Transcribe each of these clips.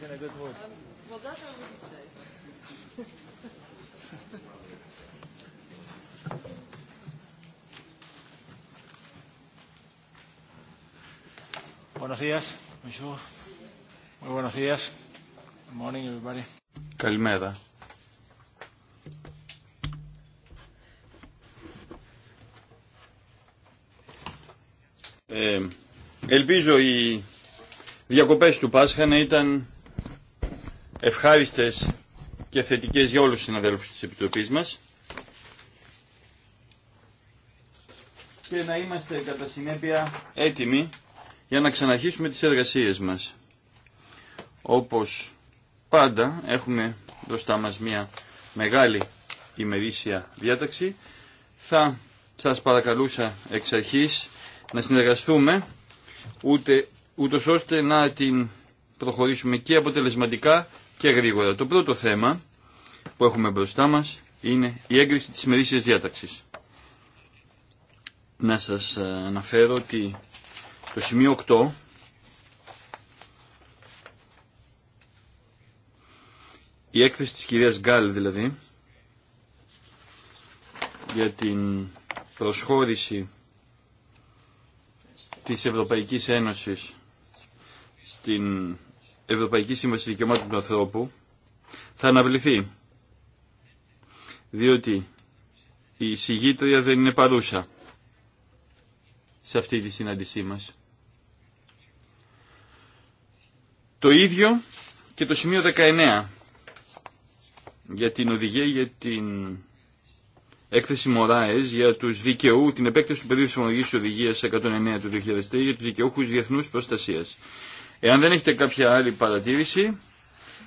was in a good mood. Um, well, that I wouldn't say. Buenos días. Monsieur. Muy buenos días. Good morning, everybody. Calmeda. Ε, ελπίζω οι διακοπές του Πάσχα να ήταν ευχάριστες και θετικές για όλους τους συναδέλφους της Επιτροπής μας και να είμαστε κατά συνέπεια έτοιμοι για να ξαναρχίσουμε τις εργασίες μας. Όπως πάντα έχουμε μπροστά μας μια μεγάλη ημερήσια διάταξη. Θα σας παρακαλούσα εξ αρχής να συνεργαστούμε ούτε, ούτως ώστε να την προχωρήσουμε και αποτελεσματικά και γρήγορα. Το πρώτο θέμα που έχουμε μπροστά μας είναι η έγκριση της μερίσιας διάταξης. Να σας ε, αναφέρω ότι το σημείο 8 η έκθεση της κυρίας Γκάλ δηλαδή για την προσχώρηση της Ευρωπαϊκής Ένωσης στην Ευρωπαϊκή Σύμβαση Δικαιωμάτων του Ανθρώπου θα αναβληθεί. Διότι η συγγήτρια δεν είναι παρούσα σε αυτή τη συνάντησή μας. Το ίδιο και το σημείο 19 για την οδηγία για την έκθεση Μωράες για τους δικαιού, την επέκταση του πεδίου εφαρμογή οδηγίας 109 του 2003 για τους δικαιούχους διεθνούς προστασίας. Εάν δεν έχετε κάποια άλλη παρατήρηση,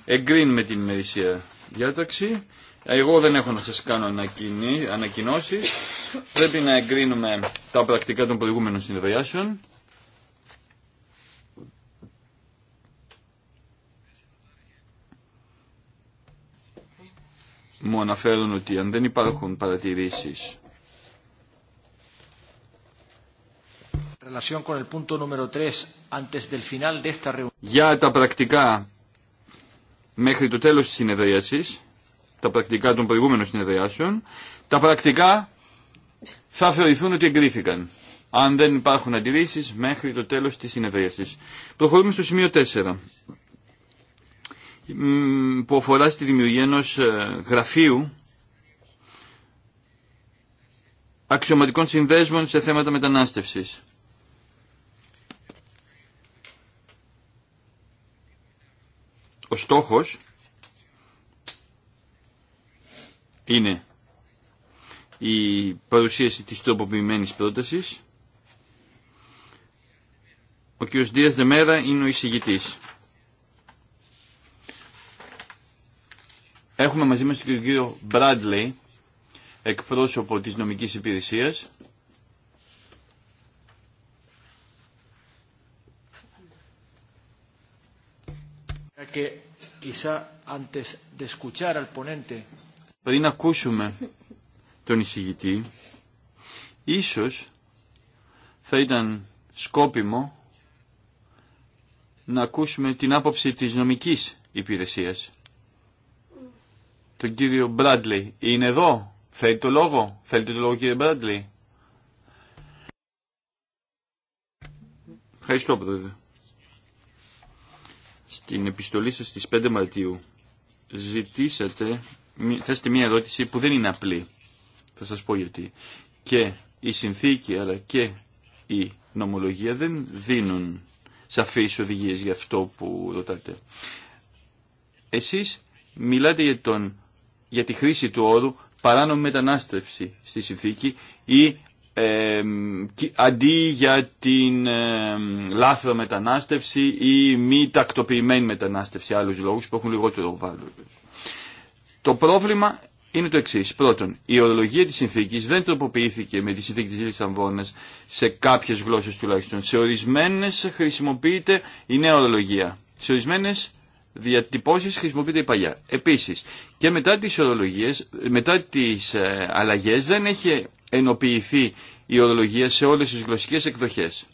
εγκρίνουμε την ημερησία διάταξη. Εγώ δεν έχω να σας κάνω ανακοινώσει. Πρέπει να εγκρίνουμε τα πρακτικά των προηγούμενων συνεδριάσεων. Μου αναφέρουν ότι αν δεν υπάρχουν παρατηρήσεις Για τα πρακτικά μέχρι το τέλος της συνεδρίασης, τα πρακτικά των προηγούμενων συνεδριάσεων, τα πρακτικά θα θεωρηθούν ότι εγκρίθηκαν, αν δεν υπάρχουν αντιρρήσεις μέχρι το τέλος της συνεδρίασης. Προχωρούμε στο σημείο 4 που αφορά στη δημιουργία ενός ε, γραφείου αξιωματικών συνδέσμων σε θέματα μετανάστευσης. Ο στόχος είναι η παρουσίαση της τροποποιημένης πρότασης. Ο κ. Δίας Δεμέρα είναι ο εισηγητής. Έχουμε μαζί μας τον κ. Μπράντλεϊ, εκπρόσωπο της νομικής υπηρεσίας, Πριν ακούσουμε τον εισηγητή, ίσως θα ήταν σκόπιμο να ακούσουμε την άποψη της νομικής υπηρεσίας. Τον κύριο Μπράντλι Είναι εδώ. Θέλει το λόγο. Θέλετε το λόγο κύριε Μπράντλι. Ευχαριστώ πρόεδρε. Στην επιστολή σας στις 5 Μαρτίου ζητήσατε, θέστε μία ερώτηση που δεν είναι απλή. Θα σας πω γιατί. Και η συνθήκη αλλά και η νομολογία δεν δίνουν σαφείς οδηγίες για αυτό που ρωτάτε. Εσείς μιλάτε για, τον, για τη χρήση του όρου παράνομη μετανάστευση στη συνθήκη ή αντί για την ε, λάθρο μετανάστευση ή μη τακτοποιημένη μετανάστευση άλλους λόγους που έχουν λιγότερο βάρος. Το πρόβλημα είναι το εξή. Πρώτον, η μη τακτοποιημενη μεταναστευση αλλους λογους που εχουν λιγοτερο βαρος το προβλημα ειναι το εξης πρωτον η ορολογια της συνθήκης δεν τροποποιήθηκε με τη συνθήκη της Λισαμβόνας σε κάποιες γλώσσες τουλάχιστον. Σε ορισμένες χρησιμοποιείται η νέα ορολογία. Σε ορισμένες διατυπώσεις χρησιμοποιείται η παλιά. Επίσης, και μετά τις ορολογίες, μετά τι ε, αλλαγέ δεν έχει ενοποιηθεί η ορολογία σε όλες τις γλωσσικές εκδοχές.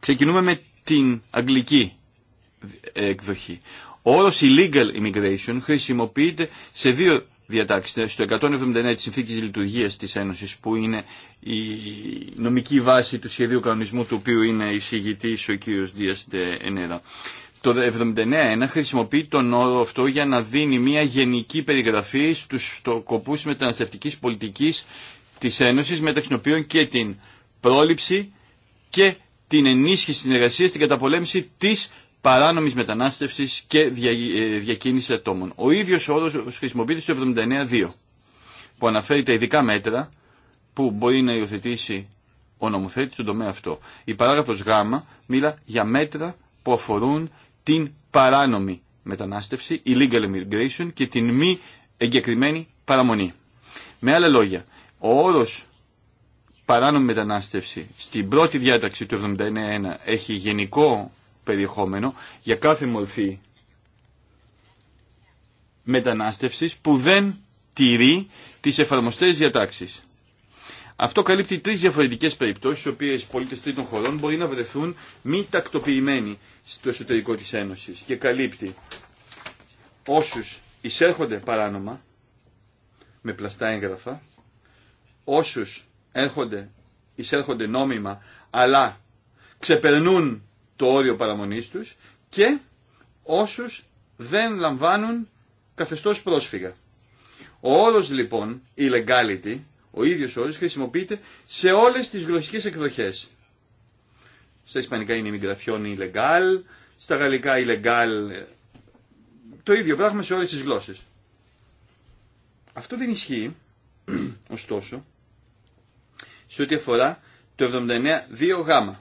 Ξεκινούμε με την αγγλική εκδοχή. Ο όρος illegal immigration χρησιμοποιείται σε δύο διατάξεις. Στο 179 της Συνθήκης Λειτουργίας της Ένωσης που είναι η νομική βάση του σχεδίου κανονισμού του οποίου είναι εισηγητής ο κ. Δίας Ντενέρα. Το 79.1 χρησιμοποιεί τον όρο αυτό για να δίνει μια γενική περιγραφή στους σκοπούς μεταναστευτικής πολιτικής της Ένωσης, μεταξύ των οποίων και την πρόληψη και την ενίσχυση συνεργασία στην καταπολέμηση της παράνομης μετανάστευσης και δια, ε, ατόμων. Ο ίδιος όρος χρησιμοποιείται στο 79.2 που αναφέρει τα ειδικά μέτρα που μπορεί να υιοθετήσει ο νομοθέτης στον τομέα αυτό. Η παράγραφος Γ μίλα για μέτρα που αφορούν την παράνομη μετανάστευση, illegal immigration και την μη εγκεκριμένη παραμονή. Με άλλα λόγια, ο όρος παράνομη μετανάστευση στην πρώτη διάταξη του 79.1 έχει γενικό περιεχόμενο για κάθε μορφή μετανάστευσης που δεν τηρεί τις εφαρμοστές διατάξεις. Αυτό καλύπτει τρεις διαφορετικές περιπτώσεις, οι οποίες πολίτες τρίτων χωρών μπορεί να βρεθούν μη τακτοποιημένοι στο εσωτερικό της Ένωσης και καλύπτει όσους εισέρχονται παράνομα με πλαστά έγγραφα, όσους έρχονται, εισέρχονται νόμιμα, αλλά ξεπερνούν το όριο παραμονής τους και όσους δεν λαμβάνουν καθεστώς πρόσφυγα. Ο όρος λοιπόν, illegality, ο ίδιος όρος χρησιμοποιείται σε όλες τις γλωσσικές εκδοχές. Στα ισπανικά είναι η illegal, στα γαλλικά legal, το ίδιο πράγμα σε όλες τις γλώσσες. Αυτό δεν ισχύει, ωστόσο, σε ό,τι αφορά το 79-2Γ.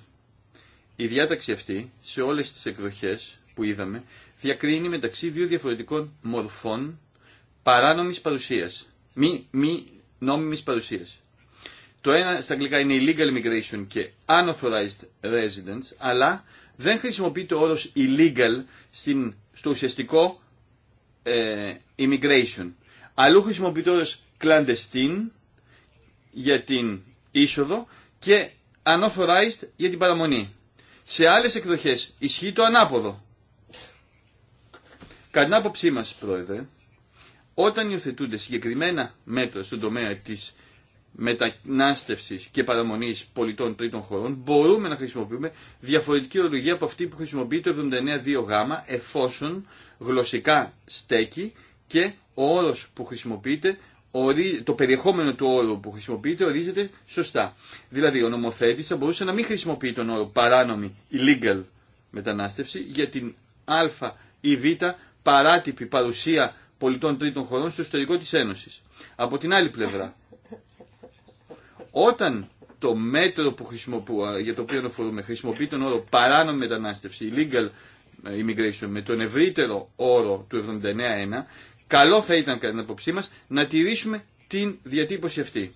Η διάταξη αυτή σε όλες τις εκδοχές που είδαμε διακρίνει μεταξύ δύο διαφορετικών μορφών παράνομης παρουσίας, μη, μη νόμιμης παρουσίας. Το ένα στα αγγλικά είναι illegal immigration και unauthorized residence, αλλά δεν χρησιμοποιείται ο όρος illegal στην, στο ουσιαστικό ε, immigration. Αλλού χρησιμοποιείται ο όρος clandestine για την είσοδο και unauthorized για την παραμονή. Σε άλλες εκδοχές ισχύει το ανάποδο. Κατά την άποψή μας, Πρόεδρε, όταν υιοθετούνται συγκεκριμένα μέτρα στον τομέα της μετανάστευσης και παραμονής πολιτών τρίτων χωρών, μπορούμε να χρησιμοποιούμε διαφορετική ορολογία από αυτή που χρησιμοποιεί το 79.2 γάμα, εφόσον γλωσσικά στέκει και ο όρος που χρησιμοποιείται το περιεχόμενο του όρου που χρησιμοποιείται ορίζεται σωστά. Δηλαδή ο νομοθέτης θα μπορούσε να μην χρησιμοποιεί τον όρο παράνομη, illegal μετανάστευση για την α ή β παράτυπη παρουσία πολιτών τρίτων χωρών στο ιστορικό της Ένωσης. Από την άλλη πλευρά, όταν το μέτρο που για το οποίο αναφορούμε χρησιμοποιεί τον όρο παράνομη μετανάστευση, illegal ε, immigration, με τον ευρύτερο όρο του 79.1, καλό θα ήταν κατά την απόψή μας να τηρήσουμε την διατύπωση αυτή.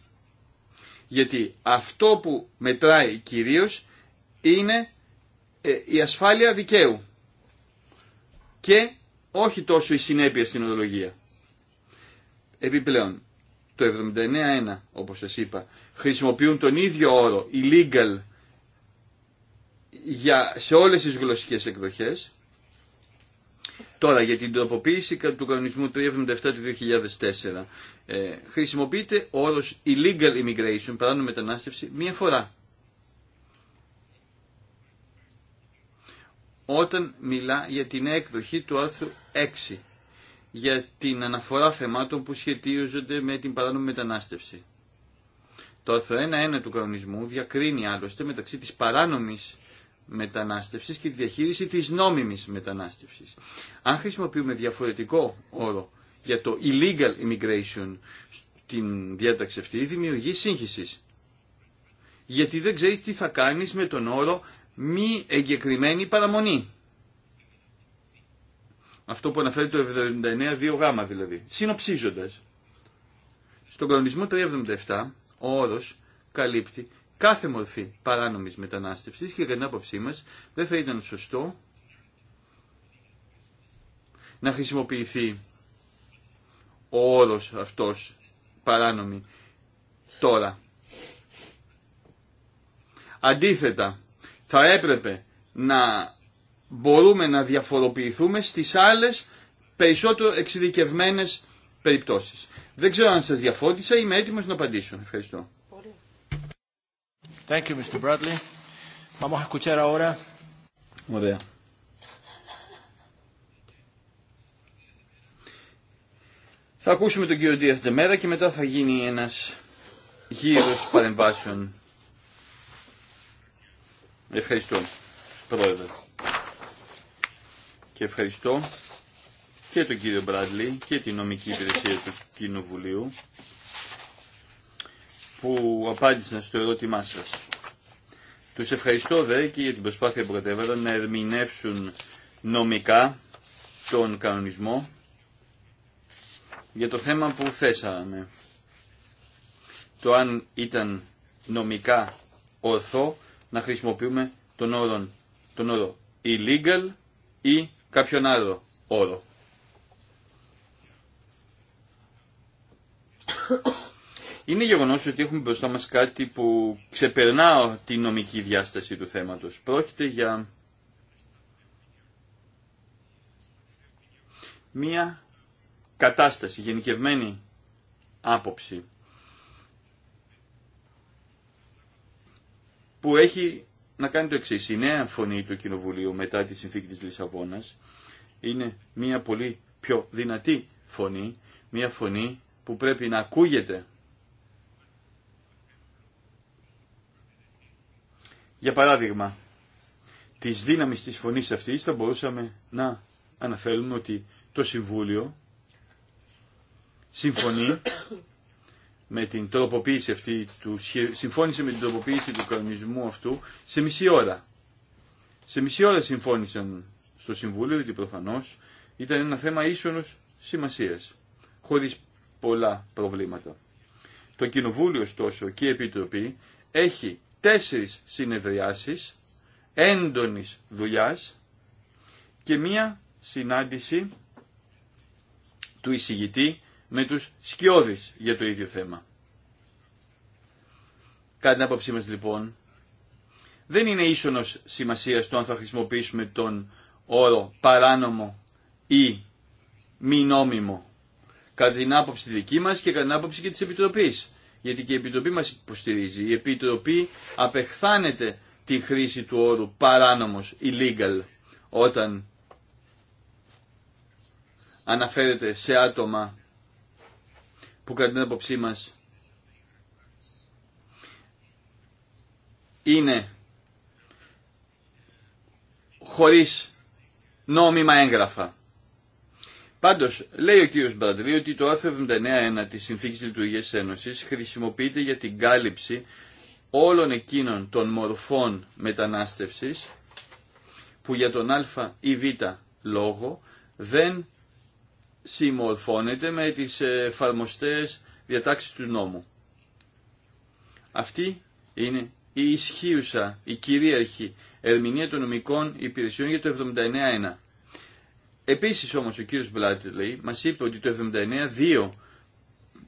Γιατί αυτό που μετράει κυρίως είναι ε, η ασφάλεια δικαίου και όχι τόσο η συνέπεια στην οδολογία. Επιπλέον, το 79.1 όπως σας είπα χρησιμοποιούν τον ίδιο όρο illegal για, σε όλες τις γλωσσικές εκδοχές Τώρα για την τροποποίηση του κανονισμού 377 του 2004 ε, χρησιμοποιείται ο όρος illegal immigration, παράνομη μετανάστευση, μία φορά. Όταν μιλά για την έκδοχη του άρθρου 6 για την αναφορά θεμάτων που σχετίζονται με την παράνομη μετανάστευση. Το άρθρο 1.1 του κανονισμού διακρίνει άλλωστε μεταξύ της παράνομης μετανάστευσης και τη διαχείριση της νόμιμης μετανάστευσης. Αν χρησιμοποιούμε διαφορετικό όρο για το illegal immigration στην διάταξη αυτή, δημιουργεί σύγχυση. Γιατί δεν ξέρεις τι θα κάνεις με τον όρο μη εγκεκριμένη παραμονή. Αυτό που αναφέρει το 79 2 γάμα δηλαδή. Συνοψίζοντας, στον κανονισμό 377 ο όρος καλύπτει κάθε μορφή παράνομης μετανάστευσης και κατά την άποψή μας δεν θα ήταν σωστό να χρησιμοποιηθεί ο όρος αυτός παράνομη τώρα. Αντίθετα, θα έπρεπε να μπορούμε να διαφοροποιηθούμε στις άλλες περισσότερο εξειδικευμένες περιπτώσεις. Δεν ξέρω αν σας διαφώτισα, είμαι έτοιμος να απαντήσω. Ευχαριστώ. Thank you, Mr. Bradley. Vamos a escuchar ahora. Muy Θα ακούσουμε τον κύριο Δίας Μέρα και μετά θα γίνει ένας γύρος παρεμβάσεων. Ευχαριστώ, Πρόεδρε. Και ευχαριστώ και τον κύριο Μπράντλη και την νομική υπηρεσία του Κοινοβουλίου που απάντησαν στο ερώτημά σας. Τους ευχαριστώ δε και για την προσπάθεια που κατέβαλαν να ερμηνεύσουν νομικά τον κανονισμό για το θέμα που θέσαμε. Το αν ήταν νομικά ορθό να χρησιμοποιούμε τον όρο, τον όρο illegal ή κάποιον άλλο όρο. Είναι γεγονό ότι έχουμε μπροστά μας κάτι που ξεπερνά τη νομική διάσταση του θέματος. Πρόκειται για μία κατάσταση, γενικευμένη άποψη που έχει να κάνει το εξή. Η νέα φωνή του Κοινοβουλίου μετά τη συνθήκη της Λισαβόνας είναι μία πολύ πιο δυνατή φωνή, μία φωνή που πρέπει να ακούγεται Για παράδειγμα, τη δύναμη της φωνή αυτής θα μπορούσαμε να αναφέρουμε ότι το Συμβούλιο συμφωνεί με την τροποποίηση αυτή του, συμφώνησε με την τροποποίηση του κανονισμού αυτού σε μισή ώρα. Σε μισή ώρα συμφώνησαν στο Συμβούλιο, γιατί προφανώ ήταν ένα θέμα ίσονο σημασία, χωρίς πολλά προβλήματα. Το Κοινοβούλιο, ωστόσο, και η Επιτροπή έχει τέσσερις συνεδριάσεις έντονης δουλειάς και μία συνάντηση του εισηγητή με τους σκιώδεις για το ίδιο θέμα. Κατά την άποψή μας λοιπόν, δεν είναι ίσονος σημασίας το αν θα χρησιμοποιήσουμε τον όρο παράνομο ή μη νόμιμο, κατά την άποψη δική μας και κατά την άποψη και της Επιτροπής γιατί και η Επιτροπή μας υποστηρίζει. Η Επιτροπή απεχθάνεται τη χρήση του όρου παράνομος, illegal, όταν αναφέρεται σε άτομα που κατά την άποψή μας είναι χωρίς νόμιμα έγγραφα. Πάντω, λέει ο κύριος Μπραντρί ότι το άρθρο 79.1 τη συνθήκη Λειτουργία Ένωση χρησιμοποιείται για την κάλυψη όλων εκείνων των μορφών μετανάστευση που για τον α ή β λόγο δεν συμμορφώνεται με τις εφαρμοστές διατάξεις του νόμου. Αυτή είναι η ισχύουσα, η κυρίαρχη ερμηνεία των νομικών υπηρεσιών για το 79.1. Επίσης όμως ο κύριος Μπλάτλεϊ μας είπε ότι το 79.2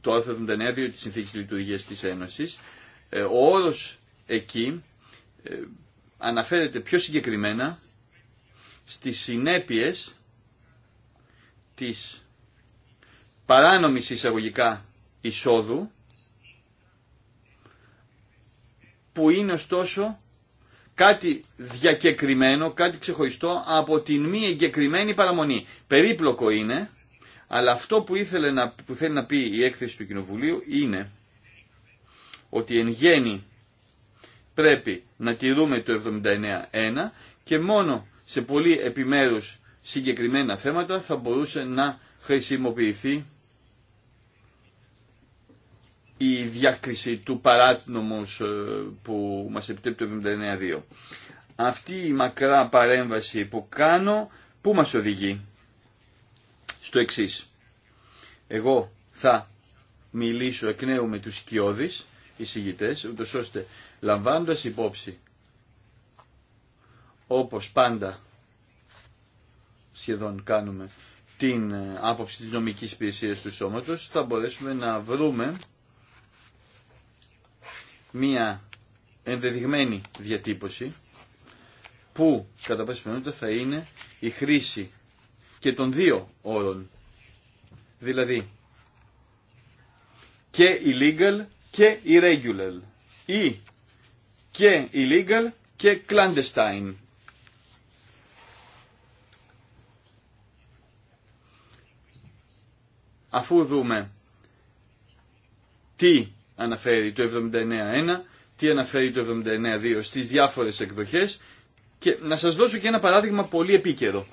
το άρθρο 2 της Συνθήκης Λειτουργίας της Ένωσης ε, ο όρος εκεί ε, αναφέρεται πιο συγκεκριμένα στις συνέπειες της παράνομης εισαγωγικά εισόδου που είναι ωστόσο κάτι διακεκριμένο, κάτι ξεχωριστό από την μη εγκεκριμένη παραμονή. Περίπλοκο είναι, αλλά αυτό που, ήθελε να, που θέλει να πει η έκθεση του Κοινοβουλίου είναι ότι εν γέννη πρέπει να τηρούμε το 79.1 και μόνο σε πολύ επιμέρους συγκεκριμένα θέματα θα μπορούσε να χρησιμοποιηθεί η διάκριση του παράτνομους ε, που μας επιτρέπει το 79.2. Αυτή η μακρά παρέμβαση που κάνω, πού μας οδηγεί στο εξής. Εγώ θα μιλήσω εκ νέου με τους σκιώδεις εισηγητές, ούτως ώστε λαμβάνοντας υπόψη, όπως πάντα σχεδόν κάνουμε, την ε, άποψη της νομικής υπηρεσίας του σώματος, θα μπορέσουμε να βρούμε μία ενδεδειγμένη διατύπωση που κατά πάση πιθανότητα θα είναι η χρήση και των δύο όρων. Δηλαδή και illegal και irregular ή και illegal και clandestine. Αφού δούμε τι αναφέρει το 79.1, τι αναφέρει το 79.2 στις διάφορες εκδοχές και να σας δώσω και ένα παράδειγμα πολύ επίκαιρο.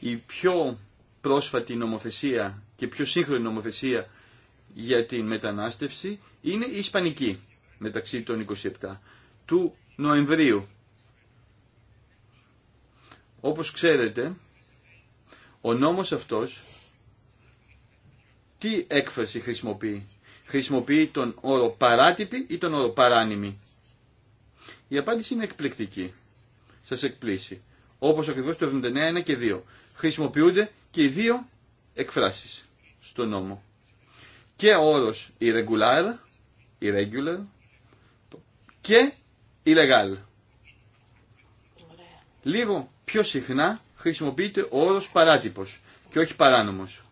Η πιο πρόσφατη νομοθεσία και πιο σύγχρονη νομοθεσία για την μετανάστευση είναι η Ισπανική μεταξύ των 27 του Νοεμβρίου. Όπως ξέρετε, ο νόμος αυτός τι έκφραση χρησιμοποιεί. Χρησιμοποιεί τον όρο παράτυπη ή τον όρο παράνημη. Η απάντηση είναι εκπληκτική. Σας εκπλήσει. Όπως ακριβώ το 79 και 2. Χρησιμοποιούνται και οι δύο εκφράσεις στο νόμο. Και ο όρος irregular, irregular και illegal. Λίγο πιο συχνά χρησιμοποιείται ο όρος παράτυπος και όχι παράνομος.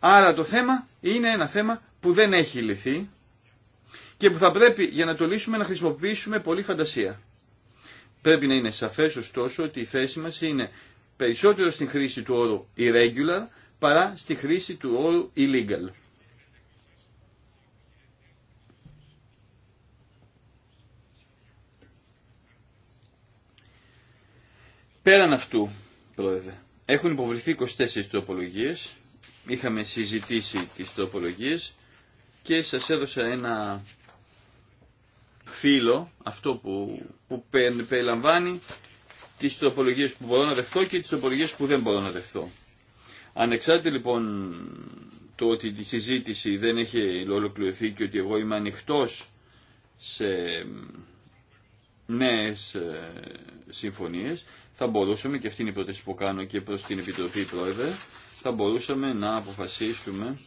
Άρα το θέμα είναι ένα θέμα που δεν έχει λυθεί και που θα πρέπει για να το λύσουμε να χρησιμοποιήσουμε πολύ φαντασία. Πρέπει να είναι σαφές ωστόσο ότι η θέση μας είναι περισσότερο στην χρήση του όρου irregular παρά στη χρήση του όρου illegal. Πέραν αυτού, πρόεδρε, έχουν υποβληθεί 24 τροπολογίες είχαμε συζητήσει τις τοπολογίες και σας έδωσα ένα φύλλο, αυτό που, που περιλαμβάνει τις τοπολογίες που μπορώ να δεχτώ και τις τοπολογίες που δεν μπορώ να δεχτώ. Ανεξάρτητα λοιπόν το ότι η συζήτηση δεν έχει ολοκληρωθεί και ότι εγώ είμαι ανοιχτό σε νέες ε, συμφωνίες, θα μπορούσαμε, και αυτή είναι η πρόταση που κάνω και προς την Επιτροπή Πρόεδρε, θα μπορούσαμε να αποφασίσουμε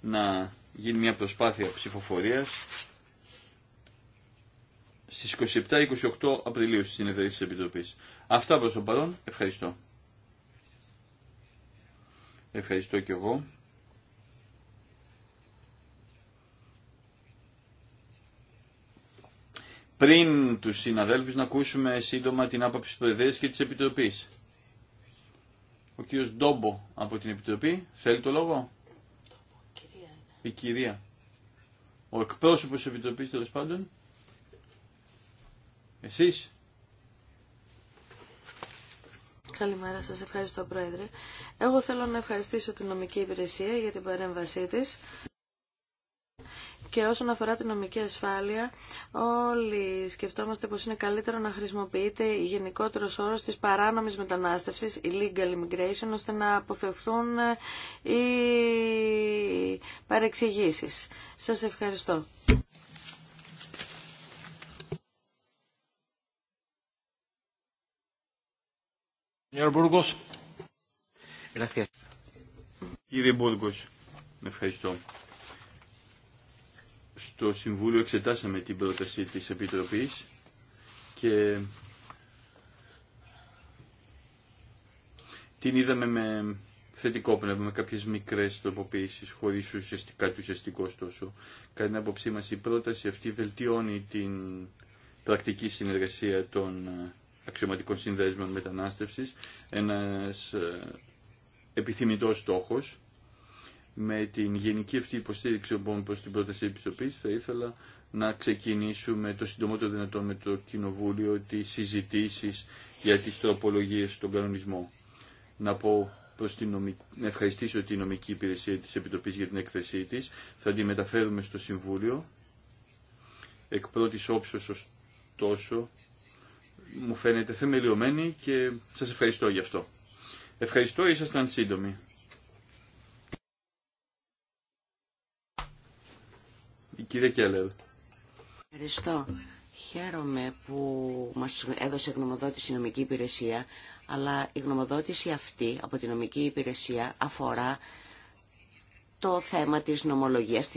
να γίνει μια προσπάθεια ψηφοφορίας στις 27-28 Απριλίου στις συνεδρίες της Επιτροπής. Αυτά προς το παρόν. Ευχαριστώ. Ευχαριστώ και εγώ. Πριν τους συναδέλφους να ακούσουμε σύντομα την άποψη του Εδρές και της Επιτροπής. Ο κύριος Ντόμπο από την Επιτροπή. Θέλει το λόγο. Η κυρία. Ο εκπρόσωπος της Επιτροπής τέλο πάντων. Εσείς. Καλημέρα σας. Ευχαριστώ Πρόεδρε. Εγώ θέλω να ευχαριστήσω την νομική υπηρεσία για την παρέμβασή της. Και όσον αφορά την νομική ασφάλεια, όλοι σκεφτόμαστε πως είναι καλύτερο να χρησιμοποιείται η γενικότερο όρο της παράνομης μετανάστευσης, illegal immigration, ώστε να αποφευχθούν ε, οι παρεξηγήσεις. Σας ευχαριστώ. Κύριε ευχαριστώ στο Συμβούλιο εξετάσαμε την πρόταση της Επιτροπής και την είδαμε με θετικό πνεύμα, με κάποιες μικρές τροποποίησεις, χωρίς ουσιαστικά του ουσιαστικό τόσο. Κατά την άποψή μας η πρόταση αυτή βελτιώνει την πρακτική συνεργασία των αξιωματικών συνδέσμων μετανάστευσης, ένας ε, επιθυμητός στόχος με την γενική αυτή υποστήριξη λοιπόν προς την πρόταση επιστοπής θα ήθελα να ξεκινήσουμε το συντομότερο δυνατό με το Κοινοβούλιο τις συζητήσεις για τις τροπολογίες στον κανονισμό. Να πω προς την να ευχαριστήσω την νομική υπηρεσία της Επιτροπής για την έκθεσή της. Θα τη μεταφέρουμε στο Συμβούλιο. Εκ πρώτης όψεως ωστόσο μου φαίνεται θεμελιωμένη και σας ευχαριστώ γι' αυτό. Ευχαριστώ, ήσασταν σύντομοι. Η κυρία Κέλλερ. Ευχαριστώ. Χαίρομαι που μας έδωσε γνωμοδότηση η νομική υπηρεσία, αλλά η γνωμοδότηση αυτή από τη νομική υπηρεσία αφορά το θέμα της νομολογίας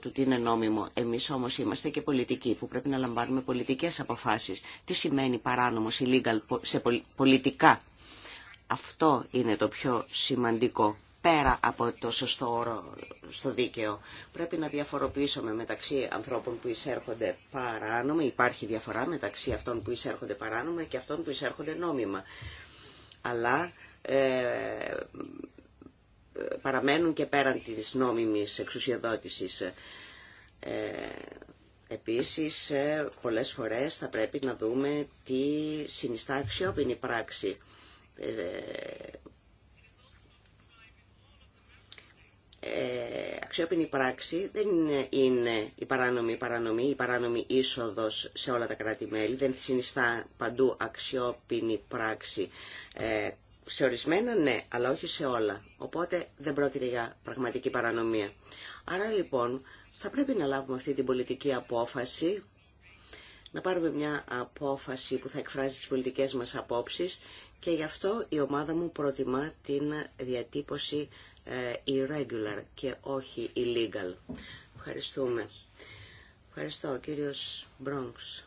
του τι είναι νόμιμο. Εμείς όμως είμαστε και πολιτικοί που πρέπει να λαμβάνουμε πολιτικές αποφάσεις. Τι σημαίνει παράνομος, illegal, σε πολιτικά. Αυτό είναι το πιο σημαντικό πέρα από το σωστό όρο στο δίκαιο. Πρέπει να διαφοροποιήσουμε μεταξύ ανθρώπων που εισέρχονται παράνομα, υπάρχει διαφορά μεταξύ αυτών που εισέρχονται παράνομα και αυτών που εισέρχονται νόμιμα. Αλλά ε, παραμένουν και πέραν της νόμιμης εξουσιοδότησης. Ε, επίσης, ε, πολλές φορές θα πρέπει να δούμε τι συνιστά αξιόπινη πράξη. Ε, Ε, αξιόπινη πράξη δεν είναι η παράνομη παρανομή, η παράνομη είσοδος σε όλα τα κράτη-μέλη, δεν συνιστά παντού αξιόπινη πράξη. Ε, σε ορισμένα ναι, αλλά όχι σε όλα. Οπότε δεν πρόκειται για πραγματική παρανομία. Άρα λοιπόν θα πρέπει να λάβουμε αυτή την πολιτική απόφαση, να πάρουμε μια απόφαση που θα εκφράζει τις πολιτικές μας απόψεις και γι' αυτό η ομάδα μου προτιμά την διατύπωση ε, irregular και όχι illegal. Ευχαριστούμε. Ευχαριστώ κύριος Μπρόγκς.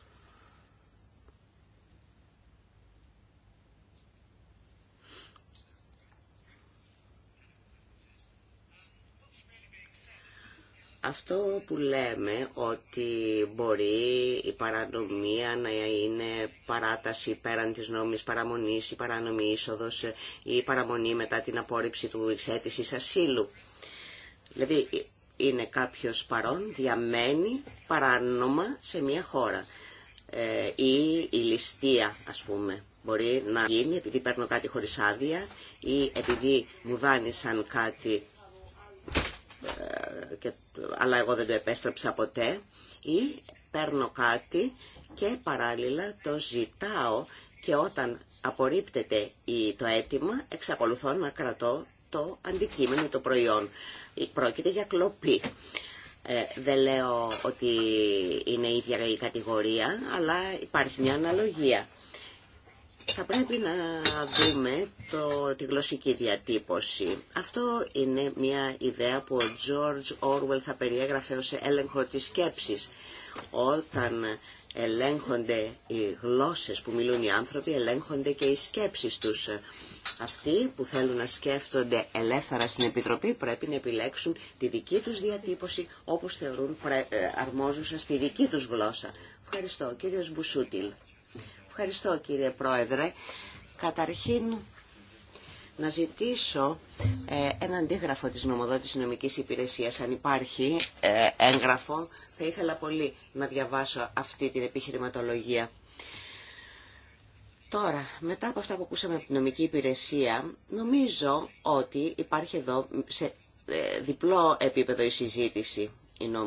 Αυτό που λέμε ότι μπορεί η παρανομία να είναι παράταση πέραν της νόμης παραμονής, η παράνομη είσοδος ή παραμονή μετά την απόρριψη του εξέτησης ασύλου. Δηλαδή είναι κάποιος παρόν, διαμένει παράνομα σε μια χώρα ε, η ληστεία ας πούμε. Μπορεί να γίνει επειδή παίρνω κάτι χωρίς άδεια ή επειδή μου δάνεισαν κάτι και, αλλά εγώ δεν το επέστρεψα ποτέ ή παίρνω κάτι και παράλληλα το ζητάω και όταν απορρίπτεται το αίτημα εξακολουθώ να κρατώ το αντικείμενο, το προϊόν. Πρόκειται για κλοπή. Ε, δεν λέω ότι είναι ίδια η κατηγορία, αλλά υπάρχει μια αναλογία. Θα πρέπει να δούμε το, τη γλωσσική διατύπωση. Αυτό είναι μια ιδέα που ο George Orwell θα περιέγραφε ως έλεγχο της σκέψης. Όταν ελέγχονται οι γλώσσες που μιλούν οι άνθρωποι, ελέγχονται και οι σκέψεις τους. Αυτοί που θέλουν να σκέφτονται ελεύθερα στην Επιτροπή πρέπει να επιλέξουν τη δική τους διατύπωση όπως θεωρούν ε, αρμόζουσα στη δική τους γλώσσα. Ευχαριστώ. Κύριος Μπουσούτιλ. Ευχαριστώ κύριε Πρόεδρε. Καταρχήν να ζητήσω ε, ένα αντίγραφο της νομοδότησης νομικής υπηρεσίας. Αν υπάρχει ε, έγγραφο, θα ήθελα πολύ να διαβάσω αυτή την επιχειρηματολογία. Τώρα, μετά από αυτά που ακούσαμε από την νομική υπηρεσία, νομίζω ότι υπάρχει εδώ σε ε, διπλό επίπεδο η συζήτηση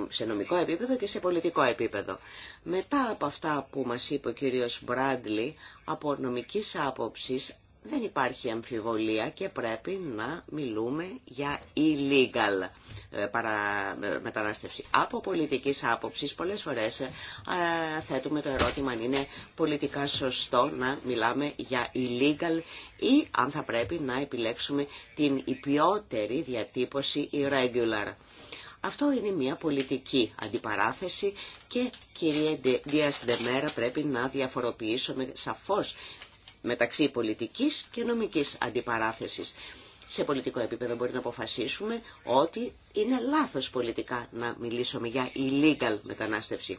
σε νομικό επίπεδο και σε πολιτικό επίπεδο. Μετά από αυτά που μας είπε ο κύριος Μπράντλι, από νομικής άποψης δεν υπάρχει αμφιβολία και πρέπει να μιλούμε για illegal ε, ε, μετανάστευση. Από πολιτικής άποψης πολλές φορές ε, θέτουμε το ερώτημα αν είναι πολιτικά σωστό να μιλάμε για illegal ή αν θα πρέπει να επιλέξουμε την υπιότερη διατύπωση irregular. Αυτό είναι μια πολιτική αντιπαράθεση και κυρία Δίας πρέπει να διαφοροποιήσουμε σαφώς μεταξύ πολιτικής και νομικής αντιπαράθεσης. Σε πολιτικό επίπεδο μπορεί να αποφασίσουμε ότι είναι λάθος πολιτικά να μιλήσουμε για illegal μετανάστευση.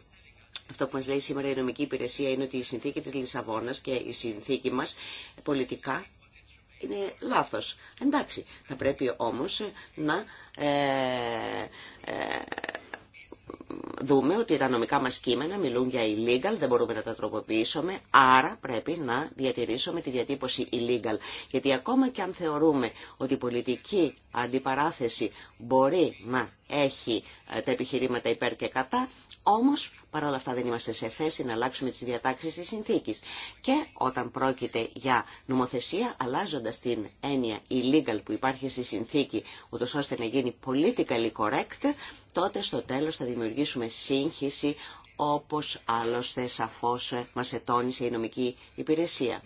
Αυτό που μας λέει σήμερα η νομική υπηρεσία είναι ότι η συνθήκη της Λισαβόνας και η συνθήκη μας πολιτικά είναι λάθος. Εντάξει, θα πρέπει όμως να ε, ε, δούμε ότι τα νομικά μας κείμενα μιλούν για illegal, δεν μπορούμε να τα τροποποιήσουμε, άρα πρέπει να διατηρήσουμε τη διατύπωση illegal. Γιατί ακόμα και αν θεωρούμε ότι η πολιτική αντιπαράθεση μπορεί να έχει ε, τα επιχειρήματα υπέρ και κατά, όμως Παρ' όλα αυτά δεν είμαστε σε θέση να αλλάξουμε τις διατάξεις της συνθήκης. Και όταν πρόκειται για νομοθεσία, αλλάζοντας την έννοια illegal που υπάρχει στη συνθήκη, ούτως ώστε να γίνει politically correct, τότε στο τέλος θα δημιουργήσουμε σύγχυση, όπως άλλωστε σαφώς μας ετώνησε η νομική υπηρεσία.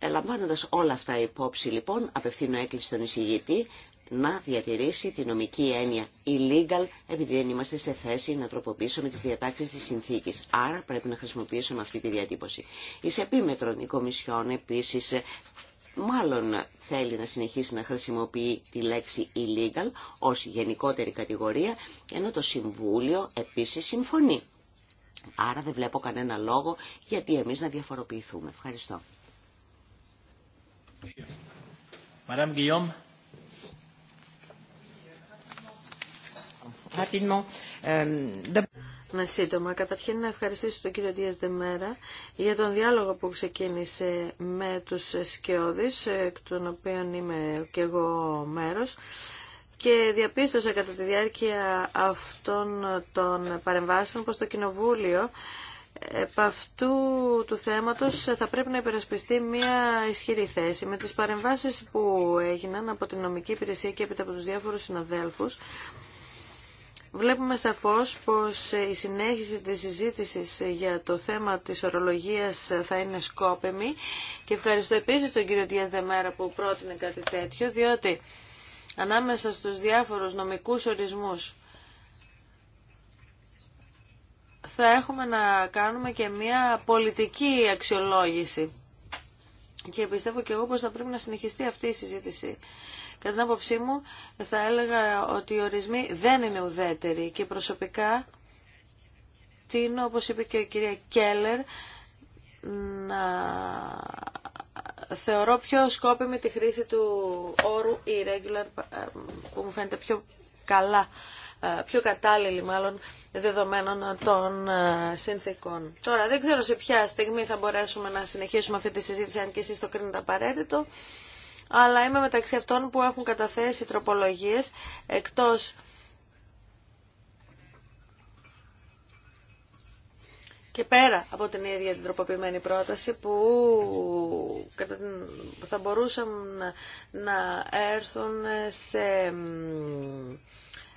Ε, ε, λαμβάνοντας όλα αυτά υπόψη λοιπόν, απευθύνω έκκληση στον εισηγητή να διατηρήσει τη νομική έννοια illegal επειδή δεν είμαστε σε θέση να τροποποιήσουμε τις διατάξεις της συνθήκης. Άρα πρέπει να χρησιμοποιήσουμε αυτή τη διατύπωση. Η επίμετρον η Κομισιόν επίσης ε, μάλλον θέλει να συνεχίσει να χρησιμοποιεί τη λέξη illegal ως γενικότερη κατηγορία ενώ το Συμβούλιο επίσης συμφωνεί. Άρα δεν βλέπω κανένα λόγο γιατί εμείς να διαφοροποιηθούμε. Ευχαριστώ. Madame Guillaume. Euh, να σύντομα, καταρχήν να ευχαριστήσω τον κύριο Δίας Δεμέρα για τον διάλογο που ξεκίνησε με τους Σκιώδης, εκ των οποίων είμαι και εγώ μέρος. Και διαπίστωσα κατά τη διάρκεια αυτών των παρεμβάσεων πως το Κοινοβούλιο επ' αυτού του θέματος θα πρέπει να υπερασπιστεί μια ισχυρή θέση. Με τις παρεμβάσεις που έγιναν από την νομική υπηρεσία και έπειτα από τους διάφορους συναδέλφους, Βλέπουμε σαφώς πως η συνέχιση της συζήτησης για το θέμα της ορολογίας θα είναι σκόπεμη και ευχαριστώ επίσης τον κύριο Τιάς Δεμέρα που πρότεινε κάτι τέτοιο, διότι ανάμεσα στους διάφορους νομικούς ορισμούς θα έχουμε να κάνουμε και μια πολιτική αξιολόγηση. Και πιστεύω και εγώ πως θα πρέπει να συνεχιστεί αυτή η συζήτηση Κατά την άποψή μου θα έλεγα ότι οι ορισμοί δεν είναι ουδέτεροι και προσωπικά είναι, όπως είπε και η κυρία Κέλλερ, να θεωρώ πιο σκόπιμη τη χρήση του όρου irregular ε, που μου φαίνεται πιο καλά, ε, πιο κατάλληλη μάλλον δεδομένων των ε, συνθήκων. Τώρα δεν ξέρω σε ποια στιγμή θα μπορέσουμε να συνεχίσουμε αυτή τη συζήτηση αν και εσείς το κρίνετε απαραίτητο αλλά είμαι μεταξύ αυτών που έχουν καταθέσει τροπολογίες εκτός και πέρα από την ίδια την τροποποιημένη πρόταση που θα μπορούσαν να έρθουν σε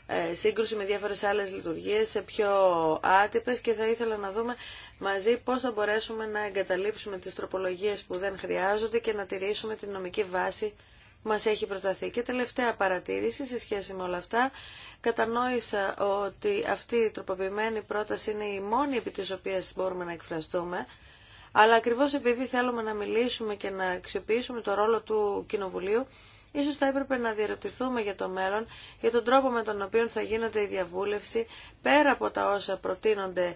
ε, σύγκρουση με διάφορες άλλες λειτουργίες πιο άτυπες και θα ήθελα να δούμε μαζί πώς θα μπορέσουμε να εγκαταλείψουμε τις τροπολογίες που δεν χρειάζονται και να τηρήσουμε την νομική βάση που μας έχει προταθεί. Και τελευταία παρατήρηση σε σχέση με όλα αυτά. Κατανόησα ότι αυτή η τροποποιημένη πρόταση είναι η μόνη επί της οποίας μπορούμε να εκφραστούμε. Αλλά ακριβώς επειδή θέλουμε να μιλήσουμε και να αξιοποιήσουμε το ρόλο του Κοινοβουλίου, Ίσως θα έπρεπε να διαρωτηθούμε για το μέλλον, για τον τρόπο με τον οποίο θα γίνεται η διαβούλευση, πέρα από τα όσα προτείνονται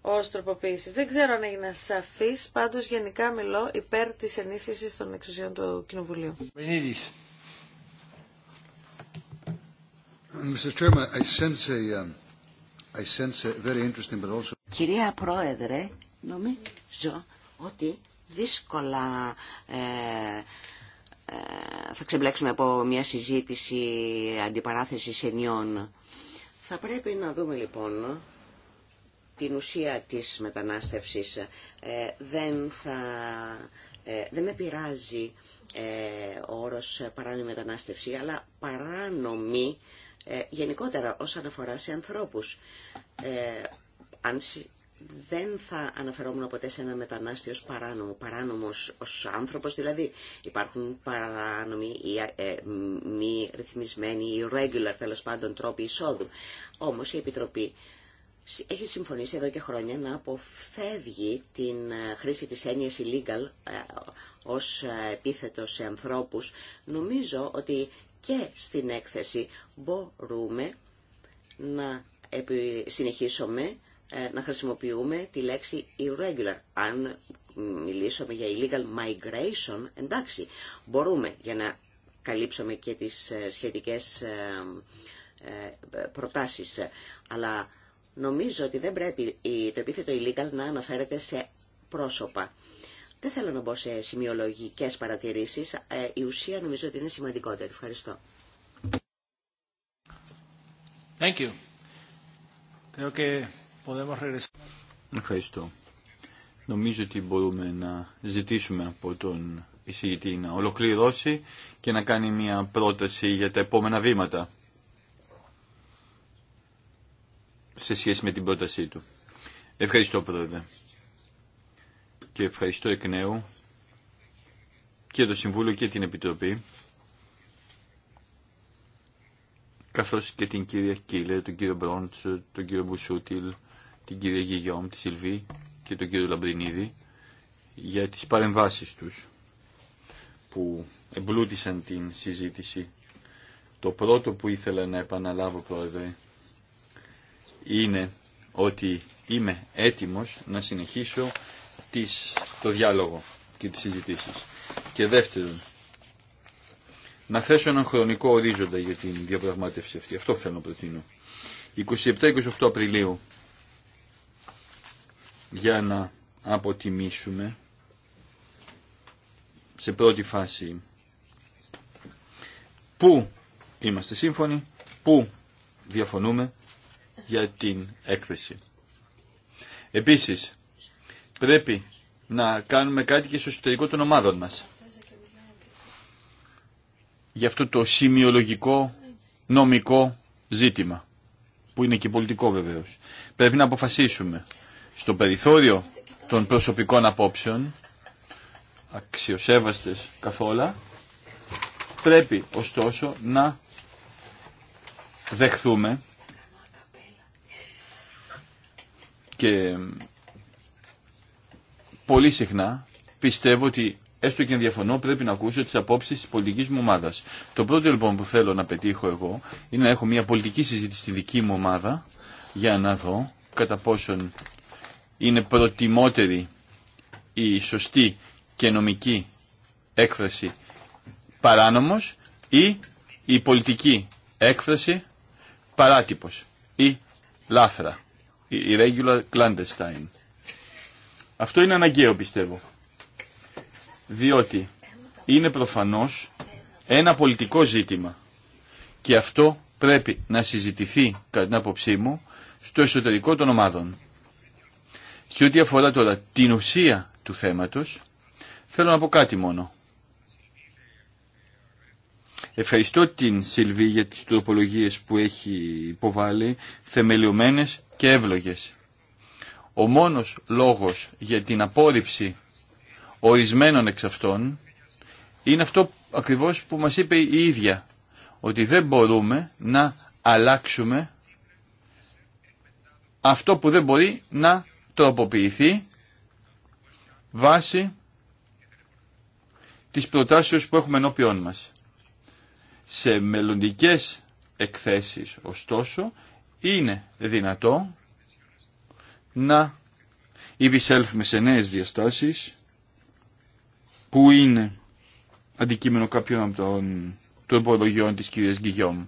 ω τροποποίηση. Δεν ξέρω αν έγινα σαφή, πάντω γενικά μιλώ υπέρ τη ενίσχυση των εξουσιών του Κοινοβουλίου. Κυρία Πρόεδρε, νομίζω ότι δύσκολα ε, ε, θα ξεμπλέξουμε από μια συζήτηση αντιπαράθεσης ενιών. Θα πρέπει να δούμε λοιπόν την ουσία της μετανάστευσης. Ε, δεν, θα, ε, δεν με πειράζει ε, ο όρος παράνομη μετανάστευση, αλλά παράνομη ε, γενικότερα όσον αφορά σε ανθρώπους. αν δεν θα αναφερόμουν ποτέ σε ένα μετανάστη ως παράνομο, παράνομος ως άνθρωπος, δηλαδή υπάρχουν παράνομοι ή ε, μη ρυθμισμένοι ή regular τέλο πάντων τρόποι εισόδου. Όμως η Επιτροπή έχει συμφωνήσει εδώ και χρόνια να αποφεύγει την ε, χρήση της έννοιας illegal ε, ως ε, επίθετο σε ανθρώπους. Νομίζω ότι και στην έκθεση μπορούμε να συνεχίσουμε ε, να χρησιμοποιούμε τη λέξη irregular. Αν μιλήσουμε για illegal migration, εντάξει, μπορούμε για να καλύψουμε και τις ε, σχετικές ε, προτάσεις. Αλλά νομίζω ότι δεν πρέπει το επίθετο illegal να αναφέρεται σε πρόσωπα. Δεν θέλω να μπω σε σημειολογικές παρατηρήσεις. Η ουσία νομίζω ότι είναι σημαντικότερη. Ευχαριστώ. Thank you. Creo que Ευχαριστώ. Νομίζω ότι μπορούμε να ζητήσουμε από τον εισηγητή να ολοκληρώσει και να κάνει μια πρόταση για τα επόμενα βήματα σε σχέση με την πρότασή του. Ευχαριστώ πρόεδρε και ευχαριστώ εκ νέου και το Συμβούλιο και την Επιτροπή καθώς και την κυρία Κίλε, τον κύριο Μπρόντσο, τον κύριο Μπουσούτιλ την κυρία Γιγιόμ, τη Σιλβή και τον κύριο Λαμπρινίδη για τις παρεμβάσεις τους που εμπλούτησαν την συζήτηση. Το πρώτο που ήθελα να επαναλάβω, Πρόεδρε, είναι ότι είμαι έτοιμος να συνεχίσω τις, το διάλογο και τις συζητήσεις. Και δεύτερον, να θέσω έναν χρονικό ορίζοντα για την διαπραγμάτευση αυτή. Αυτό θέλω να προτείνω. 27-28 Απριλίου για να αποτιμήσουμε σε πρώτη φάση πού είμαστε σύμφωνοι, πού διαφωνούμε για την έκθεση. Επίσης, πρέπει να κάνουμε κάτι και στο εσωτερικό των ομάδων μας. Για αυτό το σημειολογικό νομικό ζήτημα, που είναι και πολιτικό βεβαίως. Πρέπει να αποφασίσουμε στο περιθώριο των προσωπικών απόψεων, αξιοσέβαστες καθόλα, πρέπει ωστόσο να δεχθούμε και πολύ συχνά πιστεύω ότι έστω και αν διαφωνώ, πρέπει να ακούσω τις απόψεις της πολιτικής μου ομάδα. Το πρώτο λοιπόν που θέλω να πετύχω εγώ είναι να έχω μια πολιτική συζήτηση στη δική μου ομάδα για να δω κατά πόσον είναι προτιμότερη η σωστή και νομική έκφραση παράνομος ή η πολιτική έκφραση παράτυπος ή λάθρα, η regular clandestine. Αυτό είναι αναγκαίο πιστεύω, διότι είναι προφανώς ένα πολιτικό ζήτημα και αυτό πρέπει να συζητηθεί κατά την άποψή μου στο εσωτερικό των ομάδων. Και ό,τι αφορά τώρα την ουσία του θέματος, θέλω να πω κάτι μόνο. Ευχαριστώ την Σιλβή για τις τροπολογίες που έχει υποβάλει, θεμελιωμένες και εύλογες. Ο μόνος λόγος για την απόρριψη ορισμένων εξ αυτών είναι αυτό ακριβώς που μας είπε η ίδια, ότι δεν μπορούμε να αλλάξουμε αυτό που δεν μπορεί να τροποποιηθεί βάσει τις προτάσεις που έχουμε ενώπιόν μας. Σε μελλοντικές εκθέσεις, ωστόσο, είναι δυνατό να υπησέλθουμε σε νέες διαστάσεις που είναι αντικείμενο κάποιων από των τροπολογιών της κυρίας Γκυγιόμ.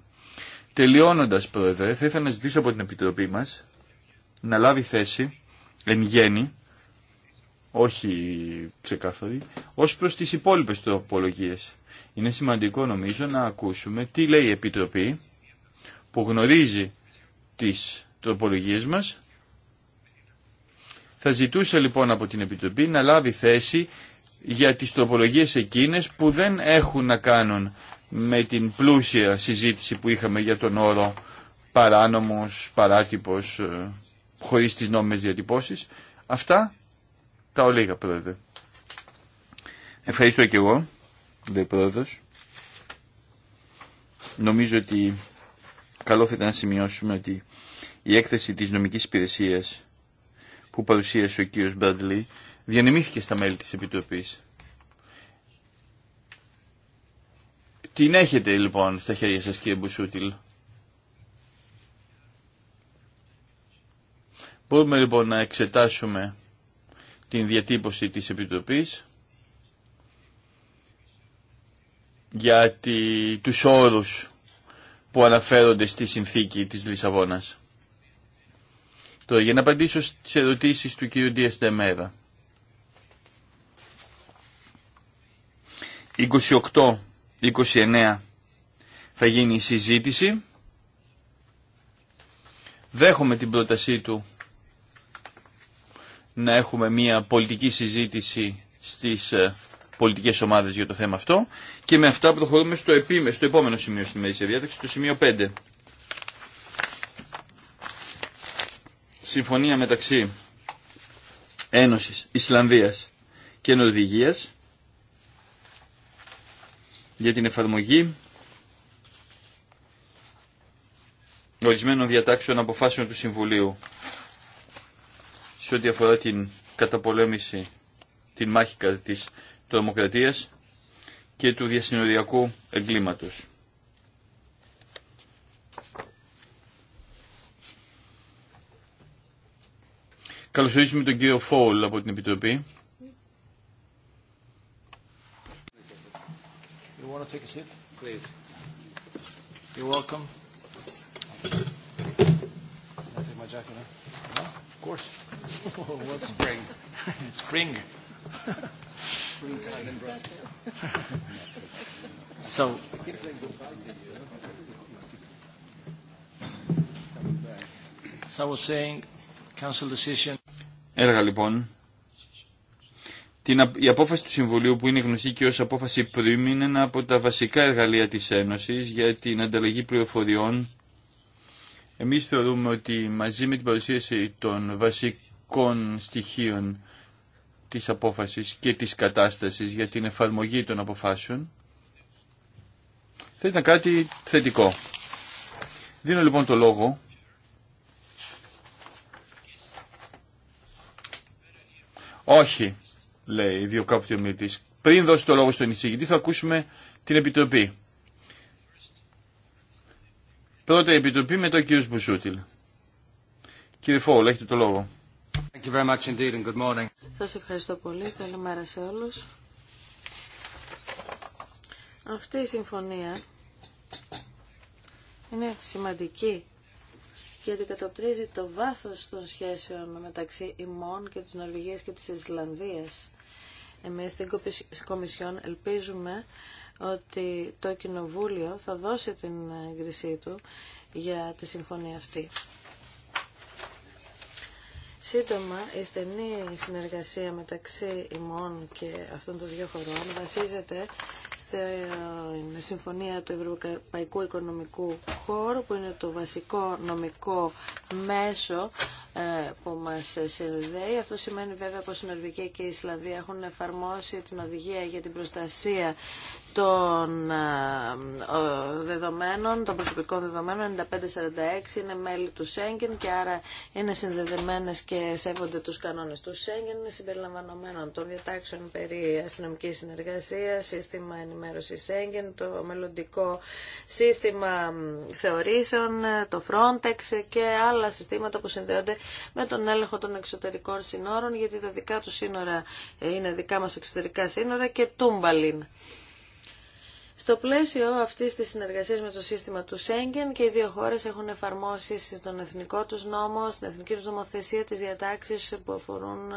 Τελειώνοντας, Πρόεδρε, θα ήθελα να ζητήσω από την Επιτροπή μας να λάβει θέση εν γέννη, όχι ξεκάθαρη, ως προς τις υπόλοιπες τροπολογίες. Είναι σημαντικό νομίζω να ακούσουμε τι λέει η Επιτροπή που γνωρίζει τις τροπολογίες μας. Θα ζητούσα λοιπόν από την Επιτροπή να λάβει θέση για τις τροπολογίες εκείνες που δεν έχουν να κάνουν με την πλούσια συζήτηση που είχαμε για τον όρο παράνομος, παράτυπος ε, Χωρί τι νόμιμε διατυπώσεις. Αυτά τα ολίγα, πρόεδρε. Ευχαριστώ και εγώ, λέει πρόεδρο. Νομίζω ότι καλό θα ήταν να σημειώσουμε ότι η έκθεση της νομικής υπηρεσία που παρουσίασε ο κύριος Μπραντλή διανεμήθηκε στα μέλη της Επιτροπής. Την έχετε λοιπόν στα χέρια σας κύριε Μπουσούτιλ. Μπορούμε λοιπόν να εξετάσουμε την διατύπωση της Επιτροπής για τη, τους όρους που αναφέρονται στη συνθήκη της Λισαβόνας. Τώρα για να απαντήσω στις ερωτήσεις του κ. Ντίας Δεμέρα. 28-29 θα γίνει η συζήτηση. Δέχομαι την πρότασή του να έχουμε μια πολιτική συζήτηση στις ε, πολιτικές ομάδες για το θέμα αυτό και με αυτά προχωρούμε στο, στο επόμενο σημείο στη μέση διάταξη, το σημείο 5. Συμφωνία μεταξύ Ένωσης Ισλανδίας και Νορβηγίας για την εφαρμογή ορισμένων διατάξεων αποφάσεων του Συμβουλίου σε ό,τι αφορά την καταπολέμηση, την μάχη κατά της τρομοκρατίας και του διασυνοριακού εγκλήματος. Καλωσορίζουμε τον κύριο Φόουλ από την Επιτροπή. You course. What's spring? spring. So. So λοιπόν, την, η απόφαση του Συμβουλίου που είναι γνωστή και ως απόφαση πριν είναι ένα από τα βασικά εργαλεία της Ένωσης για την ανταλλαγή πληροφοριών εμείς θεωρούμε ότι μαζί με την παρουσίαση των βασικών στοιχείων της απόφασης και της κατάστασης για την εφαρμογή των αποφάσεων θα ήταν κάτι θετικό. Δίνω λοιπόν το λόγο Όχι, λέει η Διοκάπτειο μιλητής. Πριν δώσει το λόγο στον εισηγητή θα ακούσουμε την Επιτροπή. Πρώτα η Επιτροπή, μετά ο κύριος Μπουσούτιλ. Κύριε Φόουλ, έχετε το λόγο. Thank ευχαριστώ πολύ. Καλημέρα σε όλους. Αυτή η συμφωνία είναι σημαντική γιατί κατοπτρίζει το βάθος των σχέσεων μεταξύ ημών και της Νορβηγίας και της Ισλανδίας. Εμείς στην Κομισιόν ελπίζουμε ότι το Κοινοβούλιο θα δώσει την εγκρισή του για τη συμφωνία αυτή. Σύντομα, η στενή συνεργασία μεταξύ ημών και αυτών των δύο χωρών βασίζεται στην ε, Συμφωνία του Ευρωπαϊκού Οικονομικού Χώρου που είναι το βασικό νομικό μέσο ε, που μας συνδέει. Αυτό σημαίνει βέβαια πως η Νορβηγία και η Ισλανδία έχουν εφαρμόσει την οδηγία για την προστασία των ε, δεδομένων, των προσωπικών δεδομένων 9546 είναι μέλη του Σέγγεν και άρα είναι συνδεδεμένες και σέβονται τους κανόνες του Σέγγεν συμπεριλαμβανομένων των διατάξεων περί αστυνομικής συνεργασίας, ενημέρωση Σέγγεν, το μελλοντικό σύστημα θεωρήσεων, το Frontex και άλλα συστήματα που συνδέονται με τον έλεγχο των εξωτερικών συνόρων, γιατί τα δικά του σύνορα είναι δικά μας εξωτερικά σύνορα και τούμπαλιν. Στο πλαίσιο αυτή της συνεργασίας με το σύστημα του Σέγγεν και οι δύο χώρες έχουν εφαρμόσει στον εθνικό τους νόμο, στην εθνική τους νομοθεσία, τις διατάξεις που αφορούν ε,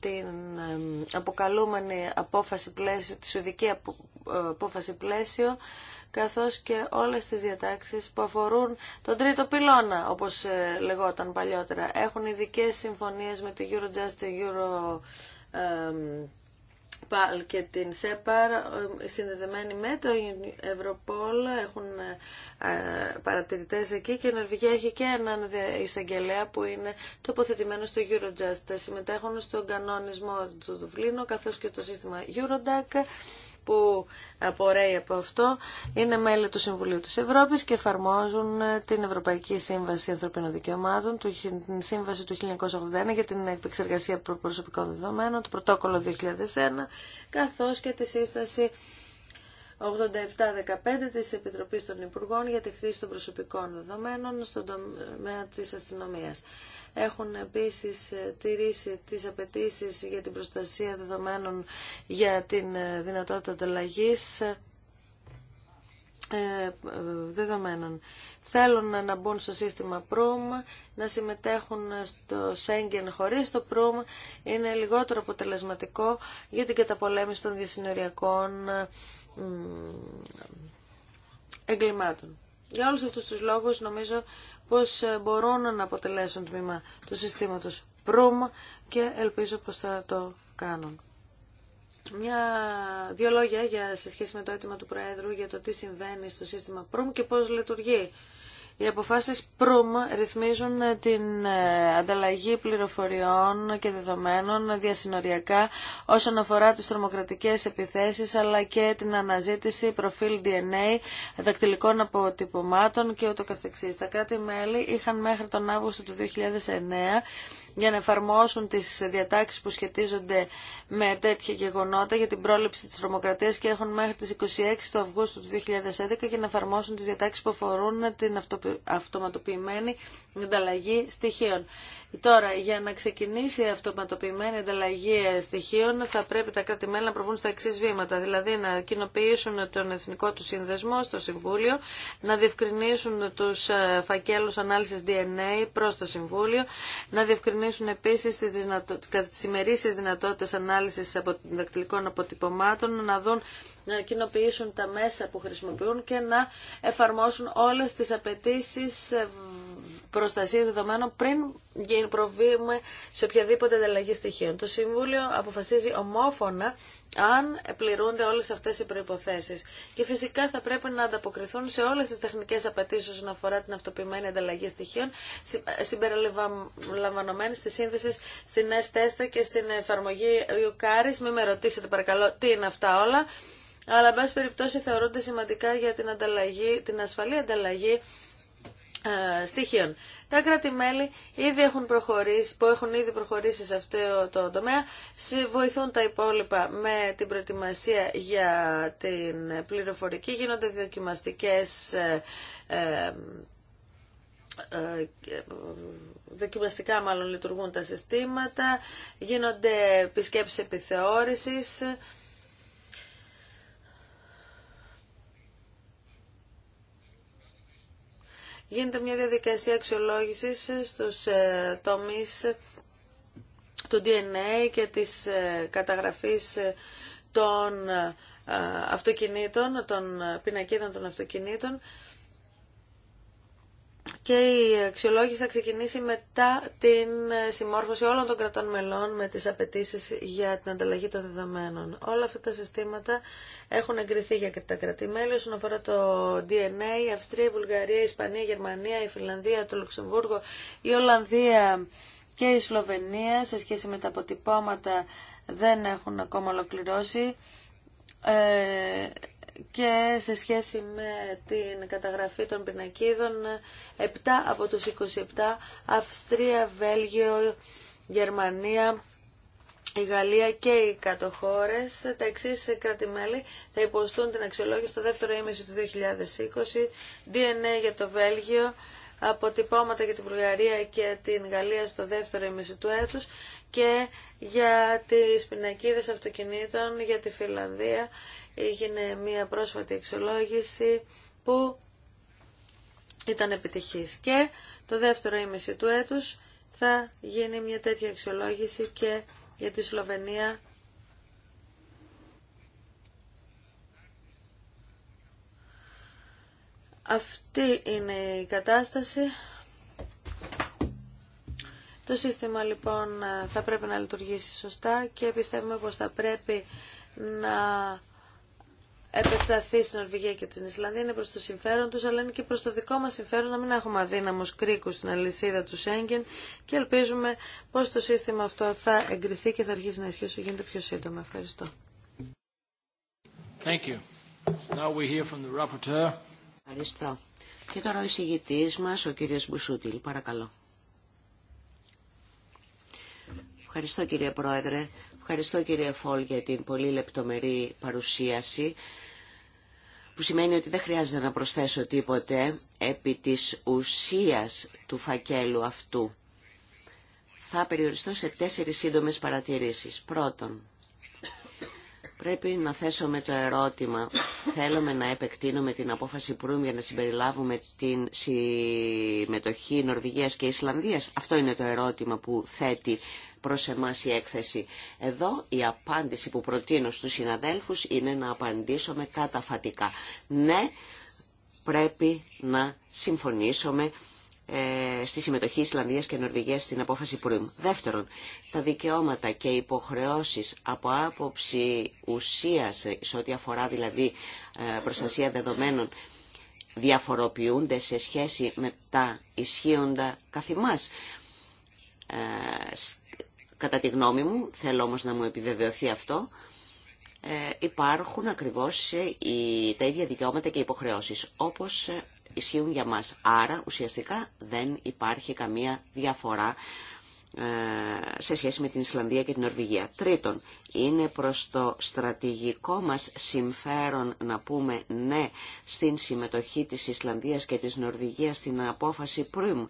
την ε, αποκαλούμενη απόφαση πλαίσιο, τη ε, απόφαση πλαίσιο, καθώς και όλες τις διατάξεις που αφορούν τον τρίτο πυλώνα, όπως λεγόταν παλιότερα. Έχουν ειδικέ συμφωνίες με τη Eurojust, το Euro παλ και την ΣΕΠΑΡ ε, συνδεδεμένοι με το Ευρωπόλ έχουν ε, παρατηρητές εκεί και η Νορβηγία έχει και έναν εισαγγελέα που είναι τοποθετημένο στο Eurojust. Συμμετέχουν στον κανονισμό του Δουβλίνου καθώς και το σύστημα Eurodac που απορρέει από αυτό είναι μέλη του Συμβουλίου της Ευρώπης και εφαρμόζουν την Ευρωπαϊκή Σύμβαση Ανθρωπίνων Δικαιωμάτων, την Σύμβαση του 1981 για την επεξεργασία προσωπικών δεδομένων, το Πρωτόκολλο 2001, καθώς και τη σύσταση 8715 της Επιτροπής των Υπουργών για τη χρήση των προσωπικών δεδομένων στον τομέα της αστυνομίας. Έχουν επίσης ε, τηρήσει τις απαιτήσεις για την προστασία δεδομένων για την ε, δυνατότητα ανταλλαγής. Ε, ε, δεδομένων. Θέλουν να μπουν στο σύστημα πρόμα, να συμμετέχουν στο Σέγγεν χωρίς το πρόμα Είναι λιγότερο αποτελεσματικό για την καταπολέμηση των διασυνοριακών εγκλημάτων. Για όλους αυτούς τους λόγους νομίζω πως ε, μπορούν να αποτελέσουν τμήμα του συστήματος πρόμα και ελπίζω πως θα το κάνουν μια, δύο λόγια για, σε σχέση με το αίτημα του Προέδρου για το τι συμβαίνει στο σύστημα ΠΡΟΜ και πώς λειτουργεί. Οι αποφάσεις ΠΡΟΜ ρυθμίζουν ε, την ε, ανταλλαγή πληροφοριών και δεδομένων διασυνοριακά όσον αφορά τις τρομοκρατικές επιθέσεις αλλά και την αναζήτηση προφίλ DNA, δακτυλικών αποτυπωμάτων και ούτω καθεξής. Τα κράτη-μέλη είχαν μέχρι τον Αύγουστο του 2009 για να εφαρμόσουν τι διατάξει που σχετίζονται με τέτοια γεγονότα για την πρόληψη τη τρομοκρατίας και έχουν μέχρι τι 26 του Αυγούστου του 2011 για να εφαρμόσουν τι διατάξει που αφορούν την αυτοματοποιημένη ανταλλαγή στοιχείων. Τώρα, για να ξεκινήσει η αυτοματοποιημένη ανταλλαγή στοιχείων θα πρέπει τα κράτη-μέλη να προβούν στα εξή βήματα, δηλαδή να κοινοποιήσουν τον εθνικό του σύνδεσμο στο Συμβούλιο, να διευκρινίσουν του ε, φακέλου ανάλυση DNA προ το Συμβούλιο, να διευκρινίσουν διερευνήσουν επίσης τις ημερήσιες δυνατότητες ανάλυσης δακτυλικών αποτυπωμάτων, να δουν να κοινοποιήσουν τα μέσα που χρησιμοποιούν και να εφαρμόσουν όλες τις απαιτήσεις ε, Προστασία δεδομένων πριν προβείουμε σε οποιαδήποτε ανταλλαγή στοιχείων. Το Συμβούλιο αποφασίζει ομόφωνα αν πληρούνται όλε αυτέ οι προποθέσει. Και φυσικά θα πρέπει να ανταποκριθούν σε όλε τι τεχνικέ απαιτήσει όσον αφορά την αυτοποιημένη ανταλλαγή στοιχείων, συμπεριλαμβανομένη τη σύνθεση στην Εστέστα και στην εφαρμογή Ιουκάρης. Μην με ρωτήσετε παρακαλώ τι είναι αυτά όλα αλλά εν πάση περιπτώσει θεωρούνται σημαντικά για την, ανταλλαγή, την ασφαλή ανταλλαγή ε, στοιχείων. Τα κράτη-μέλη έχουν προχωρήσει, που έχουν ήδη προχωρήσει σε αυτό το τομέα, βοηθούν τα υπόλοιπα με την προετοιμασία για την πληροφορική, γίνονται δοκιμαστικές ε, ε, δοκιμαστικά μάλλον λειτουργούν τα συστήματα, γίνονται επισκέψεις επιθεώρησης, γίνεται μια διαδικασία αξιολόγησης ε, στους ε, τομείς ε, του DNA και της καταγραφής των αυτοκινήτων, των πινακίδων των αυτοκινήτων και η αξιολόγηση θα ξεκινήσει μετά την συμμόρφωση όλων των κρατών μελών με τις απαιτήσεις για την ανταλλαγή των δεδομένων. Όλα αυτά τα συστήματα έχουν εγκριθεί για τα κρατημέλη όσον αφορά το DNA, η Αυστρία, η Βουλγαρία, η Ισπανία, η Γερμανία, η Φιλανδία, το Λουξεμβούργο, η Ολλανδία και η Σλοβενία σε σχέση με τα αποτυπώματα δεν έχουν ακόμα ολοκληρώσει. Ε, και σε σχέση με την καταγραφή των πινακίδων 7 από τους 27 Αυστρία, Βέλγιο, Γερμανία, η Γαλλία και οι κατοχώρες τα εξή κράτη-μέλη θα υποστούν την αξιολόγηση στο δεύτερο ήμιση του 2020, DNA για το Βέλγιο, αποτυπώματα για την Βουλγαρία και την Γαλλία στο δεύτερο ήμιση του έτους και για τις πινακίδες αυτοκινήτων για τη Φιλανδία έγινε μια πρόσφατη εξολόγηση που ήταν επιτυχής. Και το δεύτερο ήμιση του έτους θα γίνει μια τέτοια εξολόγηση και για τη Σλοβενία Αυτή είναι η κατάσταση. Το σύστημα λοιπόν θα πρέπει να λειτουργήσει σωστά και πιστεύουμε πως θα πρέπει να επεκταθεί στην Νορβηγία και την Ισλανδία είναι προς το συμφέρον του, αλλά είναι και προς το δικό μας συμφέρον να μην έχουμε αδύναμους κρίκους στην αλυσίδα του Σέγγεν και ελπίζουμε πως το σύστημα αυτό θα εγκριθεί και θα αρχίσει να ισχύει όσο γίνεται πιο σύντομα. Ευχαριστώ. Thank you. Now we hear from the rapporteur. Ευχαριστώ. Και τώρα ο εισηγητή μα, ο κύριο Μπουσούτιλ. Παρακαλώ. Ευχαριστώ κύριε Πρόεδρε. Ευχαριστώ κύριε Φόλ για την πολύ λεπτομερή παρουσίαση που σημαίνει ότι δεν χρειάζεται να προσθέσω τίποτε επί της ουσίας του φακέλου αυτού. Θα περιοριστώ σε τέσσερις σύντομες παρατηρήσεις. Πρώτον, Πρέπει να θέσουμε το ερώτημα, θέλουμε να επεκτείνουμε την απόφαση Προύμ για να συμπεριλάβουμε την συμμετοχή Νορβηγίας και Ισλανδίας. Αυτό είναι το ερώτημα που θέτει προς εμάς η έκθεση. Εδώ η απάντηση που προτείνω στους συναδέλφους είναι να απαντήσουμε καταφατικά. Ναι, πρέπει να συμφωνήσουμε ε, στη συμμετοχή Ισλανδίας και Νορβηγίας στην απόφαση Προύμ. Δεύτερον, τα δικαιώματα και υποχρεώσεις από άποψη ουσίας, σε ό,τι αφορά δηλαδή ε, προστασία δεδομένων, διαφοροποιούνται σε σχέση με τα ισχύοντα καθημάς. Ε, κατά τη γνώμη μου, θέλω όμως να μου επιβεβαιωθεί αυτό, υπάρχουν ακριβώς τα ίδια δικαιώματα και υποχρεώσεις, όπως ισχύουν για μας. Άρα ουσιαστικά δεν υπάρχει καμία διαφορά ε, σε σχέση με την Ισλανδία και την Νορβηγία. Τρίτον, είναι προς το στρατηγικό μας συμφέρον να πούμε ναι στην συμμετοχή της Ισλανδίας και της Νορβηγίας στην απόφαση πριν.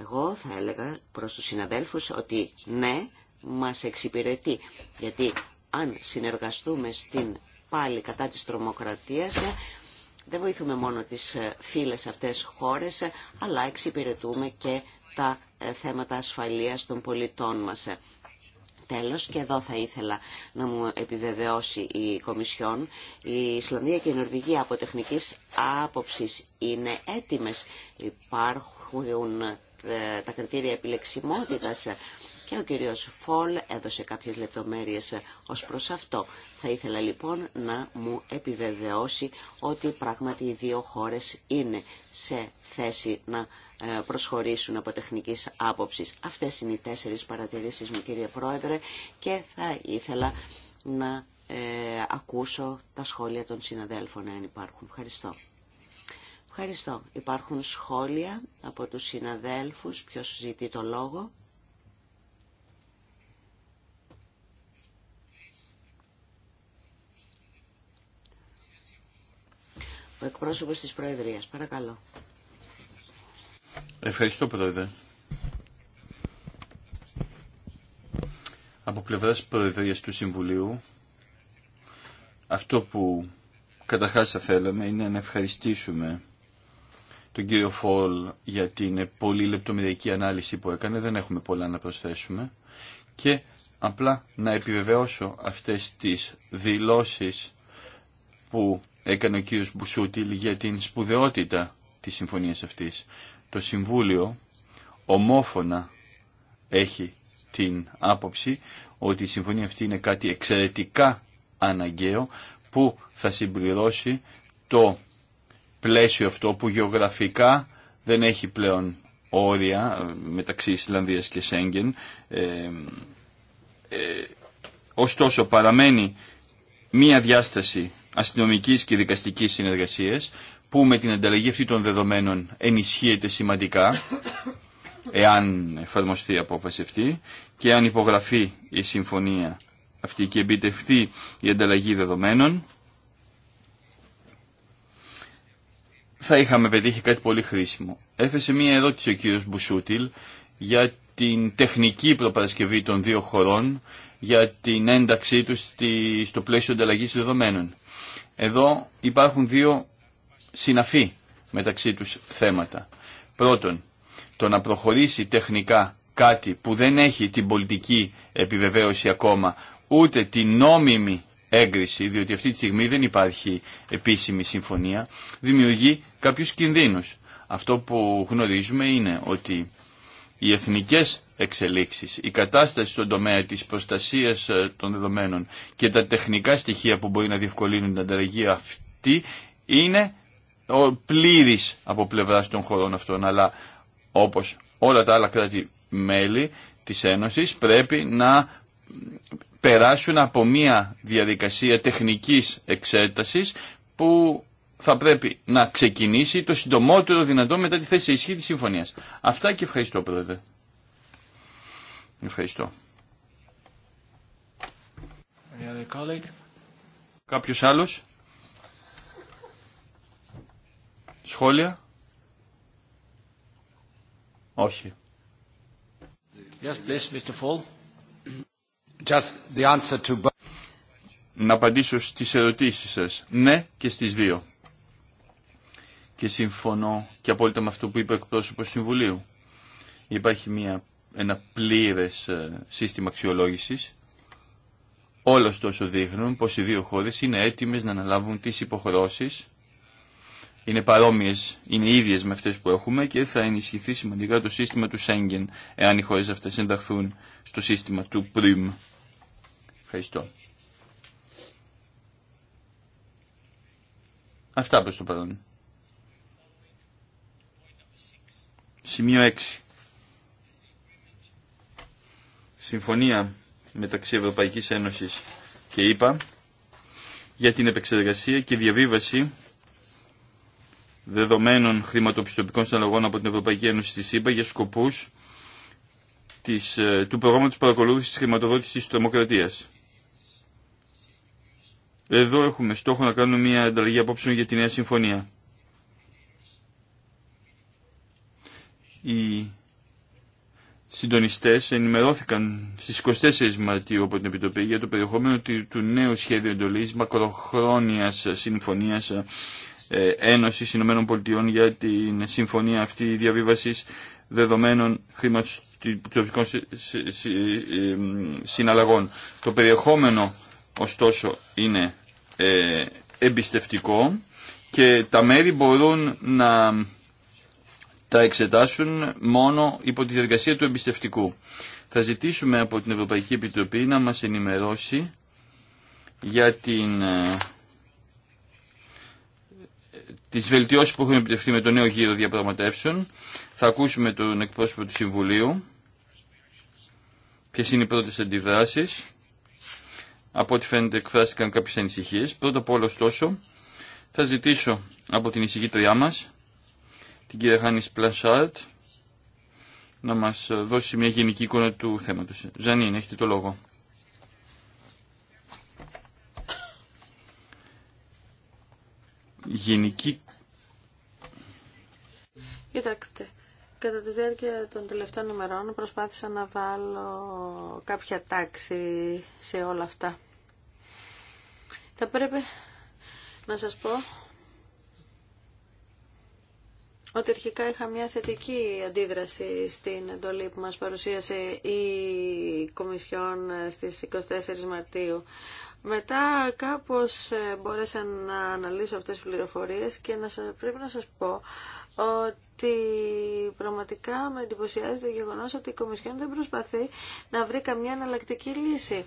Εγώ θα έλεγα προς τους συναδέλφους ότι ναι, μας εξυπηρετεί. Γιατί αν συνεργαστούμε στην πάλι κατά της τρομοκρατίας δεν βοηθούμε μόνο τις ε, φίλες αυτές χώρες, ε, αλλά εξυπηρετούμε και τα ε, θέματα ασφαλείας των πολιτών μας. Τέλος, και εδώ θα ήθελα να μου επιβεβαιώσει η Κομισιόν, η Ισλανδία και η Νορβηγία από τεχνικής άποψης είναι έτοιμες. Υπάρχουν τα κριτήρια επιλεξιμότητας και ο κύριος Φόλ έδωσε κάποιες λεπτομέρειες ως προς αυτό. Θα ήθελα λοιπόν να μου επιβεβαιώσει ότι πράγματι οι δύο χώρες είναι σε θέση να ε, προσχωρήσουν από τεχνικής άποψης. Αυτές είναι οι τέσσερις παρατηρήσεις μου κύριε Πρόεδρε και θα ήθελα να ε, ακούσω τα σχόλια των συναδέλφων αν υπάρχουν. Ευχαριστώ. Ευχαριστώ. Υπάρχουν σχόλια από τους συναδέλφους, ποιος ζητεί το λόγο. εκπρόσωπος της Προεδρίας. Παρακαλώ. Ευχαριστώ Πρόεδρε. Από πλευράς Προεδρίας του Συμβουλίου αυτό που καταρχάς θα θέλαμε είναι να ευχαριστήσουμε τον κύριο Φόλ για την πολύ λεπτομεριακή ανάλυση που έκανε. Δεν έχουμε πολλά να προσθέσουμε. Και απλά να επιβεβαιώσω αυτές τις δηλώσεις που έκανε ο κ. Μπουσούτιλ για την σπουδαιότητα της συμφωνίας αυτής. Το Συμβούλιο ομόφωνα έχει την άποψη ότι η συμφωνία αυτή είναι κάτι εξαιρετικά αναγκαίο που θα συμπληρώσει το πλαίσιο αυτό που γεωγραφικά δεν έχει πλέον όρια ε, μεταξύ Ισλανδίας και Σέγγεν. Ε, ε, ωστόσο παραμένει μία διάσταση αστυνομικής και δικαστικής συνεργασίας που με την ανταλλαγή αυτή των δεδομένων ενισχύεται σημαντικά εάν εφαρμοστεί η απόφαση αυτή και αν υπογραφεί η συμφωνία αυτή και εμπιτευτεί η ανταλλαγή δεδομένων θα είχαμε πετύχει κάτι πολύ χρήσιμο. Έθεσε μία ερώτηση ο κύριος Μπουσούτιλ για την τεχνική προπαρασκευή των δύο χωρών για την ένταξή τους στο πλαίσιο ανταλλαγής δεδομένων. Εδώ υπάρχουν δύο συναφή μεταξύ τους θέματα. Πρώτον, το να προχωρήσει τεχνικά κάτι που δεν έχει την πολιτική επιβεβαίωση ακόμα, ούτε την νόμιμη έγκριση, διότι αυτή τη στιγμή δεν υπάρχει επίσημη συμφωνία, δημιουργεί κάποιους κινδύνους. Αυτό που γνωρίζουμε είναι ότι οι εθνικές εξελίξεις, η κατάσταση στον τομέα της προστασίας ε, των δεδομένων και τα τεχνικά στοιχεία που μπορεί να διευκολύνουν την ανταλλαγή αυτή είναι πλήρης από πλευράς των χωρών αυτών, αλλά όπως όλα τα άλλα κράτη-μέλη της Ένωσης πρέπει να περάσουν από μια διαδικασία τεχνικής εξέτασης που θα πρέπει να ξεκινήσει το συντομότερο δυνατό μετά τη θέση ισχύ της συμφωνίας. Αυτά και ευχαριστώ πρόεδρε. Ευχαριστώ. Κάποιος άλλος. Σχόλια. Όχι. Yes, please, Mr. Fall. Just the answer to... Να απαντήσω στις ερωτήσεις σας. Ναι και στις δύο και συμφωνώ και απόλυτα με αυτό που είπε ο εκπρόσωπος Συμβουλίου. Υπάρχει μια, ένα πλήρες ε, σύστημα αξιολόγησης. όλο τόσο δείχνουν πως οι δύο χώρες είναι έτοιμες να αναλάβουν τις υποχρεώσει. Είναι παρόμοιες, είναι ίδιες με αυτές που έχουμε και θα ενισχυθεί σημαντικά το σύστημα του Σέγγεν εάν οι χώρες αυτές ενταχθούν στο σύστημα του ΠΡΙΜ. Ευχαριστώ. Αυτά προς το παρόν. Σημείο 6. Συμφωνία μεταξύ Ευρωπαϊκής Ένωσης και ΕΠΑ για την επεξεργασία και διαβίβαση δεδομένων χρηματοπιστωτικών συναλλαγών από την Ευρωπαϊκή Ένωση στη ΣΥΠΑ για σκοπούς της, ε, του προγράμματος παρακολούθησης της χρηματοδότησης της τρομοκρατίας. Εδώ έχουμε στόχο να κάνουμε μια ανταλλαγή απόψεων για τη νέα συμφωνία. οι συντονιστές ενημερώθηκαν στις 24 Μαρτίου από την Επιτροπή για το περιεχόμενο του νέου σχέδιου εντολής μακροχρόνιας συμφωνίας ε, Ένωσης Ηνωμένων Πολιτειών για την συμφωνία αυτή διαβίβασης δεδομένων χρηματοπιστικών ε, συναλλαγών. Το περιεχόμενο ωστόσο είναι ε, εμπιστευτικό και τα μέρη μπορούν να τα εξετάσουν μόνο υπό τη διαδικασία του εμπιστευτικού. Θα ζητήσουμε από την Ευρωπαϊκή Επιτροπή να μας ενημερώσει για την, ε, τις βελτιώσεις που έχουν επιτευχθεί με το νέο γύρο διαπραγματεύσεων. Θα ακούσουμε τον εκπρόσωπο του Συμβουλίου, ποιες είναι οι πρώτες αντιδράσεις. Από ό,τι φαίνεται εκφράστηκαν κάποιες ανησυχίες. Πρώτα απ' όλα ωστόσο θα ζητήσω από την εισηγήτριά μας την κυρία Χάνη Πλασάρτ να μας δώσει μια γενική εικόνα του θέματος. Ζανίν, έχετε το λόγο. Γενική... Κοιτάξτε, κατά τη διάρκεια των τελευταίων ημερών προσπάθησα να βάλω κάποια τάξη σε όλα αυτά. Θα πρέπει να σας πω ότι αρχικά είχα μια θετική αντίδραση στην εντολή που μας παρουσίασε η Κομισιόν στις 24 Μαρτίου. Μετά κάπως ε, μπόρεσα να αναλύσω αυτές τις πληροφορίες και να σας, πρέπει να σας πω ότι πραγματικά με εντυπωσιάζει το γεγονός ότι η Κομισιόν δεν προσπαθεί να βρει καμιά εναλλακτική λύση.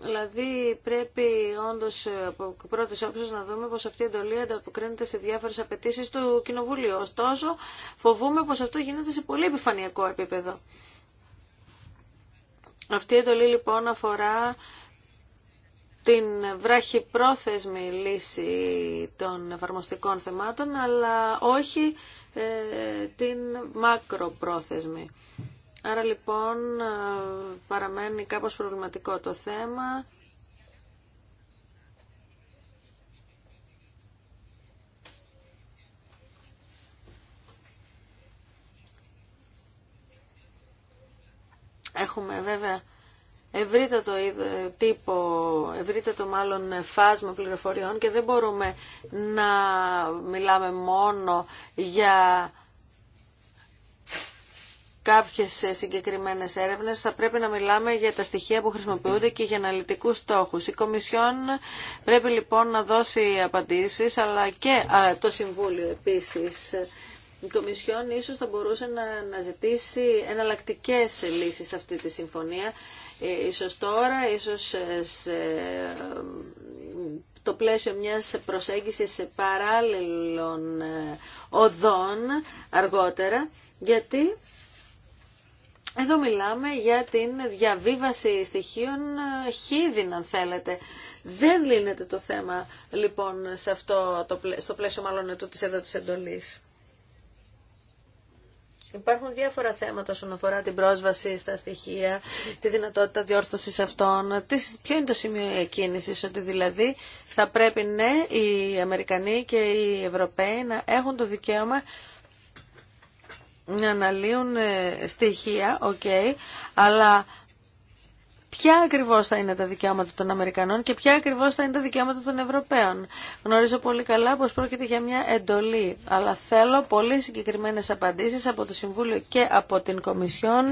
Δηλαδή πρέπει όντως από πρώτη όψης να δούμε πως αυτή η εντολή ανταποκρίνεται σε διάφορες απαιτήσεις του Κοινοβουλίου. Ωστόσο φοβούμε πως αυτό γίνεται σε πολύ επιφανειακό επίπεδο. Αυτή η εντολή λοιπόν αφορά την βράχη πρόθεσμη λύση των εφαρμοστικών θεμάτων αλλά όχι ε, την μακροπρόθεσμη. Άρα λοιπόν ε, παραμένει κάπως προβληματικό το θέμα. Έχουμε βέβαια ευρύτατο τύπο, ευρύτατο μάλλον φάσμα πληροφοριών και δεν μπορούμε να μιλάμε μόνο για κάποιες ε, συγκεκριμένες έρευνες θα πρέπει να μιλάμε για τα στοιχεία που χρησιμοποιούνται και για αναλυτικούς στόχους. Η Κομισιόν πρέπει λοιπόν να δώσει απαντήσεις αλλά και το Συμβούλιο επίσης. Η Κομισιόν ίσως θα μπορούσε να αναζητήσει εναλλακτικέ λύσεις σε αυτή τη συμφωνία. Ε, ίσως τώρα, ίσως ε, σε το πλαίσιο μιας προσέγγισης σε παράλληλων οδών αργότερα, γιατί εδώ μιλάμε για την διαβίβαση στοιχείων ε, χίδιν, αν θέλετε. Δεν λύνεται το θέμα, λοιπόν, σε αυτό το, στο πλαίσιο μάλλον ετού της εδώ της εντολής. Υπάρχουν διάφορα θέματα όσον αφορά την πρόσβαση στα στοιχεία, τη δυνατότητα διόρθωσης αυτών. Ποιο είναι το σημείο εκκίνησης, ότι δηλαδή θα πρέπει ναι οι Αμερικανοί και οι Ευρωπαίοι να έχουν το δικαίωμα να αναλύουν ε, στοιχεία, okay, αλλά ποια ακριβώ θα είναι τα δικαιώματα των Αμερικανών και ποια ακριβώ θα είναι τα δικαιώματα των Ευρωπαίων. Γνωρίζω πολύ καλά πω πρόκειται για μια εντολή, αλλά θέλω πολύ συγκεκριμένες απαντήσει από το Συμβούλιο και από την Κομισιόν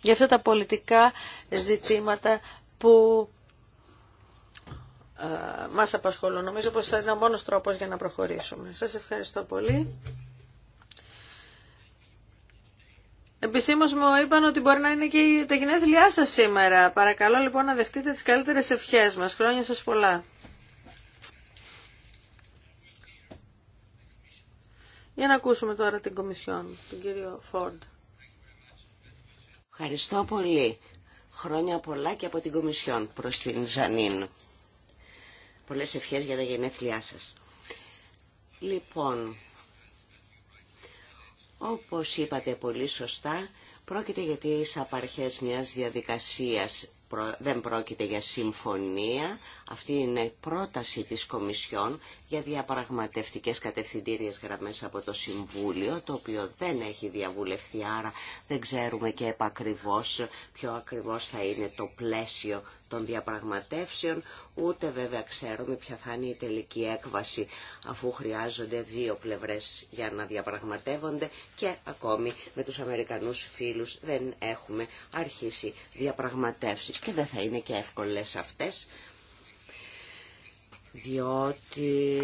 για αυτά τα πολιτικά ζητήματα που ε, μας απασχολούν. Νομίζω πως θα είναι ο μόνος τρόπος για να προχωρήσουμε. Σας ευχαριστώ πολύ. Επισήμως μου είπαν ότι μπορεί να είναι και τα γενέθλιά σα σήμερα. Παρακαλώ λοιπόν να δεχτείτε τις καλύτερε ευχέ μας. Χρόνια σας πολλά. Για να ακούσουμε τώρα την Κομισιόν, τον κύριο Φόρντ. Ευχαριστώ πολύ. Χρόνια πολλά και από την Κομισιόν προς την Ζανίν. Πολλές ευχές για τα γενέθλιά σας. Λοιπόν, όπως είπατε πολύ σωστά, πρόκειται για τις απαρχές μιας διαδικασίας. Δεν πρόκειται για συμφωνία. Αυτή είναι πρόταση της Κομισιόν για διαπραγματευτικές κατευθυντήριες γραμμές από το Συμβούλιο, το οποίο δεν έχει διαβουλευθεί, άρα δεν ξέρουμε και επακριβώς ποιο ακριβώς θα είναι το πλαίσιο των διαπραγματεύσεων, ούτε βέβαια ξέρουμε ποια θα είναι η τελική έκβαση αφού χρειάζονται δύο πλευρές για να διαπραγματεύονται και ακόμη με τους Αμερικανούς φίλους δεν έχουμε αρχίσει διαπραγματεύσεις και δεν θα είναι και εύκολες αυτές διότι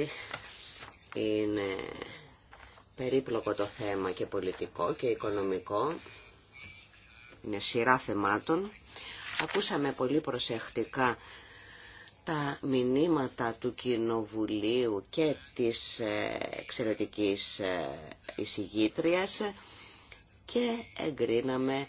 είναι περίπλοκο το θέμα και πολιτικό και οικονομικό είναι σειρά θεμάτων Ακούσαμε πολύ προσεκτικά τα μηνύματα του Κοινοβουλίου και της ε, εξαιρετικής ε, εισηγήτριας και εγκρίναμε ε,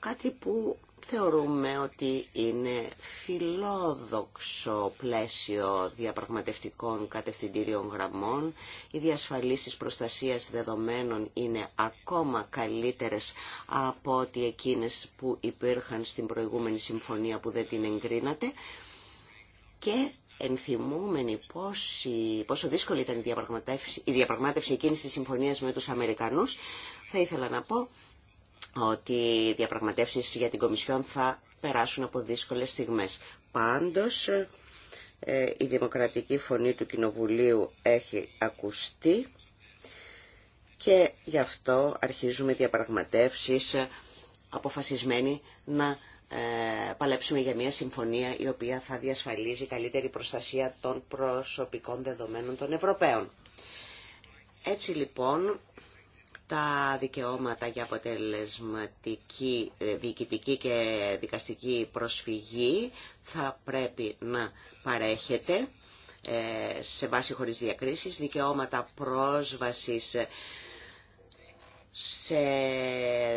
κάτι που θεωρούμε ότι είναι φιλόδοξο πλαίσιο διαπραγματευτικών κατευθυντήριων γραμμών. Οι διασφαλίσεις προστασίας δεδομένων είναι ακόμα καλύτερες από ότι εκείνες που υπήρχαν στην προηγούμενη συμφωνία που δεν την εγκρίνατε. Και ενθυμούμενοι πόσο δύσκολη ήταν η διαπραγμάτευση, η διαπραγμάτευση εκείνης της συμφωνίας με τους Αμερικανούς, θα ήθελα να πω ότι οι διαπραγματεύσεις για την Κομισιόν θα περάσουν από δύσκολες στιγμές. Πάντως, ε, η δημοκρατική φωνή του Κοινοβουλίου έχει ακουστεί και γι' αυτό αρχίζουμε διαπραγματεύσεις ε, αποφασισμένοι να ε, παλέψουμε για μια συμφωνία η οποία θα διασφαλίζει καλύτερη προστασία των προσωπικών δεδομένων των Ευρωπαίων. Έτσι λοιπόν τα δικαιώματα για αποτελεσματική ε, διοικητική και δικαστική προσφυγή θα πρέπει να παρέχεται ε, σε βάση χωρίς διακρίσεις, δικαιώματα πρόσβασης σε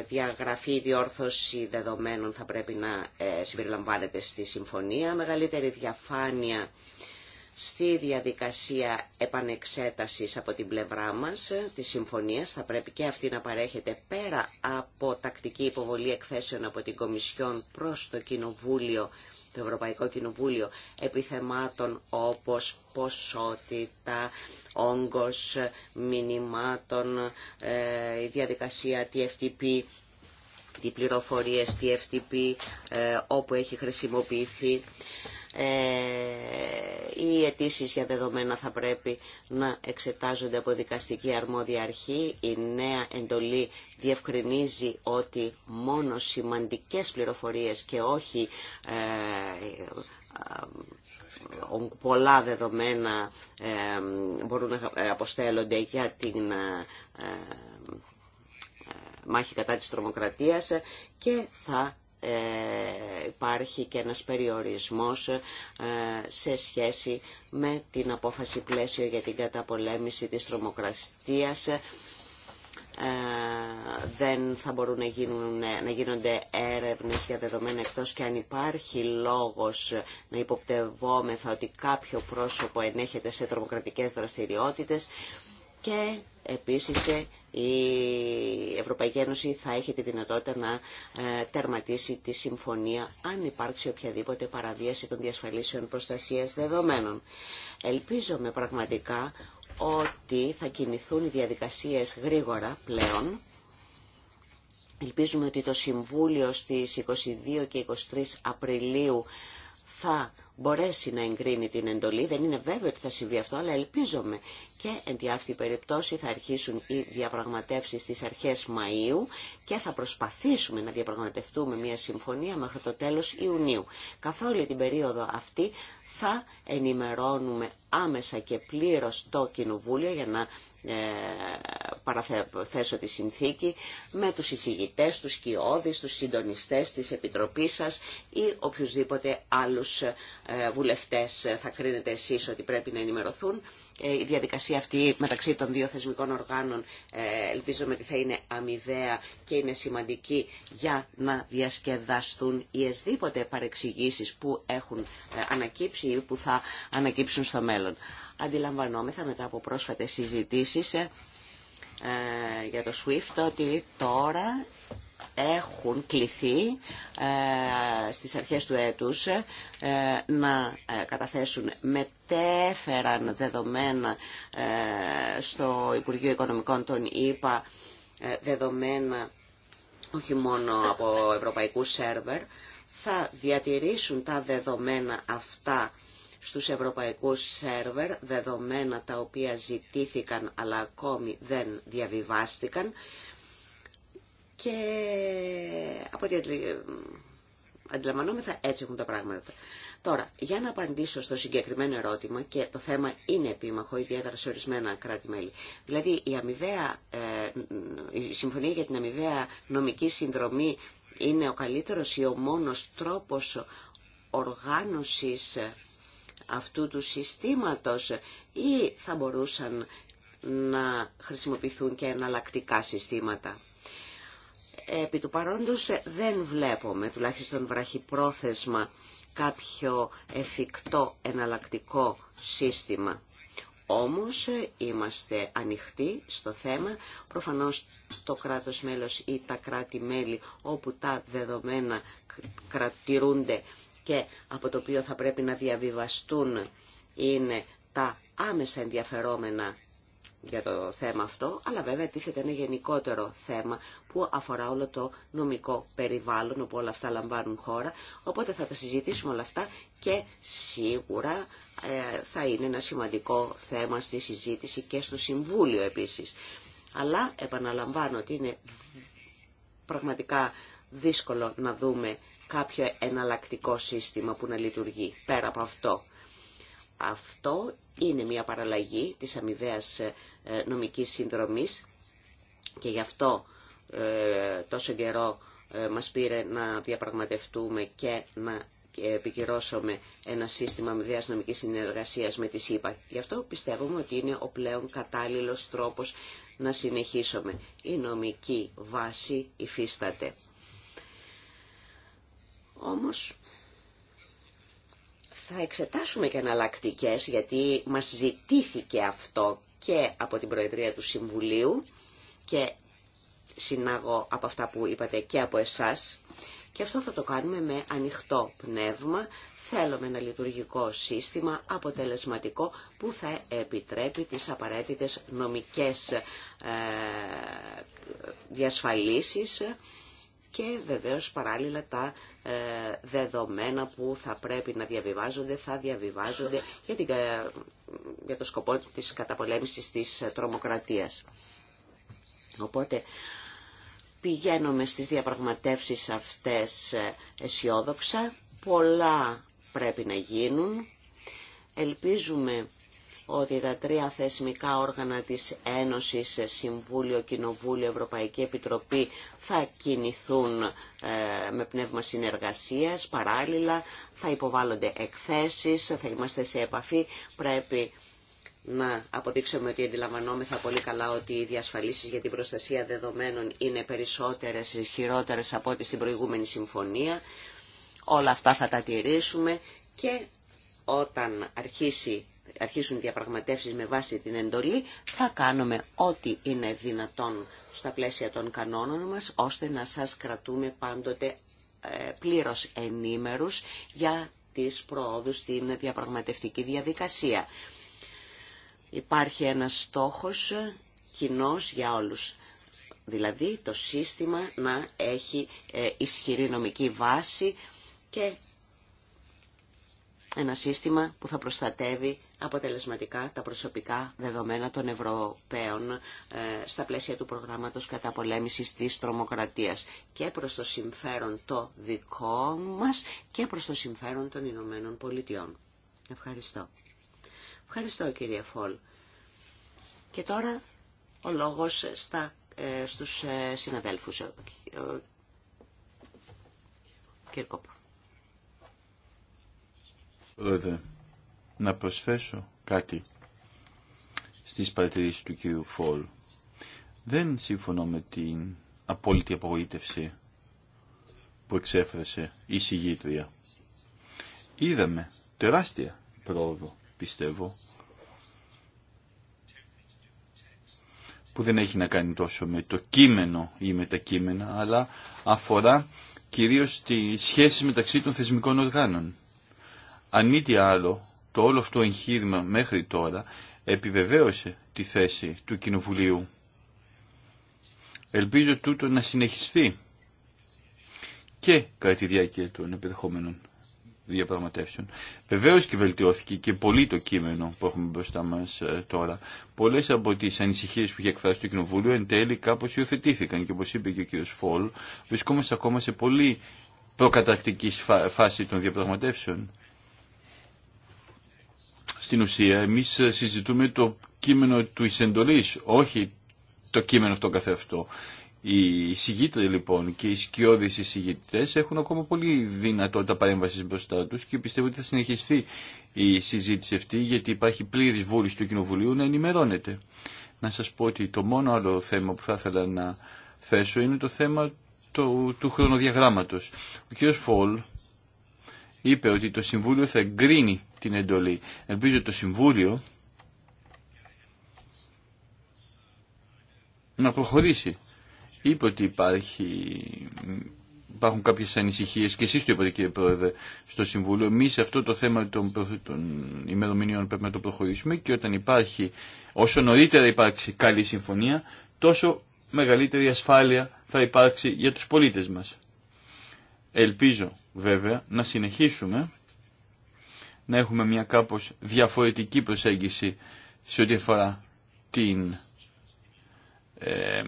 διαγραφή διόρθωση δεδομένων θα πρέπει να ε, συμπεριλαμβάνεται στη συμφωνία, μεγαλύτερη διαφάνεια στη διαδικασία επανεξέτασης από την πλευρά μας ε, τη συμφωνίας. Θα πρέπει και αυτή να παρέχεται πέρα από τακτική υποβολή εκθέσεων από την Κομισιόν προς το Κοινοβούλιο, το Ευρωπαϊκό Κοινοβούλιο, επιθεμάτων όπως ποσότητα, όγκος μηνυμάτων, ε, η διαδικασία TFTP, τι πληροφορίες TFTP, ε, όπου έχει χρησιμοποιηθεί ε, οι αιτήσει για δεδομένα θα πρέπει να εξετάζονται από δικαστική αρμόδια αρχή. Η νέα εντολή διευκρινίζει ότι μόνο σημαντικές πληροφορίες και όχι ε, ε, πολλά δεδομένα μπορούν να αποστέλλονται για την μάχη κατά της τρομοκρατίας και θα ε, υπάρχει και ένας περιορισμός ε, σε σχέση με την απόφαση πλαίσιο για την καταπολέμηση της τρομοκρατίας. Ε, δεν θα μπορούν να, γίνουν, να γίνονται έρευνες για δεδομένα εκτός και αν υπάρχει λόγος να υποπτευόμεθα ότι κάποιο πρόσωπο ενέχεται σε τρομοκρατικές δραστηριότητες και επίσης η Ευρωπαϊκή Ένωση θα έχει τη δυνατότητα να ε, τερματίσει τη συμφωνία αν υπάρξει οποιαδήποτε παραβίαση των διασφαλίσεων προστασίας δεδομένων. Ελπίζομαι πραγματικά ότι θα κινηθούν οι διαδικασίες γρήγορα πλέον. Ελπίζουμε ότι το Συμβούλιο στις 22 και 23 Απριλίου θα μπορέσει να εγκρίνει την εντολή. Δεν είναι βέβαιο ότι θα συμβεί αυτό, αλλά ελπίζομαι και εν τη αυτή περιπτώσει θα αρχίσουν οι διαπραγματεύσεις στις αρχές Μαΐου και θα προσπαθήσουμε να διαπραγματευτούμε μια συμφωνία μέχρι το τέλος Ιουνίου. Καθ' όλη την περίοδο αυτή θα ενημερώνουμε άμεσα και πλήρως το Κοινοβούλιο για να ε, παραθέσω τη συνθήκη με τους εισηγητές, τους κοιόδης, τους συντονιστές της Επιτροπής σας ή οποιουσδήποτε άλλους ε, βουλευτές θα κρίνετε εσείς ότι πρέπει να ενημερωθούν. Ε, η διαδικασία αυτή μεταξύ των δύο θεσμικών οργάνων ελπίζομαι ότι θα είναι αμοιβαία και είναι σημαντική για να διασκεδαστούν οι εσδήποτε παρεξηγήσεις που έχουν ανακύψει ή που θα ανακύψουν στο μέλλον αντιλαμβανόμεθα μετά από πρόσφατες συζητήσεις ε, ε, για το SWIFT ότι τώρα έχουν κληθεί ε, στις αρχές του έτους να καταθέσουν μετέφεραν δεδομένα στο Υπουργείο Οικονομικών των ΗΠΑ δεδομένα όχι μόνο από ευρωπαϊκού σερβερ θα διατηρήσουν τα δεδομένα αυτά στους ευρωπαϊκούς σερβερ, δεδομένα τα οποία ζητήθηκαν αλλά ακόμη δεν διαβιβάστηκαν και από ό,τι αντιλαμβανόμεθα έτσι έχουν τα πράγματα. Τώρα, για να απαντήσω στο συγκεκριμένο ερώτημα και το θέμα είναι επίμαχο, ιδιαίτερα σε ορισμένα κράτη-μέλη. Δηλαδή, η, αμοιβαία, ε, η συμφωνία για την αμοιβαία νομική συνδρομή είναι ο καλύτερος ή ο μόνος τρόπος οργάνωσης αυτού του συστήματος ή θα μπορούσαν να χρησιμοποιηθούν και εναλλακτικά συστήματα. Επί του παρόντος ε, δεν βλέπουμε, τουλάχιστον βραχυπρόθεσμα, κάποιο εφικτό εναλλακτικό σύστημα. Όμως ε, είμαστε ανοιχτοί στο θέμα. Προφανώς το κράτος μέλος ή τα κράτη-μέλη όπου τα δεδομένα κρατηρούνται και από το οποίο θα πρέπει να διαβιβαστούν είναι τα άμεσα ενδιαφερόμενα για το θέμα αυτό, αλλά βέβαια τίθεται ένα γενικότερο θέμα που αφορά όλο το νομικό περιβάλλον όπου όλα αυτά λαμβάνουν χώρα, οπότε θα τα συζητήσουμε όλα αυτά και σίγουρα ε, θα είναι ένα σημαντικό θέμα στη συζήτηση και στο Συμβούλιο επίσης. Αλλά επαναλαμβάνω ότι είναι πραγματικά δύσκολο να δούμε κάποιο εναλλακτικό σύστημα που να λειτουργεί πέρα από αυτό. Αυτό είναι μια παραλλαγή της αμοιβαίας ε, νομικής συνδρομής και γι' αυτό ε, τόσο καιρό ε, μας πήρε να διαπραγματευτούμε και να επικυρώσουμε ένα σύστημα αμοιβαίας νομικής συνεργασίας με τη ΣΥΠΑ. Γι' αυτό πιστεύουμε ότι είναι ο πλέον κατάλληλος τρόπος να συνεχίσουμε. Η νομική βάση υφίσταται. Όμως θα εξετάσουμε και εναλλακτικέ γιατί μας ζητήθηκε αυτό και από την Προεδρία του Συμβουλίου και συνάγω από αυτά που είπατε και από εσάς και αυτό θα το κάνουμε με ανοιχτό πνεύμα. Θέλουμε ένα λειτουργικό σύστημα αποτελεσματικό που θα επιτρέπει τις απαραίτητες νομικές ε, διασφαλίσεις και βεβαίως παράλληλα τα ε, δεδομένα που θα πρέπει να διαβιβάζονται, θα διαβιβάζονται για, την, για το σκοπό της καταπολέμησης της ε, τρομοκρατίας. Οπότε πηγαίνουμε στις διαπραγματεύσεις αυτές ε, αισιόδοξα, πολλά πρέπει να γίνουν. Ελπίζουμε ότι τα τρία θεσμικά όργανα της Ένωσης, Συμβούλιο, Κοινοβούλιο, Ευρωπαϊκή Επιτροπή θα κινηθούν ε, με πνεύμα συνεργασίας, παράλληλα θα υποβάλλονται εκθέσεις, θα είμαστε σε επαφή, πρέπει να αποδείξουμε ότι αντιλαμβανόμεθα πολύ καλά ότι οι διασφαλίσεις για την προστασία δεδομένων είναι περισσότερες, ισχυρότερε από ό,τι στην προηγούμενη συμφωνία. Όλα αυτά θα τα τηρήσουμε και όταν αρχίσει αρχίσουν οι διαπραγματεύσεις με βάση την εντολή, θα κάνουμε ό,τι είναι δυνατόν στα πλαίσια των κανόνων μας, ώστε να σας κρατούμε πάντοτε ε, πλήρως ενήμερους για τις προόδους στην διαπραγματευτική διαδικασία. Υπάρχει ένας στόχος ε, κοινός για όλους. Δηλαδή το σύστημα να έχει ε, ισχυρή νομική βάση και ένα σύστημα που θα προστατεύει αποτελεσματικά τα προσωπικά δεδομένα των Ευρωπαίων ε, στα πλαίσια του προγράμματος καταπολέμησης της τρομοκρατίας και προς το συμφέρον το δικό μας και προς το συμφέρον των Ηνωμένων Πολιτειών. Ευχαριστώ. Ευχαριστώ κύριε Φόλ. Και τώρα ο λόγος στα, ε, στους ε, συναδέλφους να προσθέσω κάτι στις παρατηρήσεις του κύριου Φόλ. Δεν συμφωνώ με την απόλυτη απογοήτευση που εξέφρασε η συγγήτρια. Είδαμε τεράστια πρόοδο, πιστεύω, που δεν έχει να κάνει τόσο με το κείμενο ή με τα κείμενα, αλλά αφορά κυρίως τη σχέση μεταξύ των θεσμικών οργάνων. Αν μη τι άλλο, το όλο αυτό εγχείρημα μέχρι τώρα επιβεβαίωσε τη θέση του Κοινοβουλίου. Ελπίζω τούτο να συνεχιστεί και κατά τη διάρκεια των επιδεχόμενων διαπραγματεύσεων. Βεβαίως και βελτιώθηκε και πολύ το κείμενο που έχουμε μπροστά μας ε, τώρα. Πολλές από τις ανησυχίες που είχε εκφράσει το Κοινοβούλιο εν τέλει κάπως υιοθετήθηκαν και όπως είπε και ο κ. Φόλ βρισκόμαστε ακόμα σε πολύ προκαταρκτική φάση των διαπραγματεύσεων στην ουσία εμείς ε, συζητούμε το κείμενο του εισεντολής, όχι το κείμενο αυτό καθεαυτό. Οι εισηγήτρε λοιπόν και οι σκιώδεις εισηγητέ έχουν ακόμα πολύ δυνατότητα παρέμβασης μπροστά τους και πιστεύω ότι θα συνεχιστεί η συζήτηση αυτή γιατί υπάρχει πλήρης βούληση του Κοινοβουλίου να ενημερώνεται. Να σας πω ότι το μόνο άλλο θέμα που θα ήθελα να θέσω είναι το θέμα του, του χρονοδιαγράμματος. Ο κ. Φολ είπε ότι το Συμβούλιο θα εγκρίνει την εντολή. Ελπίζω το Συμβούλιο να προχωρήσει. Είπε ότι υπάρχει, υπάρχουν κάποιες ανησυχίες και εσείς το είπατε κύριε Πρόεδρε στο Συμβούλιο. Εμεί αυτό το θέμα των, των ημερομηνιών πρέπει να το προχωρήσουμε και όταν υπάρχει, όσο νωρίτερα υπάρξει καλή συμφωνία, τόσο μεγαλύτερη ασφάλεια θα υπάρξει για τους πολίτες μας. Ελπίζω βέβαια να συνεχίσουμε να έχουμε μια κάπως διαφορετική προσέγγιση σε ό,τι αφορά την ε,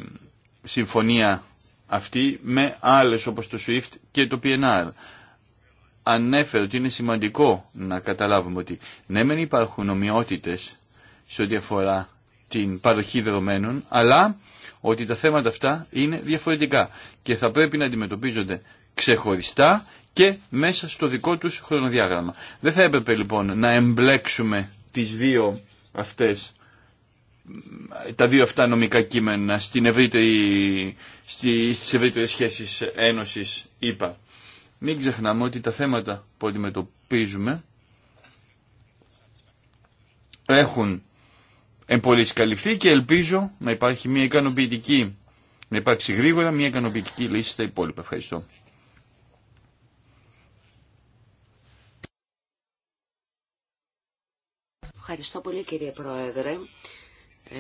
συμφωνία αυτή με άλλες όπως το SWIFT και το PNR. Ανέφερε ότι είναι σημαντικό να καταλάβουμε ότι ναι μεν υπάρχουν ομοιότητες σε ό,τι αφορά την παροχή δεδομένων, αλλά ότι τα θέματα αυτά είναι διαφορετικά και θα πρέπει να αντιμετωπίζονται ξεχωριστά και μέσα στο δικό τους χρονοδιάγραμμα. Δεν θα έπρεπε λοιπόν να εμπλέξουμε τις δύο αυτές τα δύο αυτά νομικά κείμενα στην ευρύτερη, στη, στις ευρύτερες σχέσεις ένωσης ΕΠΑ. Μην ξεχνάμε ότι τα θέματα που αντιμετωπίζουμε έχουν εμπολίσει καλυφθεί και ελπίζω να υπάρχει μια ικανοποιητική, να υπάρξει γρήγορα μια ικανοποιητική λύση στα υπόλοιπα. Ευχαριστώ. Ευχαριστώ πολύ κύριε Πρόεδρε. Ε,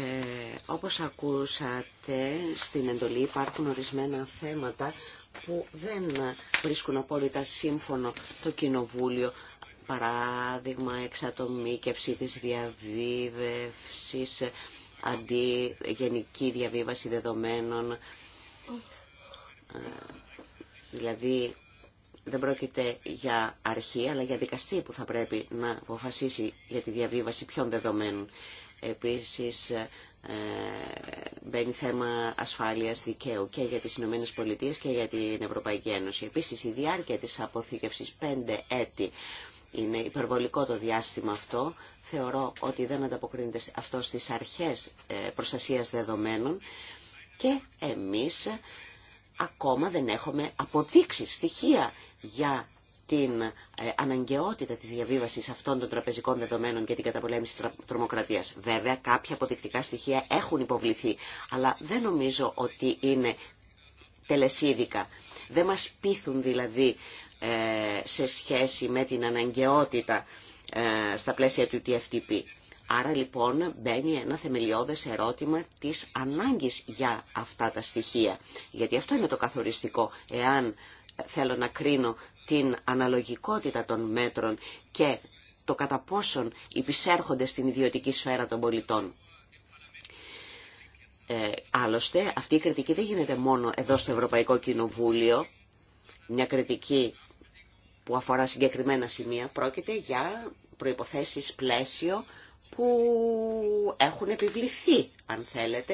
όπως ακούσατε, στην εντολή υπάρχουν ορισμένα θέματα που δεν βρίσκουν απόλυτα σύμφωνο το Κοινοβούλιο. Παράδειγμα, εξατομίκευση της διαβίβευσης αντί γενική διαβίβαση δεδομένων. Ε, δηλαδή, δεν πρόκειται για αρχή, αλλά για δικαστή που θα πρέπει να αποφασίσει για τη διαβίβαση ποιων δεδομένων. Επίσης, ε, μπαίνει θέμα ασφάλειας δικαίου και για τις ΗΠΑ Πολιτείες και για την Ευρωπαϊκή Ένωση. Επίσης, η διάρκεια της αποθήκευσης 5 έτη είναι υπερβολικό το διάστημα αυτό. Θεωρώ ότι δεν ανταποκρίνεται αυτό στις αρχές ε, προστασίας δεδομένων και εμείς ακόμα δεν έχουμε αποδείξει στοιχεία για την ε, αναγκαιότητα της διαβίβασης αυτών των τραπεζικών δεδομένων και την καταπολέμηση της τρομοκρατίας. Βέβαια, κάποια αποδεικτικά στοιχεία έχουν υποβληθεί, αλλά δεν νομίζω ότι είναι τελεσίδικα. Δεν μας πείθουν δηλαδή ε, σε σχέση με την αναγκαιότητα ε, στα πλαίσια του TFTP. Άρα λοιπόν μπαίνει ένα θεμελιώδες ερώτημα της ανάγκης για αυτά τα στοιχεία. Γιατί αυτό είναι το καθοριστικό. Εάν θέλω να κρίνω την αναλογικότητα των μέτρων και το κατά πόσον υπησέρχονται στην ιδιωτική σφαίρα των πολιτών. Ε, άλλωστε, αυτή η κριτική δεν γίνεται μόνο εδώ στο Ευρωπαϊκό Κοινοβούλιο, μια κριτική που αφορά συγκεκριμένα σημεία, πρόκειται για προϋποθέσεις πλαίσιο που έχουν επιβληθεί, αν θέλετε,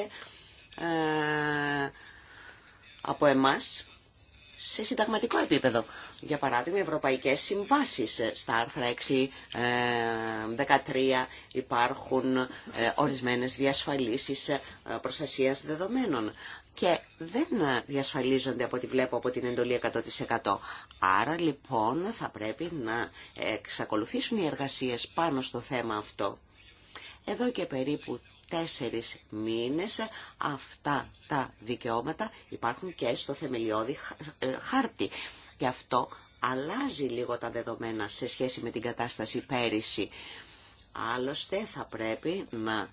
ε, από εμάς σε συνταγματικό επίπεδο. Για παράδειγμα, οι ευρωπαϊκές συμβάσεις ε, στα άρθρα 6, 13 ε, υπάρχουν ε, ορισμένες διασφαλίσεις προστασία δεδομένων και δεν διασφαλίζονται από ό,τι βλέπω από την εντολή 100%. Άρα λοιπόν θα πρέπει να εξακολουθήσουν οι εργασίες πάνω στο θέμα αυτό. Εδώ και περίπου τέσσερις μήνες αυτά τα δικαιώματα υπάρχουν και στο θεμελιώδη ε, χάρτη. Και αυτό αλλάζει λίγο τα δεδομένα σε σχέση με την κατάσταση πέρυσι. Άλλωστε θα πρέπει να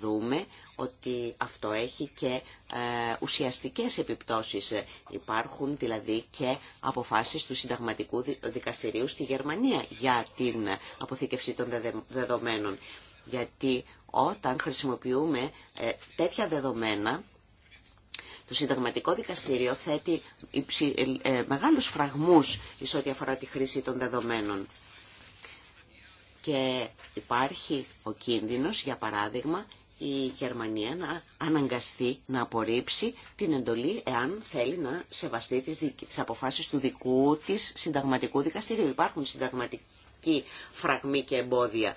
δούμε ότι αυτό έχει και ε, ουσιαστικές επιπτώσεις. Υπάρχουν δηλαδή και αποφάσεις του Συνταγματικού Δικαστηρίου στη Γερμανία για την αποθήκευση των δεδομένων. Γιατί όταν χρησιμοποιούμε ε, τέτοια δεδομένα, το Συνταγματικό Δικαστήριο θέτει ε, ε, μεγάλους φραγμούς εις ό,τι αφορά τη χρήση των δεδομένων. Και υπάρχει ο κίνδυνος, για παράδειγμα, η Γερμανία να αναγκαστεί να απορρίψει την εντολή εάν θέλει να σεβαστεί τις, τις αποφάσεις του δικού της συνταγματικού δικαστηρίου. Υπάρχουν συνταγματικοί φραγμοί και εμπόδια.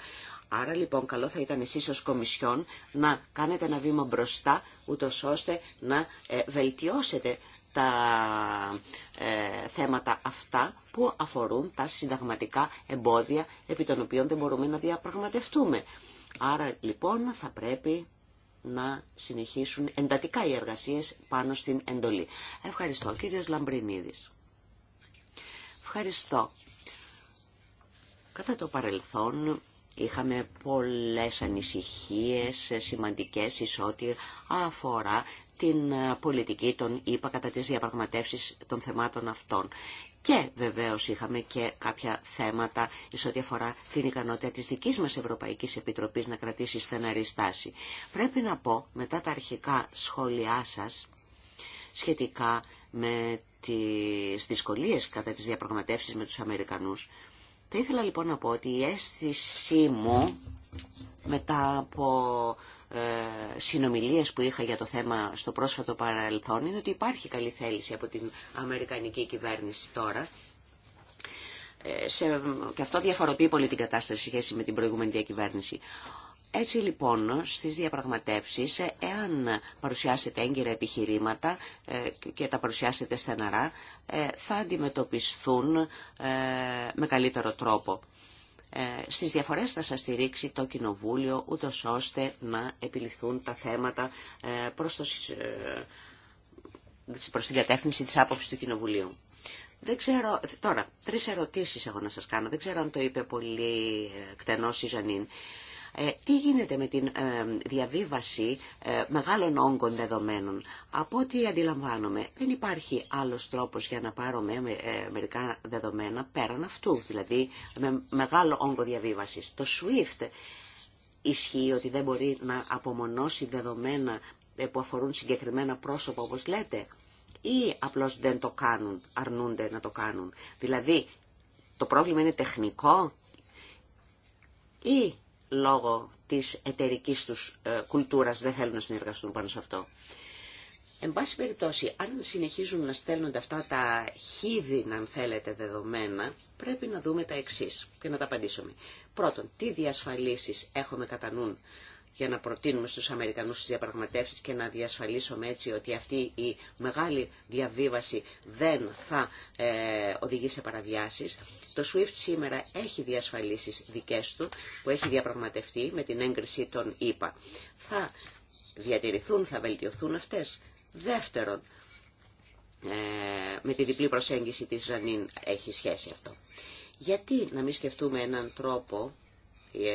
Άρα λοιπόν καλό θα ήταν εσείς ως Κομισιόν να κάνετε ένα βήμα μπροστά ούτω ώστε να ε, βελτιώσετε τα ε, θέματα αυτά που αφορούν τα συνταγματικά εμπόδια επί των οποίων δεν μπορούμε να διαπραγματευτούμε. Άρα λοιπόν θα πρέπει να συνεχίσουν εντατικά οι εργασίες πάνω στην εντολή. Ευχαριστώ. Κύριος Λαμπρινίδης. Ευχαριστώ. Κατά το παρελθόν Είχαμε πολλές ανησυχίες σημαντικές ισότι; αφορά την ε, πολιτική των ΗΠΑ κατά τις διαπραγματεύσεις των θεμάτων αυτών. Και βεβαίως είχαμε και κάποια θέματα εις ό,τι αφορά την ικανότητα της δικής μας Ευρωπαϊκής Επιτροπής να κρατήσει στεναρή στάση. Πρέπει να πω μετά τα αρχικά σχόλιά σας σχετικά με τις δυσκολίες κατά τις διαπραγματεύσεις με τους Αμερικανούς θα ήθελα λοιπόν να πω ότι η αίσθησή μου μετά από ε, συνομιλίες που είχα για το θέμα στο πρόσφατο παρελθόν είναι ότι υπάρχει καλή θέληση από την Αμερικανική κυβέρνηση τώρα ε, σε, και αυτό διαφοροποιεί πολύ την κατάσταση σε σχέση με την προηγούμενη διακυβέρνηση. Έτσι λοιπόν στις διαπραγματεύσεις, ε, εάν παρουσιάσετε έγκυρα επιχειρήματα ε, και τα παρουσιάσετε στεναρά, ε, θα αντιμετωπιστούν με καλύτερο τρόπο. Στις διαφορές θα σας στηρίξει το Κοινοβούλιο, ούτω ώστε να επιληθούν τα θέματα προς, το, προς την κατεύθυνση της άποψης του Κοινοβουλίου. Δεν ξέρω, τώρα, τρεις ερωτήσεις έχω να σας κάνω. Δεν ξέρω αν το είπε πολύ κτενός η Ζανίν. Ε, τι γίνεται με την ε, διαβίβαση ε, μεγάλων όγκων δεδομένων. Από ό,τι αντιλαμβάνομαι, δεν υπάρχει άλλος τρόπος για να πάρουμε μερικά δεδομένα πέραν αυτού, δηλαδή με μεγάλο όγκο διαβίβασης. Το SWIFT ισχύει ότι δεν μπορεί να απομονώσει δεδομένα που αφορούν συγκεκριμένα πρόσωπα, όπως λέτε, ή απλώς δεν το κάνουν, αρνούνται να το κάνουν. Δηλαδή, το πρόβλημα είναι τεχνικό ή λόγω της εταιρική τους ε, κουλτούρας δεν θέλουν να συνεργαστούν πάνω σε αυτό. Εν πάση περιπτώσει, αν συνεχίζουν να στέλνονται αυτά τα χίδινα αν θέλετε, δεδομένα, πρέπει να δούμε τα εξής και να τα απαντήσουμε. Πρώτον, τι διασφαλίσεις έχουμε κατά νου για να προτείνουμε στους Αμερικανούς τις διαπραγματεύσεις και να διασφαλίσουμε έτσι ότι αυτή η μεγάλη διαβίβαση δεν θα ε, οδηγεί σε παραβιάσεις. Το SWIFT σήμερα έχει διασφαλίσεις δικές του που έχει διαπραγματευτεί με την έγκριση των ΗΠΑ. Θα διατηρηθούν, θα βελτιωθούν αυτές. Δεύτερον, ε, με τη διπλή προσέγγιση της Ρανίν έχει σχέση αυτό. Γιατί να μην σκεφτούμε έναν τρόπο,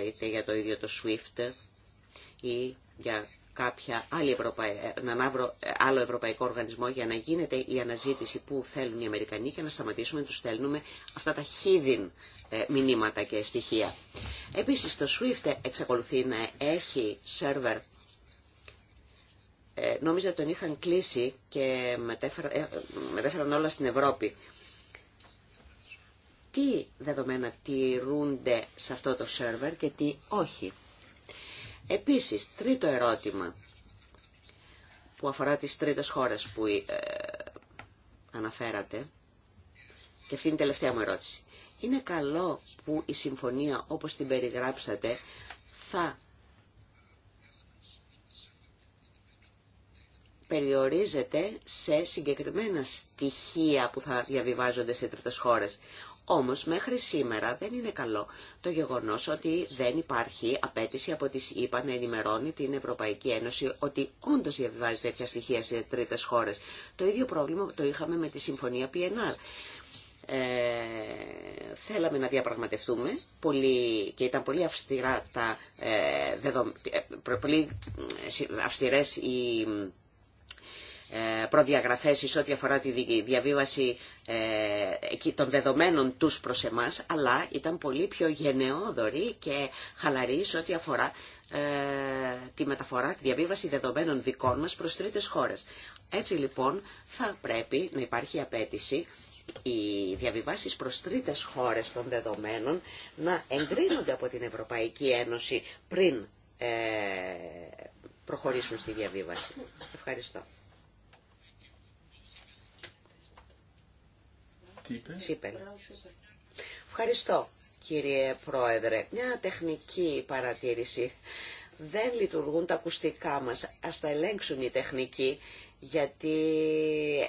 είτε για το ίδιο το SWIFT, ή για κάποια άλλο ευρωπαϊκό οργανισμό για να γίνεται η αναζήτηση που θέλουν οι Αμερικανοί και να σταματήσουμε να τους στέλνουμε αυτά τα χίδιν ε, μηνύματα και στοιχεία. Επίσης το SWIFT εξακολουθεί να έχει σερβερ ε, νόμιζα τον είχαν κλείσει και ε, μετέφεραν όλα στην Ευρώπη. Τι δεδομένα τηρούνται σε αυτό το σερβερ και τι όχι. Επίσης, τρίτο ερώτημα που αφορά τις τρίτες χώρες που ε, αναφέρατε και αυτή είναι η τελευταία μου ερώτηση. Είναι καλό που η συμφωνία όπως την περιγράψατε θα περιορίζεται σε συγκεκριμένα στοιχεία που θα διαβιβάζονται σε τρίτες χώρες. Όμως μέχρι σήμερα δεν είναι καλό το γεγονός ότι δεν υπάρχει απέτηση από τις ΗΠΑ να ενημερώνει την Ευρωπαϊκή Ένωση ότι όντως διαβιβάζει τέτοια στοιχεία σε τρίτες χώρες. Το ίδιο πρόβλημα το είχαμε με τη Συμφωνία PNR. Ε, θέλαμε να διαπραγματευτούμε πολύ, και ήταν πολύ αυστηρά τα ε, ε, πολύ ε, αυστηρές οι ε, προδιαγραφές σε ό,τι αφορά τη διαβίβαση ε, των δεδομένων τους προς εμάς, αλλά ήταν πολύ πιο γενναιόδορη και χαλαρή σε ό,τι αφορά ε, τη μεταφορά, τη διαβίβαση δεδομένων δικών μας προς τρίτες χώρες. Έτσι λοιπόν θα πρέπει να υπάρχει απέτηση οι διαβιβάσεις προς τρίτες χώρες των δεδομένων να εγκρίνονται από την Ευρωπαϊκή Ένωση πριν προχωρήσουν στη διαβίβαση. Ευχαριστώ. Ευχαριστώ κύριε Πρόεδρε. Μια τεχνική παρατήρηση. Δεν λειτουργούν τα ακουστικά μας. Ας τα ελέγξουν οι τεχνικοί γιατί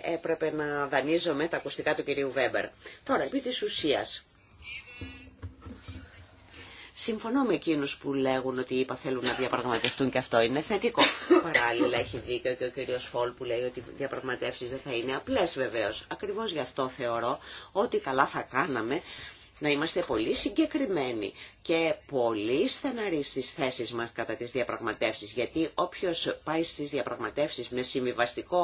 έπρεπε να δανείζομαι τα ακουστικά του κυρίου Βέμπερ. Τώρα, επί της ουσίας. Συμφωνώ με εκείνους που λέγουν ότι είπα θέλουν να διαπραγματευτούν και αυτό είναι θετικό. Παράλληλα έχει δίκιο και ο κύριος Φόλ που λέει ότι οι διαπραγματεύσεις δεν θα είναι απλές βεβαίως. Ακριβώς γι' αυτό θεωρώ ότι καλά θα κάναμε να είμαστε πολύ συγκεκριμένοι και πολύ στεναροί στις θέσεις μας κατά τις διαπραγματεύσεις, γιατί όποιος πάει στις διαπραγματεύσεις με συμβιβαστικό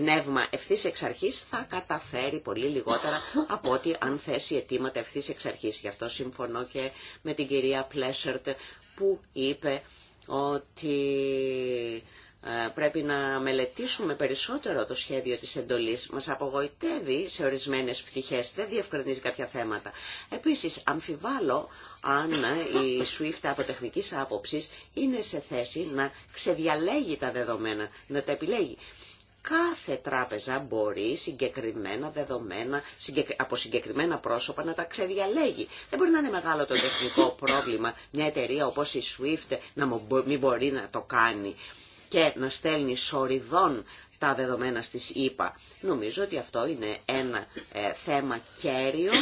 πνεύμα ευθύ εξ αρχή θα καταφέρει πολύ λιγότερα από ότι αν θέσει αιτήματα ευθύ εξ αρχή. Γι' αυτό συμφωνώ και με την κυρία Πλέσσερτ που είπε ότι ε, πρέπει να μελετήσουμε περισσότερο το σχέδιο της εντολής. Μας απογοητεύει σε ορισμένες πτυχές, δεν διευκρινίζει κάποια θέματα. Επίσης, αμφιβάλλω αν ε, η SWIFT από τεχνικής άποψης είναι σε θέση να ξεδιαλέγει τα δεδομένα, να τα επιλέγει κάθε τράπεζα μπορεί συγκεκριμένα δεδομένα από συγκεκριμένα πρόσωπα να τα ξεδιαλέγει. Δεν μπορεί να είναι μεγάλο το τεχνικό πρόβλημα μια εταιρεία όπως η SWIFT να μην μπορεί να το κάνει και να στέλνει σοριδών τα δεδομένα στις ΕΠΑ. Νομίζω ότι αυτό είναι ένα ε, θέμα κέριο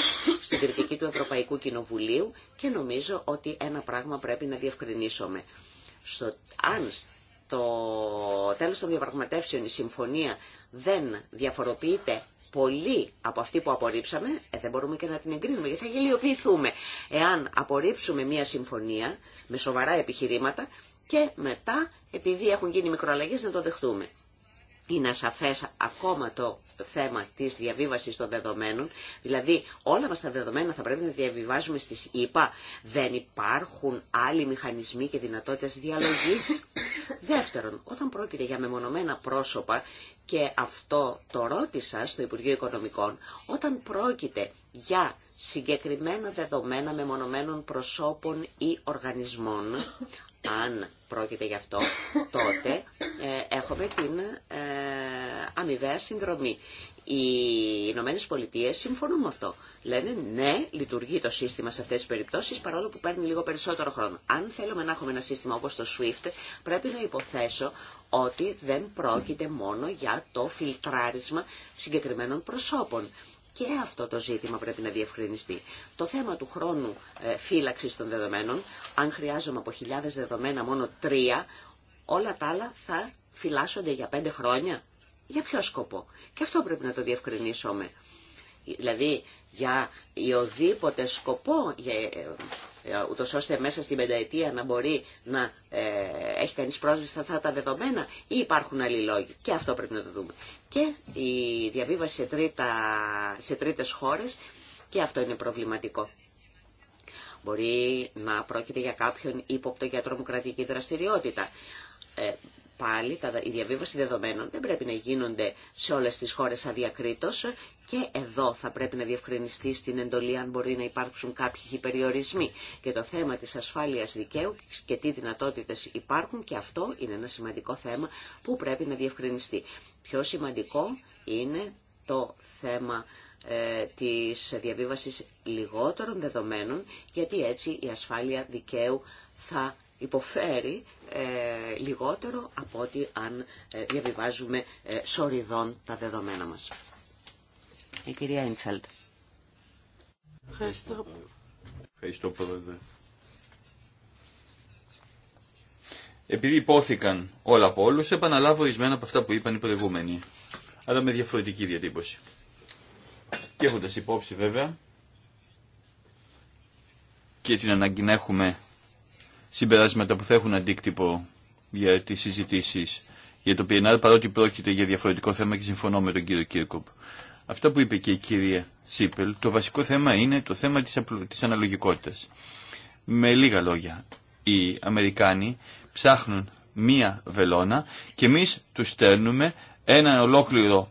στην κριτική του Ευρωπαϊκού Κοινοβουλίου και νομίζω ότι ένα πράγμα πρέπει να διευκρινίσουμε. αν το τέλος των διαπραγματεύσεων η συμφωνία δεν διαφοροποιείται πολύ από αυτή που απορρίψαμε, ε, δεν μπορούμε και να την εγκρίνουμε, γιατί θα γελιοποιηθούμε. Εάν απορρίψουμε μια συμφωνία με σοβαρά επιχειρήματα και μετά, επειδή έχουν γίνει μικροαλλαγές, να το δεχτούμε είναι σαφές ακόμα το θέμα της διαβίβασης των δεδομένων, δηλαδή όλα μας τα δεδομένα θα πρέπει να διαβιβάζουμε στις ΕΠΑ. Δεν υπάρχουν άλλοι μηχανισμοί και δυνατότητες διαλογής. Δεύτερον, όταν πρόκειται για μεμονωμένα πρόσωπα και αυτό το ρώτησα στο Υπουργείο Οικονομικών όταν πρόκειται για συγκεκριμένα δεδομένα μεμονωμένων προσώπων ή οργανισμών αν πρόκειται γι' αυτό τότε ε, έχουμε την ε, αμοιβαία συνδρομή οι Ηνωμένε Πολιτείε συμφωνούν με αυτό. Λένε ναι, λειτουργεί το σύστημα σε αυτέ τι περιπτώσει, παρόλο που παίρνει λίγο περισσότερο χρόνο. Αν θέλουμε να έχουμε ένα σύστημα όπω το SWIFT, πρέπει να υποθέσω ότι δεν πρόκειται μόνο για το φιλτράρισμα συγκεκριμένων προσώπων. Και αυτό το ζήτημα πρέπει να διευκρινιστεί. Το θέμα του χρόνου ε, φύλαξης των δεδομένων, αν χρειάζομαι από χιλιάδες δεδομένα μόνο τρία, όλα τα άλλα θα φυλάσσονται για πέντε χρόνια. Για ποιο σκοπό. Και αυτό πρέπει να το διευκρινίσουμε. Δηλαδή, για οδήποτε σκοπό, για ε, ε, ούτως ώστε μέσα στην πενταετία να μπορεί να ε, έχει κανείς πρόσβαση στα αυτά τα δεδομένα ή υπάρχουν άλλοι λόγοι. Και αυτό πρέπει να το δούμε. Και η διαβίβαση σε, τρίτα, σε τρίτες χώρες και αυτό είναι προβληματικό. Μπορεί να πρόκειται για κάποιον ύποπτο για τρομοκρατική δραστηριότητα. Ε, πάλι η διαβίβαση δεδομένων δεν πρέπει να γίνονται σε όλες τις χώρες αδιακρίτως και εδώ θα πρέπει να διευκρινιστεί στην εντολή αν μπορεί να υπάρξουν κάποιοι περιορισμοί. Και το θέμα της ασφάλειας δικαίου και τι δυνατότητες υπάρχουν και αυτό είναι ένα σημαντικό θέμα που πρέπει να διευκρινιστεί. Πιο σημαντικό είναι το θέμα ε, της διαβίβασης λιγότερων δεδομένων γιατί έτσι η ασφάλεια δικαίου θα υποφέρει ε, λιγότερο από ότι αν ε, διαβιβάζουμε ε, τα δεδομένα μας. Η κυρία Ινφέλτ. Ευχαριστώ. Ευχαριστώ πρόεδρε. Επειδή υπόθηκαν όλα από όλου, επαναλάβω ορισμένα από αυτά που είπαν οι προηγούμενοι, αλλά με διαφορετική διατύπωση. Και έχοντα υπόψη βέβαια και την ανάγκη να συμπεράσματα που θα έχουν αντίκτυπο για τι συζητήσει για το PNR παρότι πρόκειται για διαφορετικό θέμα και συμφωνώ με τον κύριο Κίρκοπ. Αυτά που είπε και η κυρία Σίπελ, το βασικό θέμα είναι το θέμα της, απλο... αναλογικότητας. Με λίγα λόγια, οι Αμερικάνοι ψάχνουν μία βελόνα και εμείς του στέλνουμε ένα ολόκληρο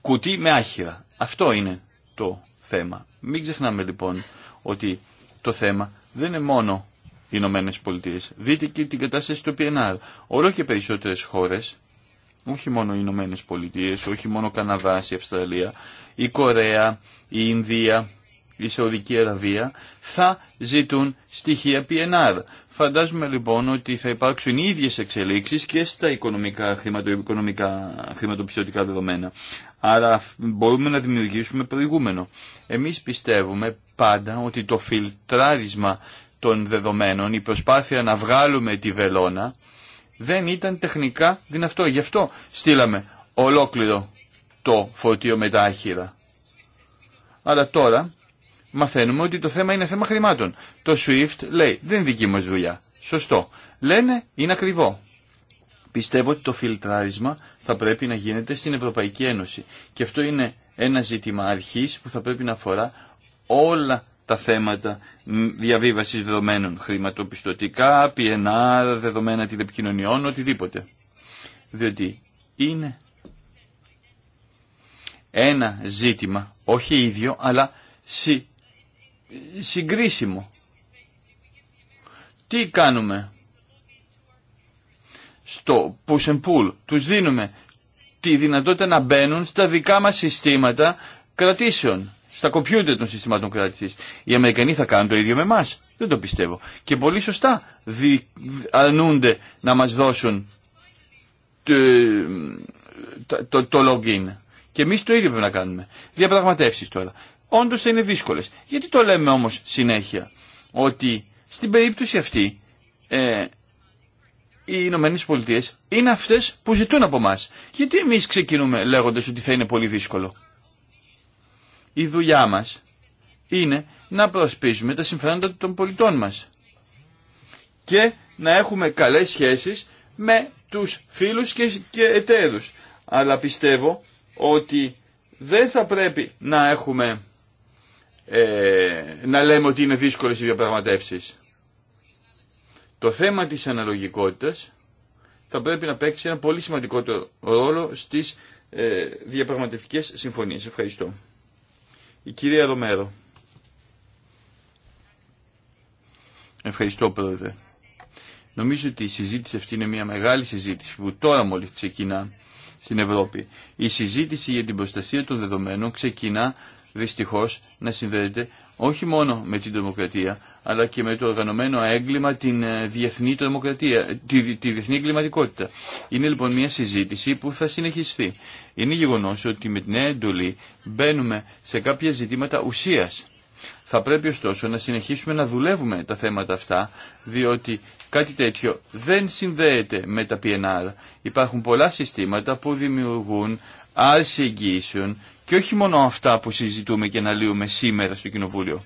κουτί με άχυρα. Αυτό είναι το θέμα. Μην ξεχνάμε λοιπόν ότι το θέμα δεν είναι μόνο Ηνωμένε Πολιτείε. Δείτε και την κατάσταση του PNR. Όλο και περισσότερε χώρε, όχι μόνο οι Ηνωμένε Πολιτείε, όχι μόνο Καναδά, η Αυστραλία, η Κορέα, η Ινδία, η Σαουδική Αραβία, θα ζητούν στοιχεία PNR. Φαντάζομαι λοιπόν ότι θα υπάρξουν οι ίδιε εξελίξει και στα οικονομικά, χρηματοοικονομικά, χρηματοπιστωτικά δεδομένα. Άρα μπορούμε να δημιουργήσουμε προηγούμενο. Εμεί πιστεύουμε πάντα ότι το φιλτράρισμα των δεδομένων, η προσπάθεια να βγάλουμε τη βελόνα, δεν ήταν τεχνικά δυνατό. Γι' αυτό στείλαμε ολόκληρο το φορτίο με τα άχυρα. Αλλά τώρα μαθαίνουμε ότι το θέμα είναι θέμα χρημάτων. Το SWIFT λέει δεν δική μας δουλειά. Σωστό. Λένε είναι ακριβό. Πιστεύω ότι το φιλτράρισμα θα πρέπει να γίνεται στην Ευρωπαϊκή Ένωση. Και αυτό είναι ένα ζήτημα αρχής που θα πρέπει να αφορά όλα τα θέματα διαβίβασης δεδομένων, χρηματοπιστωτικά, PNR, δεδομένα τηλεπικοινωνιών, οτιδήποτε. Διότι είναι ένα ζήτημα, όχι ίδιο, αλλά συ, συγκρίσιμο. Τι κάνουμε στο push and pull, τους δίνουμε τη δυνατότητα να μπαίνουν στα δικά μας συστήματα κρατήσεων στα κομπιούτερ των συστημάτων κράτησης. Οι Αμερικανοί θα κάνουν το ίδιο με εμά. Δεν το πιστεύω. Και πολύ σωστά δι, αρνούνται να μας δώσουν το, το, login. Και εμεί το ίδιο πρέπει να κάνουμε. Διαπραγματεύσεις τώρα. Όντως θα είναι δύσκολες. Γιατί το λέμε όμως συνέχεια. Ότι στην περίπτωση αυτή ε, οι Ηνωμένε Πολιτείε είναι αυτές που ζητούν από εμά. Γιατί εμείς ξεκινούμε λέγοντας ότι θα είναι πολύ δύσκολο. Η δουλειά μας είναι να προσπίσουμε τα συμφέροντα των πολιτών μας και να έχουμε καλές σχέσεις με τους φίλους και, και εταίρους. Αλλά πιστεύω ότι δεν θα πρέπει να έχουμε ε, να λέμε ότι είναι δύσκολες οι διαπραγματεύσεις. Το θέμα της αναλογικότητας θα πρέπει να παίξει ένα πολύ σημαντικό ρόλο στις ε, διαπραγματευτικές συμφωνίες. Ευχαριστώ. Η κυρία Ρομέρο. Ευχαριστώ πρόεδρε. Νομίζω ότι η συζήτηση αυτή είναι μια μεγάλη συζήτηση που τώρα μόλις ξεκινά στην Ευρώπη. Η συζήτηση για την προστασία των δεδομένων ξεκινά Δυστυχώ να συνδέεται όχι μόνο με την τρομοκρατία, αλλά και με το οργανωμένο έγκλημα την ε, διεθνή τρομοκρατία, ε, τη, διεθνή εγκληματικότητα. Είναι λοιπόν μια συζήτηση που θα συνεχιστεί. Είναι γεγονό ότι με την νέα εντολή μπαίνουμε σε κάποια ζητήματα ουσία. Θα πρέπει ωστόσο να συνεχίσουμε να δουλεύουμε τα θέματα αυτά, διότι κάτι τέτοιο δεν συνδέεται με τα PNR. Υπάρχουν πολλά συστήματα που δημιουργούν άρση εγγύσεων και όχι μόνο αυτά που συζητούμε και αναλύουμε σήμερα στο Κοινοβούλιο.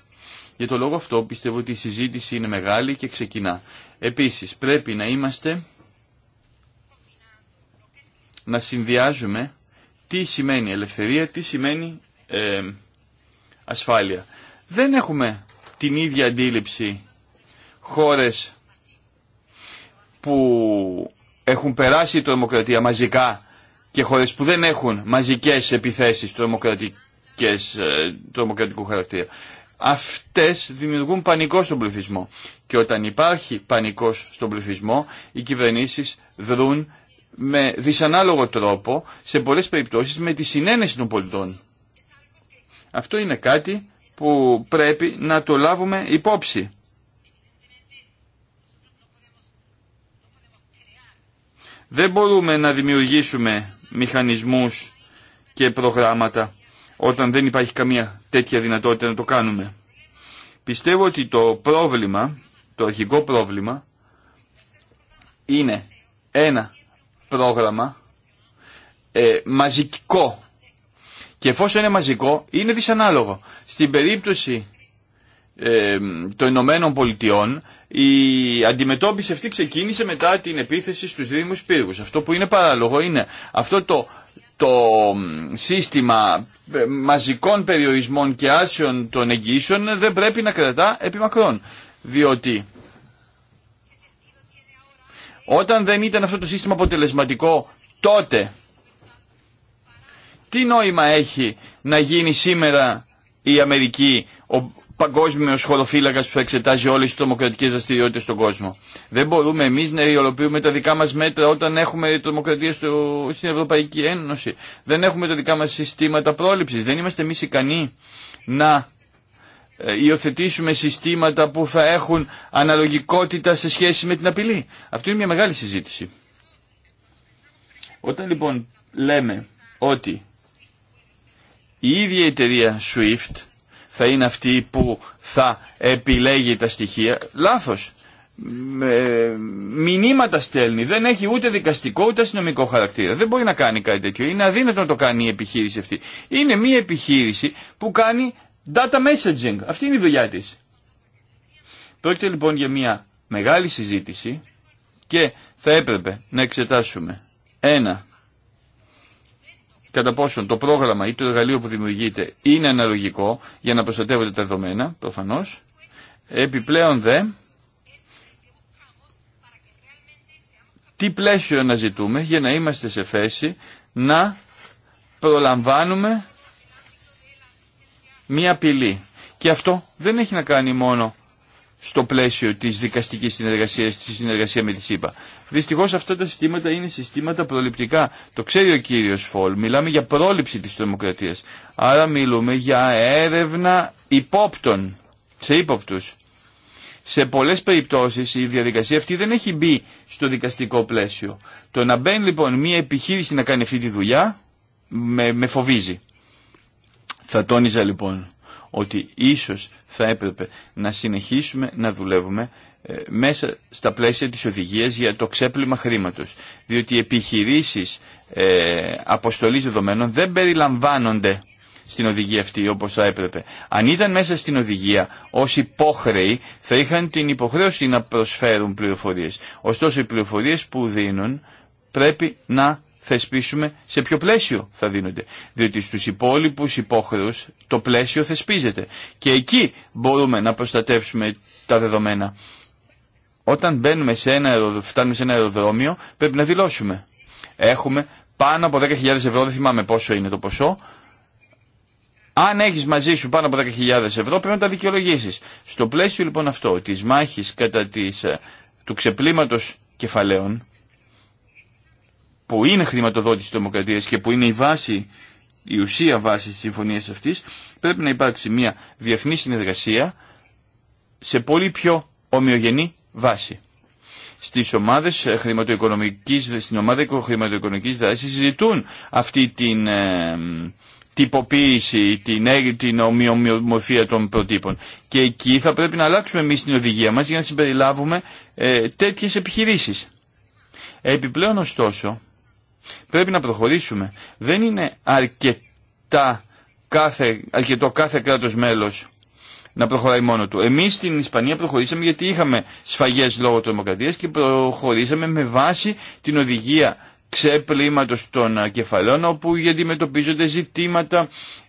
Για το λόγο αυτό πιστεύω ότι η συζήτηση είναι μεγάλη και ξεκινά. Επίσης πρέπει να είμαστε να συνδυάζουμε τι σημαίνει ελευθερία, τι σημαίνει ε, ασφάλεια. Δεν έχουμε την ίδια αντίληψη χώρες που έχουν περάσει η τρομοκρατία μαζικά και χώρες που δεν έχουν μαζικές επιθέσεις τρομοκρατικές, ε, τρομοκρατικού χαρακτήρα. Αυτές δημιουργούν πανικό στον πληθυσμό. Και όταν υπάρχει πανικός στον πληθυσμό, οι κυβερνήσεις δρούν με δυσανάλογο τρόπο, σε πολλές περιπτώσεις με τη συνένεση των πολιτών. Αυτό είναι κάτι που πρέπει να το λάβουμε υπόψη. Δεν μπορούμε να δημιουργήσουμε μηχανισμούς και προγράμματα όταν δεν υπάρχει καμία τέτοια δυνατότητα να το κάνουμε. Πιστεύω ότι το πρόβλημα, το αρχικό πρόβλημα, είναι ένα πρόγραμμα ε, μαζικό. Και εφόσον είναι μαζικό, είναι δυσανάλογο. Στην περίπτωση ε, των Ηνωμένων Πολιτειών η αντιμετώπιση αυτή ξεκίνησε μετά την επίθεση στους Δήμους Πύργους. Αυτό που είναι παράλογο είναι αυτό το, το σύστημα ε, μαζικών περιορισμών και άσεων των εγγύσεων δεν πρέπει να κρατά επιμακρών. Διότι όταν δεν ήταν αυτό το σύστημα αποτελεσματικό τότε τι νόημα έχει να γίνει σήμερα η Αμερική ο παγκόσμιο χωροφύλακα που θα εξετάζει όλε τι τρομοκρατικέ δραστηριότητε στον κόσμο. Δεν μπορούμε εμεί να υλοποιούμε τα δικά μα μέτρα όταν έχουμε τρομοκρατία στην Ευρωπαϊκή Ένωση. Δεν έχουμε τα δικά μα συστήματα πρόληψη. Δεν είμαστε εμεί ικανοί να ε, υιοθετήσουμε συστήματα που θα έχουν αναλογικότητα σε σχέση με την απειλή. Αυτή είναι μια μεγάλη συζήτηση. Όταν λοιπόν λέμε ότι η ίδια εταιρεία SWIFT θα είναι αυτή που θα επιλέγει τα στοιχεία. Λάθος. Μηνύματα στέλνει. Δεν έχει ούτε δικαστικό ούτε αστυνομικό χαρακτήρα. Δεν μπορεί να κάνει κάτι τέτοιο. Είναι αδύνατο να το κάνει η επιχείρηση αυτή. Είναι μια επιχείρηση που κάνει data messaging. Αυτή είναι η δουλειά της. Πρόκειται λοιπόν για μια μεγάλη συζήτηση και θα έπρεπε να εξετάσουμε ένα κατά πόσον το πρόγραμμα ή το εργαλείο που δημιουργείται είναι αναλογικό για να προστατεύονται τα δεδομένα, προφανώ. Επιπλέον δε, τι πλαίσιο να ζητούμε για να είμαστε σε θέση να προλαμβάνουμε μία απειλή. Και αυτό δεν έχει να κάνει μόνο στο πλαίσιο της δικαστικής συνεργασίας, στη συνεργασία με τη ΣΥΠΑ. Δυστυχώς αυτά τα συστήματα είναι συστήματα προληπτικά. Το ξέρει ο κύριος Φολ. Μιλάμε για πρόληψη της δημοκρατίας Άρα μιλούμε για έρευνα υπόπτων, σε ύποπτους. Σε πολλές περιπτώσεις η διαδικασία αυτή δεν έχει μπει στο δικαστικό πλαίσιο. Το να μπαίνει λοιπόν μια επιχείρηση να κάνει αυτή τη δουλειά με, με φοβίζει. Θα τόνιζα λοιπόν ότι ίσως θα έπρεπε να συνεχίσουμε να δουλεύουμε ε, μέσα στα πλαίσια της οδηγίας για το ξέπλυμα χρήματος. Διότι οι επιχειρήσεις ε, αποστολής δεδομένων δεν περιλαμβάνονται στην οδηγία αυτή όπως θα έπρεπε. Αν ήταν μέσα στην οδηγία ως υπόχρεοι θα είχαν την υποχρέωση να προσφέρουν πληροφορίες. Ωστόσο οι πληροφορίες που δίνουν πρέπει να θεσπίσουμε σε ποιο πλαίσιο θα δίνονται. Διότι στους υπόλοιπους υπόχρεους το πλαίσιο θεσπίζεται. Και εκεί μπορούμε να προστατεύσουμε τα δεδομένα. Όταν μπαίνουμε σε ένα, φτάνουμε σε ένα αεροδρόμιο πρέπει να δηλώσουμε. Έχουμε πάνω από 10.000 ευρώ, δεν θυμάμαι πόσο είναι το ποσό, αν έχεις μαζί σου πάνω από 10.000 ευρώ πρέπει να τα δικαιολογήσεις. Στο πλαίσιο λοιπόν αυτό της μάχης κατά της, ε, του ξεπλήματος κεφαλαίων που είναι χρηματοδότηση της δημοκρατίας και που είναι η βάση, η ουσία βάση της συμφωνίας αυτής, πρέπει να υπάρξει μια διεθνή συνεργασία σε πολύ πιο ομοιογενή βάση. Στις ομάδες χρηματοοικονομικής, στην ομάδα χρηματοοικονομικής δράσης συζητούν αυτή την ε, τυποποίηση, την, ε, την ομοιομορφία των προτύπων. Και εκεί θα πρέπει να αλλάξουμε εμείς την οδηγία μας για να συμπεριλάβουμε ε, τέτοιες επιχειρήσεις. Επιπλέον ωστόσο, Πρέπει να προχωρήσουμε. Δεν είναι αρκετά κάθε, αρκετό κάθε κράτος μέλος να προχωράει μόνο του. Εμείς στην Ισπανία προχωρήσαμε γιατί είχαμε σφαγές λόγω τρομοκρατίας και προχωρήσαμε με βάση την οδηγία ξέπλυματος των κεφαλών όπου αντιμετωπίζονται ζητήματα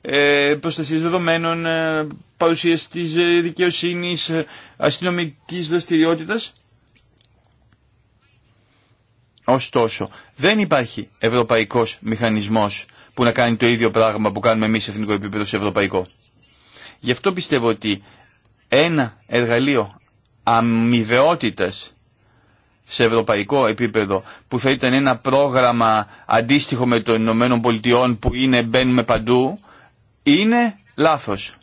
προστασία ε, προστασίας δεδομένων, ε, παρουσίας της ε, δικαιοσύνης, ε, αστυνομικής Ωστόσο, δεν υπάρχει ευρωπαϊκός μηχανισμός που να κάνει το ίδιο πράγμα που κάνουμε εμείς σε εθνικό επίπεδο σε ευρωπαϊκό. Γι' αυτό πιστεύω ότι ένα εργαλείο αμοιβαιότητα σε ευρωπαϊκό επίπεδο που θα ήταν ένα πρόγραμμα αντίστοιχο με το Ηνωμένων Πολιτειών που είναι μπαίνουμε παντού είναι λάθος.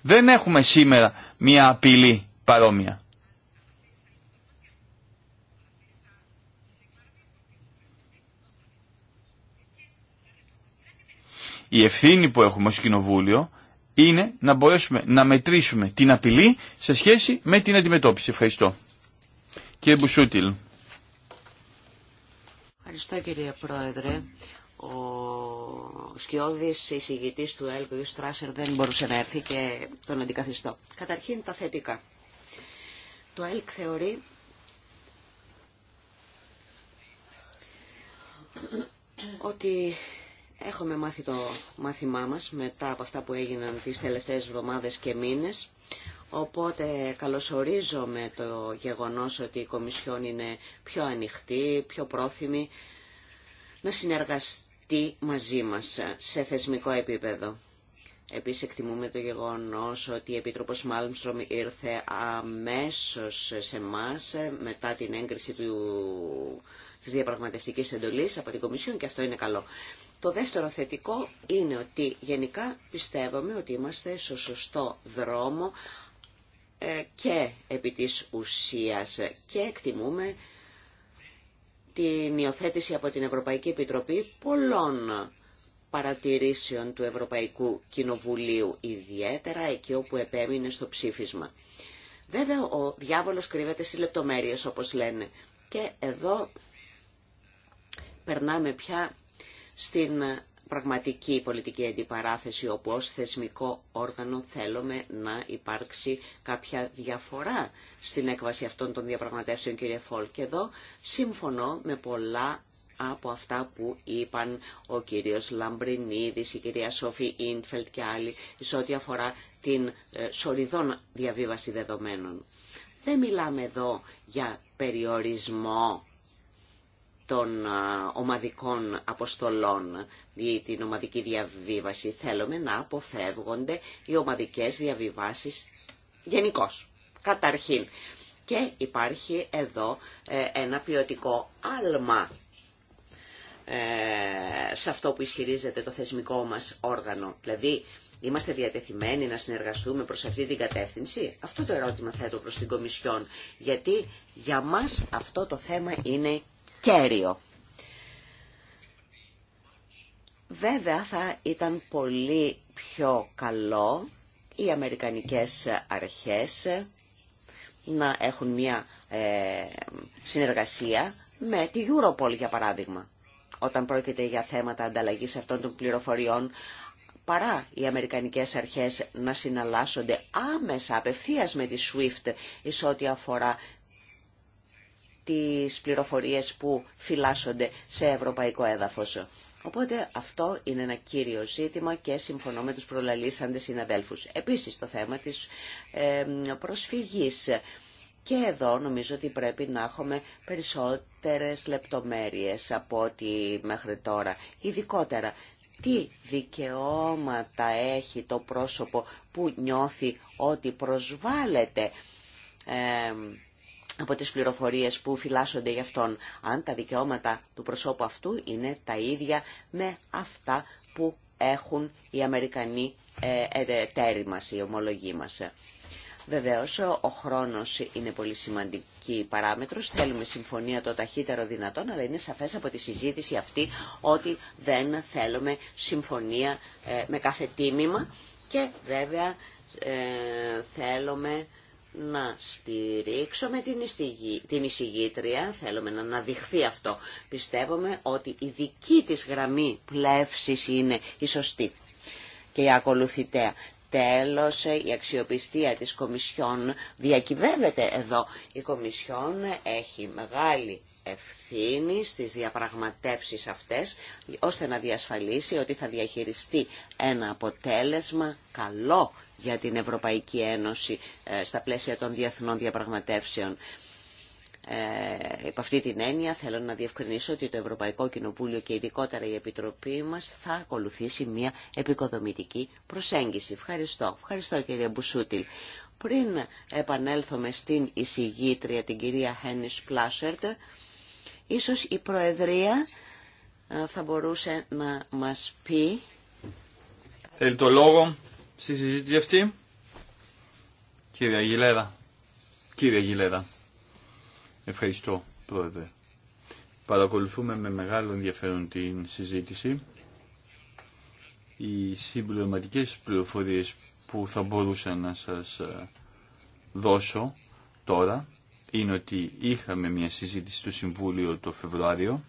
Δεν έχουμε σήμερα μια απειλή παρόμοια. Η ευθύνη που έχουμε ως κοινοβούλιο είναι να μπορέσουμε να μετρήσουμε την απειλή σε σχέση με την αντιμετώπιση. Ευχαριστώ. Κύριε Μπουσούτιλ. Ευχαριστώ κύριε Πρόεδρε. Ο σκιώδης εισηγητής του ΕΛΚΟ, ο Στράσερ, δεν μπορούσε να έρθει και τον αντικαθιστώ. Καταρχήν τα θετικά. Το ΕΛΚ θεωρεί ότι Έχουμε μάθει το μάθημά μας μετά από αυτά που έγιναν τις τελευταίες εβδομάδες και μήνες. Οπότε καλωσορίζομαι το γεγονός ότι η Κομισιόν είναι πιο ανοιχτή, πιο πρόθυμη να συνεργαστεί μαζί μας σε θεσμικό επίπεδο. Επίσης εκτιμούμε το γεγονός ότι η Επίτροπος Μάλμστρομ ήρθε αμέσως σε μας μετά την έγκριση του, της διαπραγματευτικής εντολής από την Κομισιόν και αυτό είναι καλό. Το δεύτερο θετικό είναι ότι γενικά πιστεύουμε ότι είμαστε στο σωστό δρόμο ε, και επί της ουσίας ε, και εκτιμούμε την υιοθέτηση από την Ευρωπαϊκή Επιτροπή πολλών παρατηρήσεων του Ευρωπαϊκού Κοινοβουλίου, ιδιαίτερα εκεί όπου επέμεινε στο ψήφισμα. Βέβαια, ο διάβολος κρύβεται στις λεπτομέρειες, όπως λένε. Και εδώ περνάμε πια στην πραγματική πολιτική αντιπαράθεση όπου ως θεσμικό όργανο θέλουμε να υπάρξει κάποια διαφορά στην έκβαση αυτών των διαπραγματεύσεων κύριε Φόλ και εδώ συμφωνώ με πολλά από αυτά που είπαν ο κύριος Λαμπρινίδης, η κυρία Σόφη Ίντφελτ και άλλοι σε ό,τι αφορά την ε, σοριδόν διαβίβαση δεδομένων. Δεν μιλάμε εδώ για περιορισμό των ομαδικών αποστολών ή την ομαδική διαβίβαση. Θέλουμε να αποφεύγονται οι ομαδικές διαβιβάσεις γενικώ. Καταρχήν. Και υπάρχει εδώ ε, ένα ποιοτικό άλμα ε, σε αυτό που ισχυρίζεται το θεσμικό μας όργανο. Δηλαδή, είμαστε διατεθειμένοι να συνεργαστούμε προς αυτή την κατεύθυνση. Αυτό το ερώτημα θέτω προς την Κομισιόν, γιατί για μας αυτό το θέμα είναι κέριο. Βέβαια θα ήταν πολύ πιο καλό οι Αμερικανικές αρχές να έχουν μια ε, συνεργασία με τη Europol για παράδειγμα όταν πρόκειται για θέματα ανταλλαγής αυτών των πληροφοριών παρά οι Αμερικανικές αρχές να συναλλάσσονται άμεσα απευθείας με τη SWIFT εις ό,τι αφορά τις πληροφορίες που φυλάσσονται σε ευρωπαϊκό έδαφος. Οπότε αυτό είναι ένα κύριο ζήτημα και συμφωνώ με τους προλαλήσαντες συναδέλφους. Επίσης το θέμα της προσφυγής. Και εδώ νομίζω ότι πρέπει να έχουμε περισσότερες λεπτομέρειες από ό,τι μέχρι τώρα. Ειδικότερα, τι δικαιώματα έχει το πρόσωπο που νιώθει ότι προσβάλλεται από τις πληροφορίες που φυλάσσονται γι' αυτόν, αν τα δικαιώματα του προσώπου αυτού είναι τα ίδια με αυτά που έχουν οι Αμερικανοί ε, εταίροι μας, οι ομολογοί μας. Βεβαίως, ο χρόνος είναι πολύ σημαντική παράμετρος. Θέλουμε συμφωνία το ταχύτερο δυνατόν, αλλά είναι σαφές από τη συζήτηση αυτή ότι δεν θέλουμε συμφωνία ε, με κάθε τίμημα και βέβαια ε, θέλουμε να στηρίξουμε την, εισηγή, την εισηγήτρια, θέλουμε να αναδειχθεί αυτό. Πιστεύουμε ότι η δική της γραμμή πλεύσης είναι η σωστή και η ακολουθητέα. Τέλος, η αξιοπιστία της Κομισιόν διακυβεύεται εδώ. Η Κομισιόν έχει μεγάλη ευθύνη στις διαπραγματεύσεις αυτές, ώστε να διασφαλίσει ότι θα διαχειριστεί ένα αποτέλεσμα καλό για την Ευρωπαϊκή Ένωση ε, στα πλαίσια των διεθνών διαπραγματεύσεων. Ε, αυτή την έννοια θέλω να διευκρινίσω ότι το Ευρωπαϊκό Κοινοβούλιο και ειδικότερα η Επιτροπή μας θα ακολουθήσει μια επικοδομητική προσέγγιση. Ευχαριστώ. Ευχαριστώ κύριε Μπουσούτιλ. Πριν επανέλθουμε στην εισηγήτρια την κυρία Χένις Πλάσερτ, ίσως η Προεδρία ε, θα μπορούσε να μας πει... Θέλει το λόγο στη συζήτηση αυτή. Κύριε Αγγιλέρα. Κύριε Ευχαριστώ, Πρόεδρε. Παρακολουθούμε με μεγάλο ενδιαφέρον την συζήτηση. Οι συμπληρωματικέ πληροφορίες που θα μπορούσα να σας ε, δώσω τώρα είναι ότι είχαμε μια συζήτηση στο Συμβούλιο το Φεβρουάριο,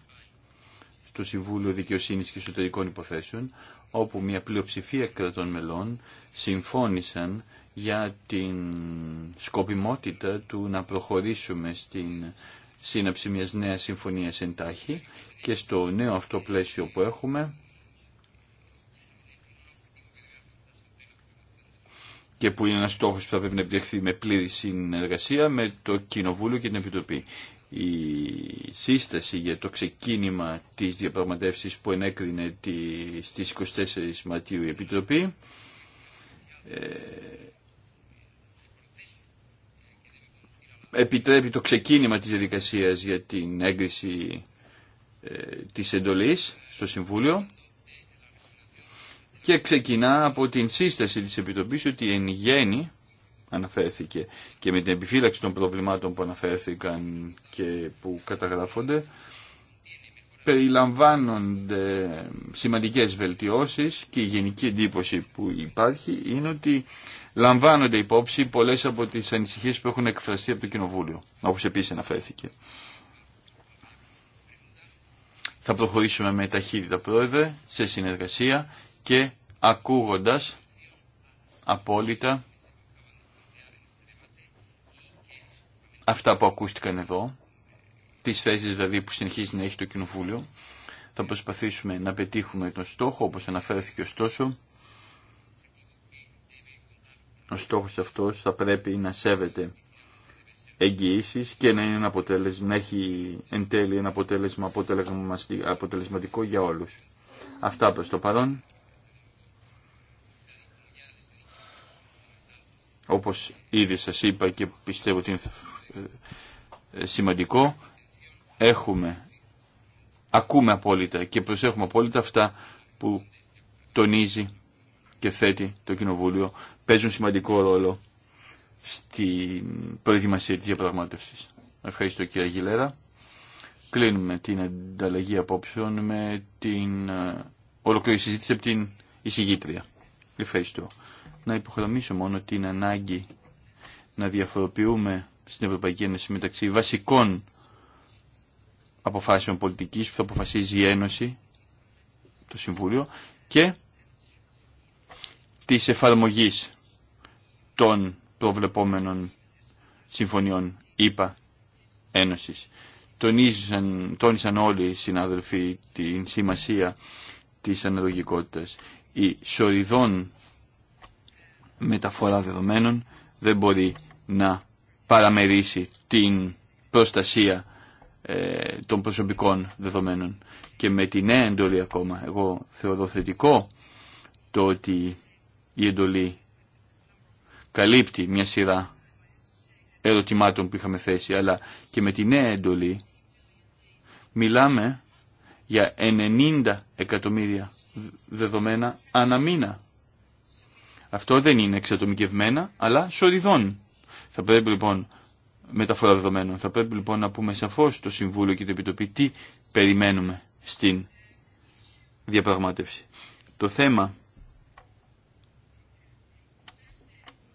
στο Συμβούλιο Δικαιοσύνης και Εσωτερικών Υποθέσεων, όπου μια πλειοψηφία κρατών μελών συμφώνησαν για την σκοπιμότητα του να προχωρήσουμε στην σύναψη μιας νέας συμφωνίας εντάχει και στο νέο αυτό πλαίσιο που έχουμε και που είναι ένας στόχος που θα πρέπει να επιτευχθεί με πλήρη συνεργασία με το Κοινοβούλιο και την Επιτροπή η σύσταση για το ξεκίνημα της διαπραγματεύσης που ενέκρινε τη, στις 24 Μαρτίου η Επιτροπή ε, επιτρέπει το ξεκίνημα της διαδικασία για την έγκριση ε, της εντολής στο Συμβούλιο και ξεκινά από την σύσταση της Επιτροπής ότι εν γέννη αναφέρθηκε και με την επιφύλαξη των προβλημάτων που αναφέρθηκαν και που καταγράφονται περιλαμβάνονται σημαντικές βελτιώσεις και η γενική εντύπωση που υπάρχει είναι ότι λαμβάνονται υπόψη πολλές από τις ανησυχίες που έχουν εκφραστεί από το Κοινοβούλιο, όπως επίσης αναφέρθηκε. Θα προχωρήσουμε με ταχύτητα πρόεδρε, σε συνεργασία και ακούγοντας απόλυτα αυτά που ακούστηκαν εδώ, τις θέσεις δηλαδή που συνεχίζει να έχει το Κοινοβούλιο. Θα προσπαθήσουμε να πετύχουμε τον στόχο, όπως αναφέρθηκε ωστόσο. Ο στόχος αυτός θα πρέπει να σέβεται εγγυήσεις και να, είναι αποτέλεσμα, να έχει εν τέλει ένα αποτέλεσμα αποτελεσματικό για όλους. Αυτά προς το παρόν. Όπως ήδη σας είπα και πιστεύω ότι ε, σημαντικό. Έχουμε, ακούμε απόλυτα και προσέχουμε απόλυτα αυτά που τονίζει και θέτει το Κοινοβούλιο. Παίζουν σημαντικό ρόλο στην προετοιμασία της διαπραγμάτευσης. Ευχαριστώ κύριε Αγγιλέρα. Κλείνουμε την ανταλλαγή απόψεων με την ε, ολοκληρή συζήτηση από την εισηγήτρια. Ευχαριστώ. Να υποχρεωμήσω μόνο την ανάγκη να διαφοροποιούμε στην Ευρωπαϊκή Ένωση μεταξύ βασικών αποφάσεων πολιτικής που θα αποφασίζει η Ένωση, το Συμβούλιο, και της εφαρμογής των προβλεπόμενων συμφωνιών ΗΠΑ Ένωσης. Τονίζαν, τόνισαν όλοι οι συνάδελφοι την σημασία της αναλογικότητας. Η σοριδόν μεταφορά δεδομένων δεν μπορεί να παραμερίσει την προστασία ε, των προσωπικών δεδομένων. Και με την νέα εντολή ακόμα, εγώ θεωρώ θετικό το ότι η εντολή καλύπτει μια σειρά ερωτημάτων που είχαμε θέσει, αλλά και με τη νέα εντολή μιλάμε για 90 εκατομμύρια δεδομένα μήνα. Αυτό δεν είναι εξατομικευμένα, αλλά σοριδών. Θα πρέπει λοιπόν μεταφορά δεδομένων. Θα πρέπει λοιπόν να πούμε σαφώ στο Συμβούλιο και το Επιτροπή τι περιμένουμε στην διαπραγμάτευση. Το θέμα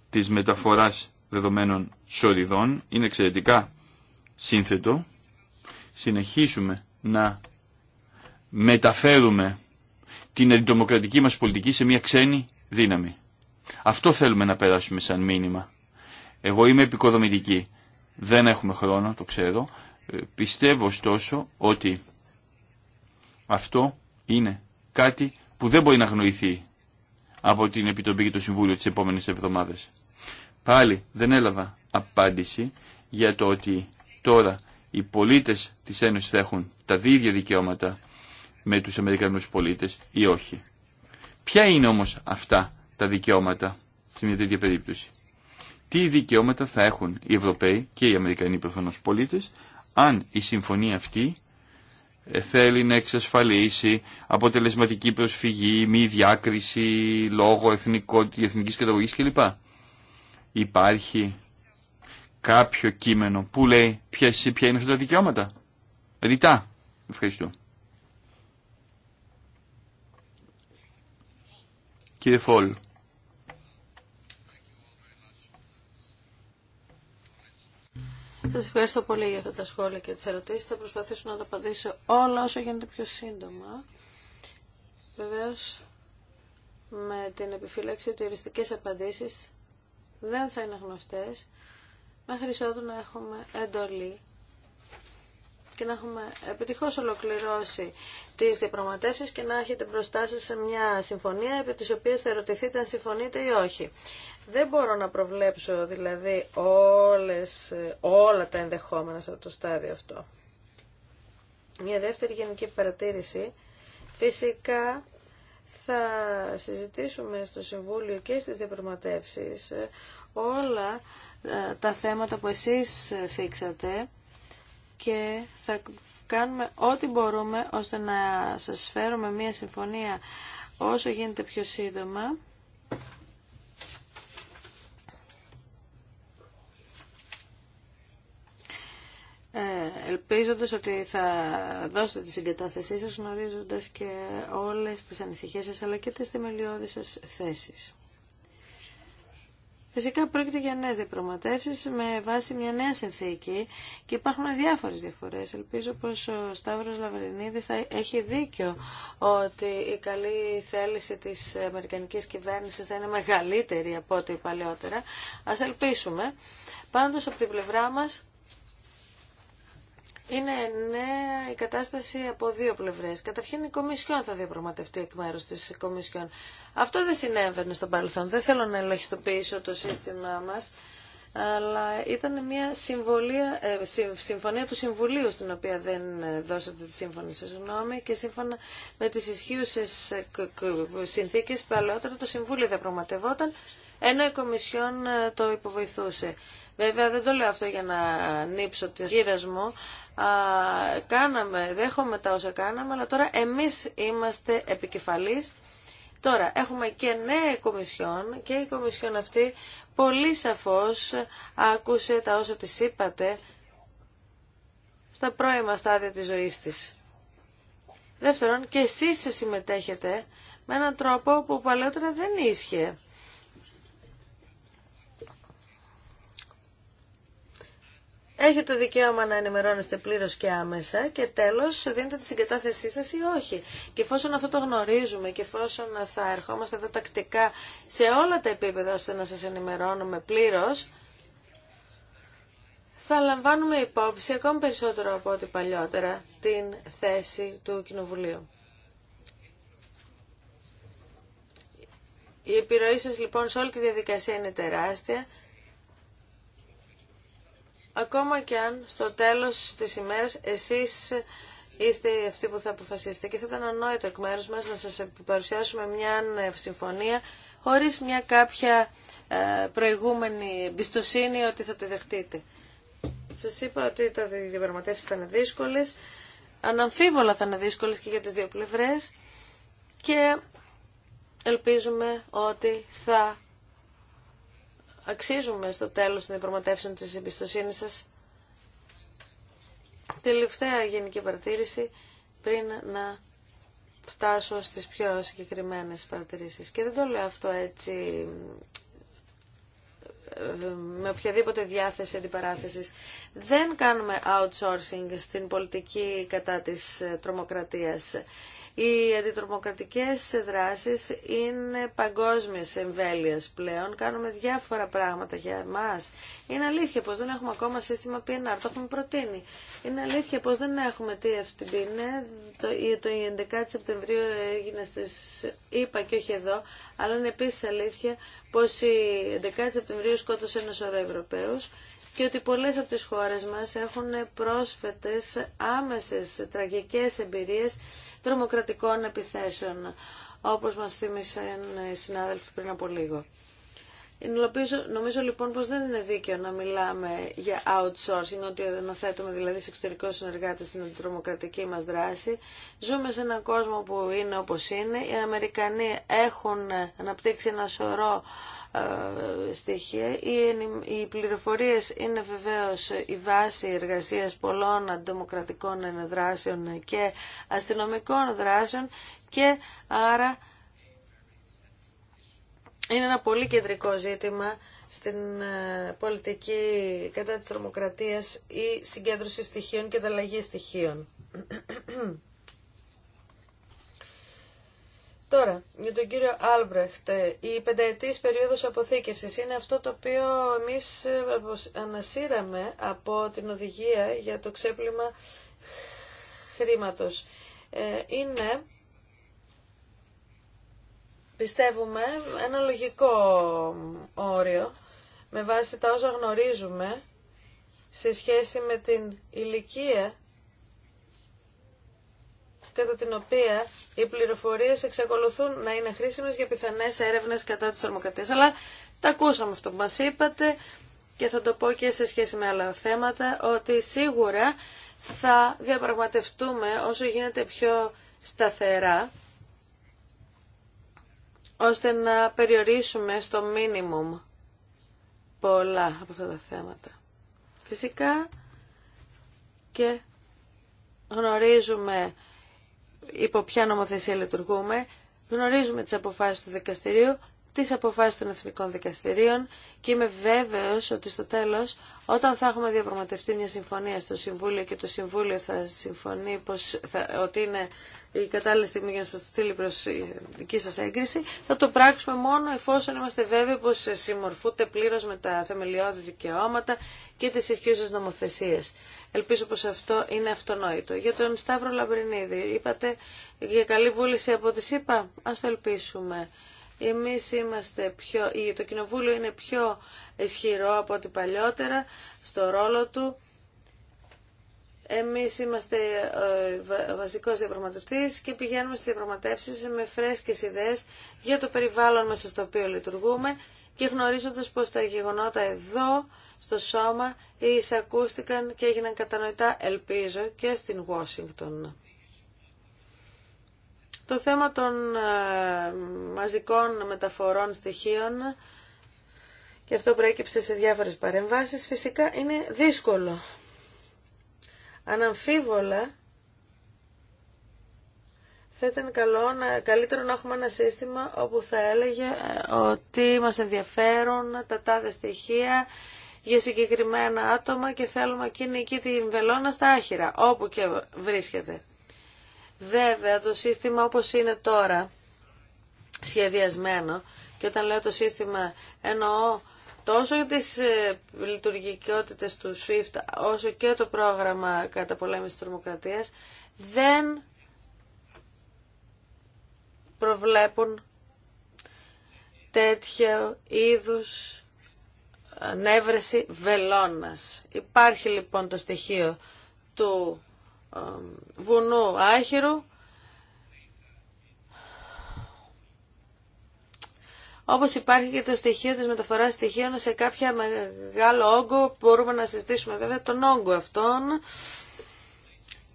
της μεταφοράς δεδομένων σωριδών είναι εξαιρετικά σύνθετο. Συνεχίσουμε να μεταφέρουμε την αντιτομοκρατική μας πολιτική σε μια ξένη δύναμη. Αυτό θέλουμε να περάσουμε σαν μήνυμα. Εγώ είμαι επικοδομητική. Δεν έχουμε χρόνο, το ξέρω. Ε, πιστεύω ωστόσο ότι αυτό είναι κάτι που δεν μπορεί να γνωριθεί από την Επιτροπή και το Συμβούλιο τις επόμενες εβδομάδες. Πάλι δεν έλαβα απάντηση για το ότι τώρα οι πολίτες της Ένωσης θα έχουν τα ίδια δικαιώματα με τους Αμερικανούς πολίτες ή όχι. Ποια είναι όμως αυτά τα δικαιώματα σε μια τέτοια περίπτωση τι δικαιώματα θα έχουν οι Ευρωπαίοι και οι Αμερικανοί προφανώ πολίτε. αν η συμφωνία αυτή ε, θέλει να εξασφαλίσει αποτελεσματική προσφυγή, μη διάκριση λόγω εθνική εθνικής καταγωγής κλπ. Υπάρχει κάποιο κείμενο που λέει ποια, είναι αυτά τα δικαιώματα. Ρητά. Ευχαριστώ. Κύριε Φόλ. Σα ευχαριστώ πολύ για αυτά τα σχόλια και τι ερωτήσει. Θα προσπαθήσω να τα απαντήσω όλα όσο γίνεται πιο σύντομα. Βεβαίω, με την επιφύλαξη ότι οι οριστικέ απαντήσεις δεν θα είναι γνωστές μέχρι ότου να έχουμε εντολή και να έχουμε επιτυχώς ολοκληρώσει τι διαπραγματεύσει και να έχετε μπροστά σα μια συμφωνία επί τη οποία θα ερωτηθείτε αν συμφωνείτε ή όχι. Δεν μπορώ να προβλέψω δηλαδή όλες, όλα τα ενδεχόμενα σε το στάδιο αυτό. Μια δεύτερη γενική παρατήρηση. Φυσικά θα συζητήσουμε στο Συμβούλιο και στις διαπραγματεύσεις ε, όλα ε, τα θέματα που εσείς ε, θίξατε και θα κάνουμε ό,τι μπορούμε ώστε να σας φέρουμε μια συμφωνία όσο γίνεται πιο σύντομα Ε, ελπίζοντας ότι θα δώσετε τη συγκατάθεσή σας γνωρίζοντας και όλες τις ανησυχίες σας αλλά και τις θεμελιώδεις σας θέσεις. Φυσικά πρόκειται για νέες διαπραγματεύσεις με βάση μια νέα συνθήκη και υπάρχουν διάφορες διαφορές. Ελπίζω πως ο Σταύρος Λαβρινίδης θα έχει δίκιο ότι η καλή θέληση της Αμερικανικής κυβέρνησης θα είναι μεγαλύτερη από ό,τι παλαιότερα. Ας ελπίσουμε. Πάντως από την πλευρά μας είναι νέα η κατάσταση από δύο πλευρέ. Καταρχήν η Κομισιόν θα διαπραγματευτεί εκ μέρου τη Κομισιόν. Αυτό δεν συνέβαινε στο παρελθόν. Δεν θέλω να ελαχιστοποιήσω το σύστημά μα, αλλά ήταν μια ε, συμφωνία του Συμβουλίου στην οποία δεν δώσατε τη σύμφωνη σα γνώμη και σύμφωνα με τι ισχύουσε ε, συνθήκε παλαιότερα το Συμβούλιο διαπραγματευόταν ενώ η Κομισιόν ε, το υποβοηθούσε. Βέβαια δεν το λέω αυτό για να νύψω τη γύρα μου, α, κάναμε, δέχομαι τα όσα κάναμε, αλλά τώρα εμείς είμαστε επικεφαλής. Τώρα έχουμε και νέα κομισιόν και η κομισιόν αυτή πολύ σαφώς άκουσε τα όσα της είπατε στα πρώιμα στάδια της ζωής της. Δεύτερον, και εσείς συμμετέχετε με έναν τρόπο που παλαιότερα δεν ίσχυε. Έχετε το δικαίωμα να ενημερώνεστε πλήρως και άμεσα και τέλος δίνετε τη συγκατάθεσή σας ή όχι. Και εφόσον αυτό το γνωρίζουμε και εφόσον θα ερχόμαστε εδώ τακτικά σε όλα τα επίπεδα ώστε να σας ενημερώνουμε πλήρως, θα λαμβάνουμε υπόψη ακόμη περισσότερο από ό,τι παλιότερα την θέση του Κοινοβουλίου. Η επιρροή σας λοιπόν σε όλη τη διαδικασία είναι τεράστια Ακόμα και αν στο τέλος της ημέρας εσείς είστε αυτοί που θα αποφασίσετε. Και θα ήταν ανόητο εκ μέρους μας να σας παρουσιάσουμε μια συμφωνία χωρίς μια κάποια ε, προηγούμενη εμπιστοσύνη ότι θα τη δεχτείτε. Σας είπα ότι τα διαπραγματεύσεις θα είναι δύσκολες, αναμφίβολα θα είναι δύσκολες και για τις δύο πλευρές και ελπίζουμε ότι θα αξίζουμε στο τέλος να διαπραγματεύσεων της εμπιστοσύνη σας. Τελευταία γενική παρατήρηση πριν να φτάσω στις πιο συγκεκριμένες παρατηρήσεις. Και δεν το λέω αυτό έτσι ε, με οποιαδήποτε διάθεση αντιπαράθεσης. Δεν κάνουμε outsourcing στην πολιτική κατά της ε, τρομοκρατίας. Οι αντιτρομοκρατικές δράσεις είναι παγκόσμιες εμβέλειες πλέον. Κάνουμε διάφορα πράγματα για εμάς. Είναι αλήθεια πως δεν έχουμε ακόμα σύστημα PNR, το έχουμε προτείνει. Είναι αλήθεια πως δεν έχουμε τι Ναι, το, το 11 Σεπτεμβρίου έγινε στις ΗΠΑ και όχι εδώ, αλλά είναι επίσης αλήθεια πως η 11 Σεπτεμβρίου σκότωσε ένα σωρό Ευρωπαίους και ότι πολλές από τις χώρες μας έχουν πρόσφετες άμεσες τραγικές εμπειρίες τρομοκρατικών επιθέσεων, όπως μας θύμισαν οι συνάδελφοι πριν από λίγο. Νομίζω, νομίζω λοιπόν πως δεν είναι δίκαιο να μιλάμε για outsourcing, ότι αναθέτουμε δηλαδή σε εξωτερικό συνεργάτη στην αντιτρομοκρατική μας δράση. Ζούμε σε έναν κόσμο που είναι όπως είναι. Οι Αμερικανοί έχουν αναπτύξει ένα σωρό ε, στοιχεία. Οι πληροφορίες είναι βεβαίως η βάση εργασίας πολλών αντιδημοκρατικων δράσεων και αστυνομικών δράσεων και άρα είναι ένα πολύ κεντρικό ζήτημα στην ε, πολιτική κατά της τρομοκρατίας ή συγκέντρωση στοιχείων και ανταλλαγή στοιχείων. Τώρα, για τον κύριο Άλμπρεχτ, η πενταετής περίοδος αποθήκευσης είναι αυτό το οποίο εμείς ε, ανασύραμε από την οδηγία για το ξέπλυμα χρήματος. Ε, είναι, πιστεύουμε, ένα λογικό όριο με βάση τα όσα γνωρίζουμε σε σχέση με την ηλικία κατά την οποία οι πληροφορίες εξακολουθούν να είναι χρήσιμες για πιθανές έρευνες κατά της θερμοκρατίας. Αλλά τα ακούσαμε αυτό που μας είπατε και θα το πω και σε σχέση με άλλα θέματα, ότι σίγουρα θα διαπραγματευτούμε όσο γίνεται πιο σταθερά, ώστε να περιορίσουμε στο μίνιμουμ πολλά από αυτά τα θέματα. Φυσικά και γνωρίζουμε υπό ποια νομοθεσία λειτουργούμε, γνωρίζουμε τις αποφάσεις του δικαστηρίου τι αποφάσει των εθνικών δικαστηρίων και είμαι βέβαιος ότι στο τέλος όταν θα έχουμε διαπραγματευτεί μια συμφωνία στο Συμβούλιο και το Συμβούλιο θα συμφωνεί πως θα, ότι είναι η κατάλληλη στιγμή για να σας στείλει προς δική σας έγκριση θα το πράξουμε μόνο εφόσον είμαστε βέβαιοι πως συμμορφούνται πλήρως με τα θεμελιώδη δικαιώματα και τις ισχύουσες νομοθεσίες. Ελπίζω πως αυτό είναι αυτονόητο. Για τον Σταύρο Λαμπρινίδη είπατε για καλή βούληση από τη ΣΥΠΑ. Ας το ελπίσουμε. Εμείς είμαστε πιο, το Κοινοβούλιο είναι πιο ισχυρό από ό,τι παλιότερα στο ρόλο του. Εμείς είμαστε ε, βασικός διαπραγματευτής και πηγαίνουμε στις διαπραγματεύσεις με φρέσκες ιδέες για το περιβάλλον μέσα στο οποίο λειτουργούμε και γνωρίζοντας πως τα γεγονότα εδώ στο σώμα εισακούστηκαν και έγιναν κατανοητά, ελπίζω, και στην Ουάσιγκτον. Το θέμα των ε, μαζικών μεταφορών στοιχείων και αυτό προέκυψε σε διάφορες παρεμβάσεις, φυσικά είναι δύσκολο. Αναμφίβολα, θα ήταν καλό να, καλύτερο να έχουμε ένα σύστημα όπου θα έλεγε ε, ότι μας ενδιαφέρουν τα τάδε στοιχεία για συγκεκριμένα άτομα και θέλουμε εκείνη εκεί την βελόνα στα άχυρα, όπου και βρίσκεται. Βέβαια, το σύστημα όπως είναι τώρα σχεδιασμένο και όταν λέω το σύστημα εννοώ τόσο τις ε, λειτουργικότητες του SWIFT όσο και το πρόγραμμα κατά πολέμηση τρομοκρατίας δεν προβλέπουν τέτοιο είδους ανέβρεση βελόνας. Υπάρχει λοιπόν το στοιχείο του βουνό άχυρο, Όπως υπάρχει και το στοιχείο της μεταφοράς στοιχείων σε κάποια μεγάλο όγκο, μπορούμε να συζητήσουμε βέβαια τον όγκο αυτόν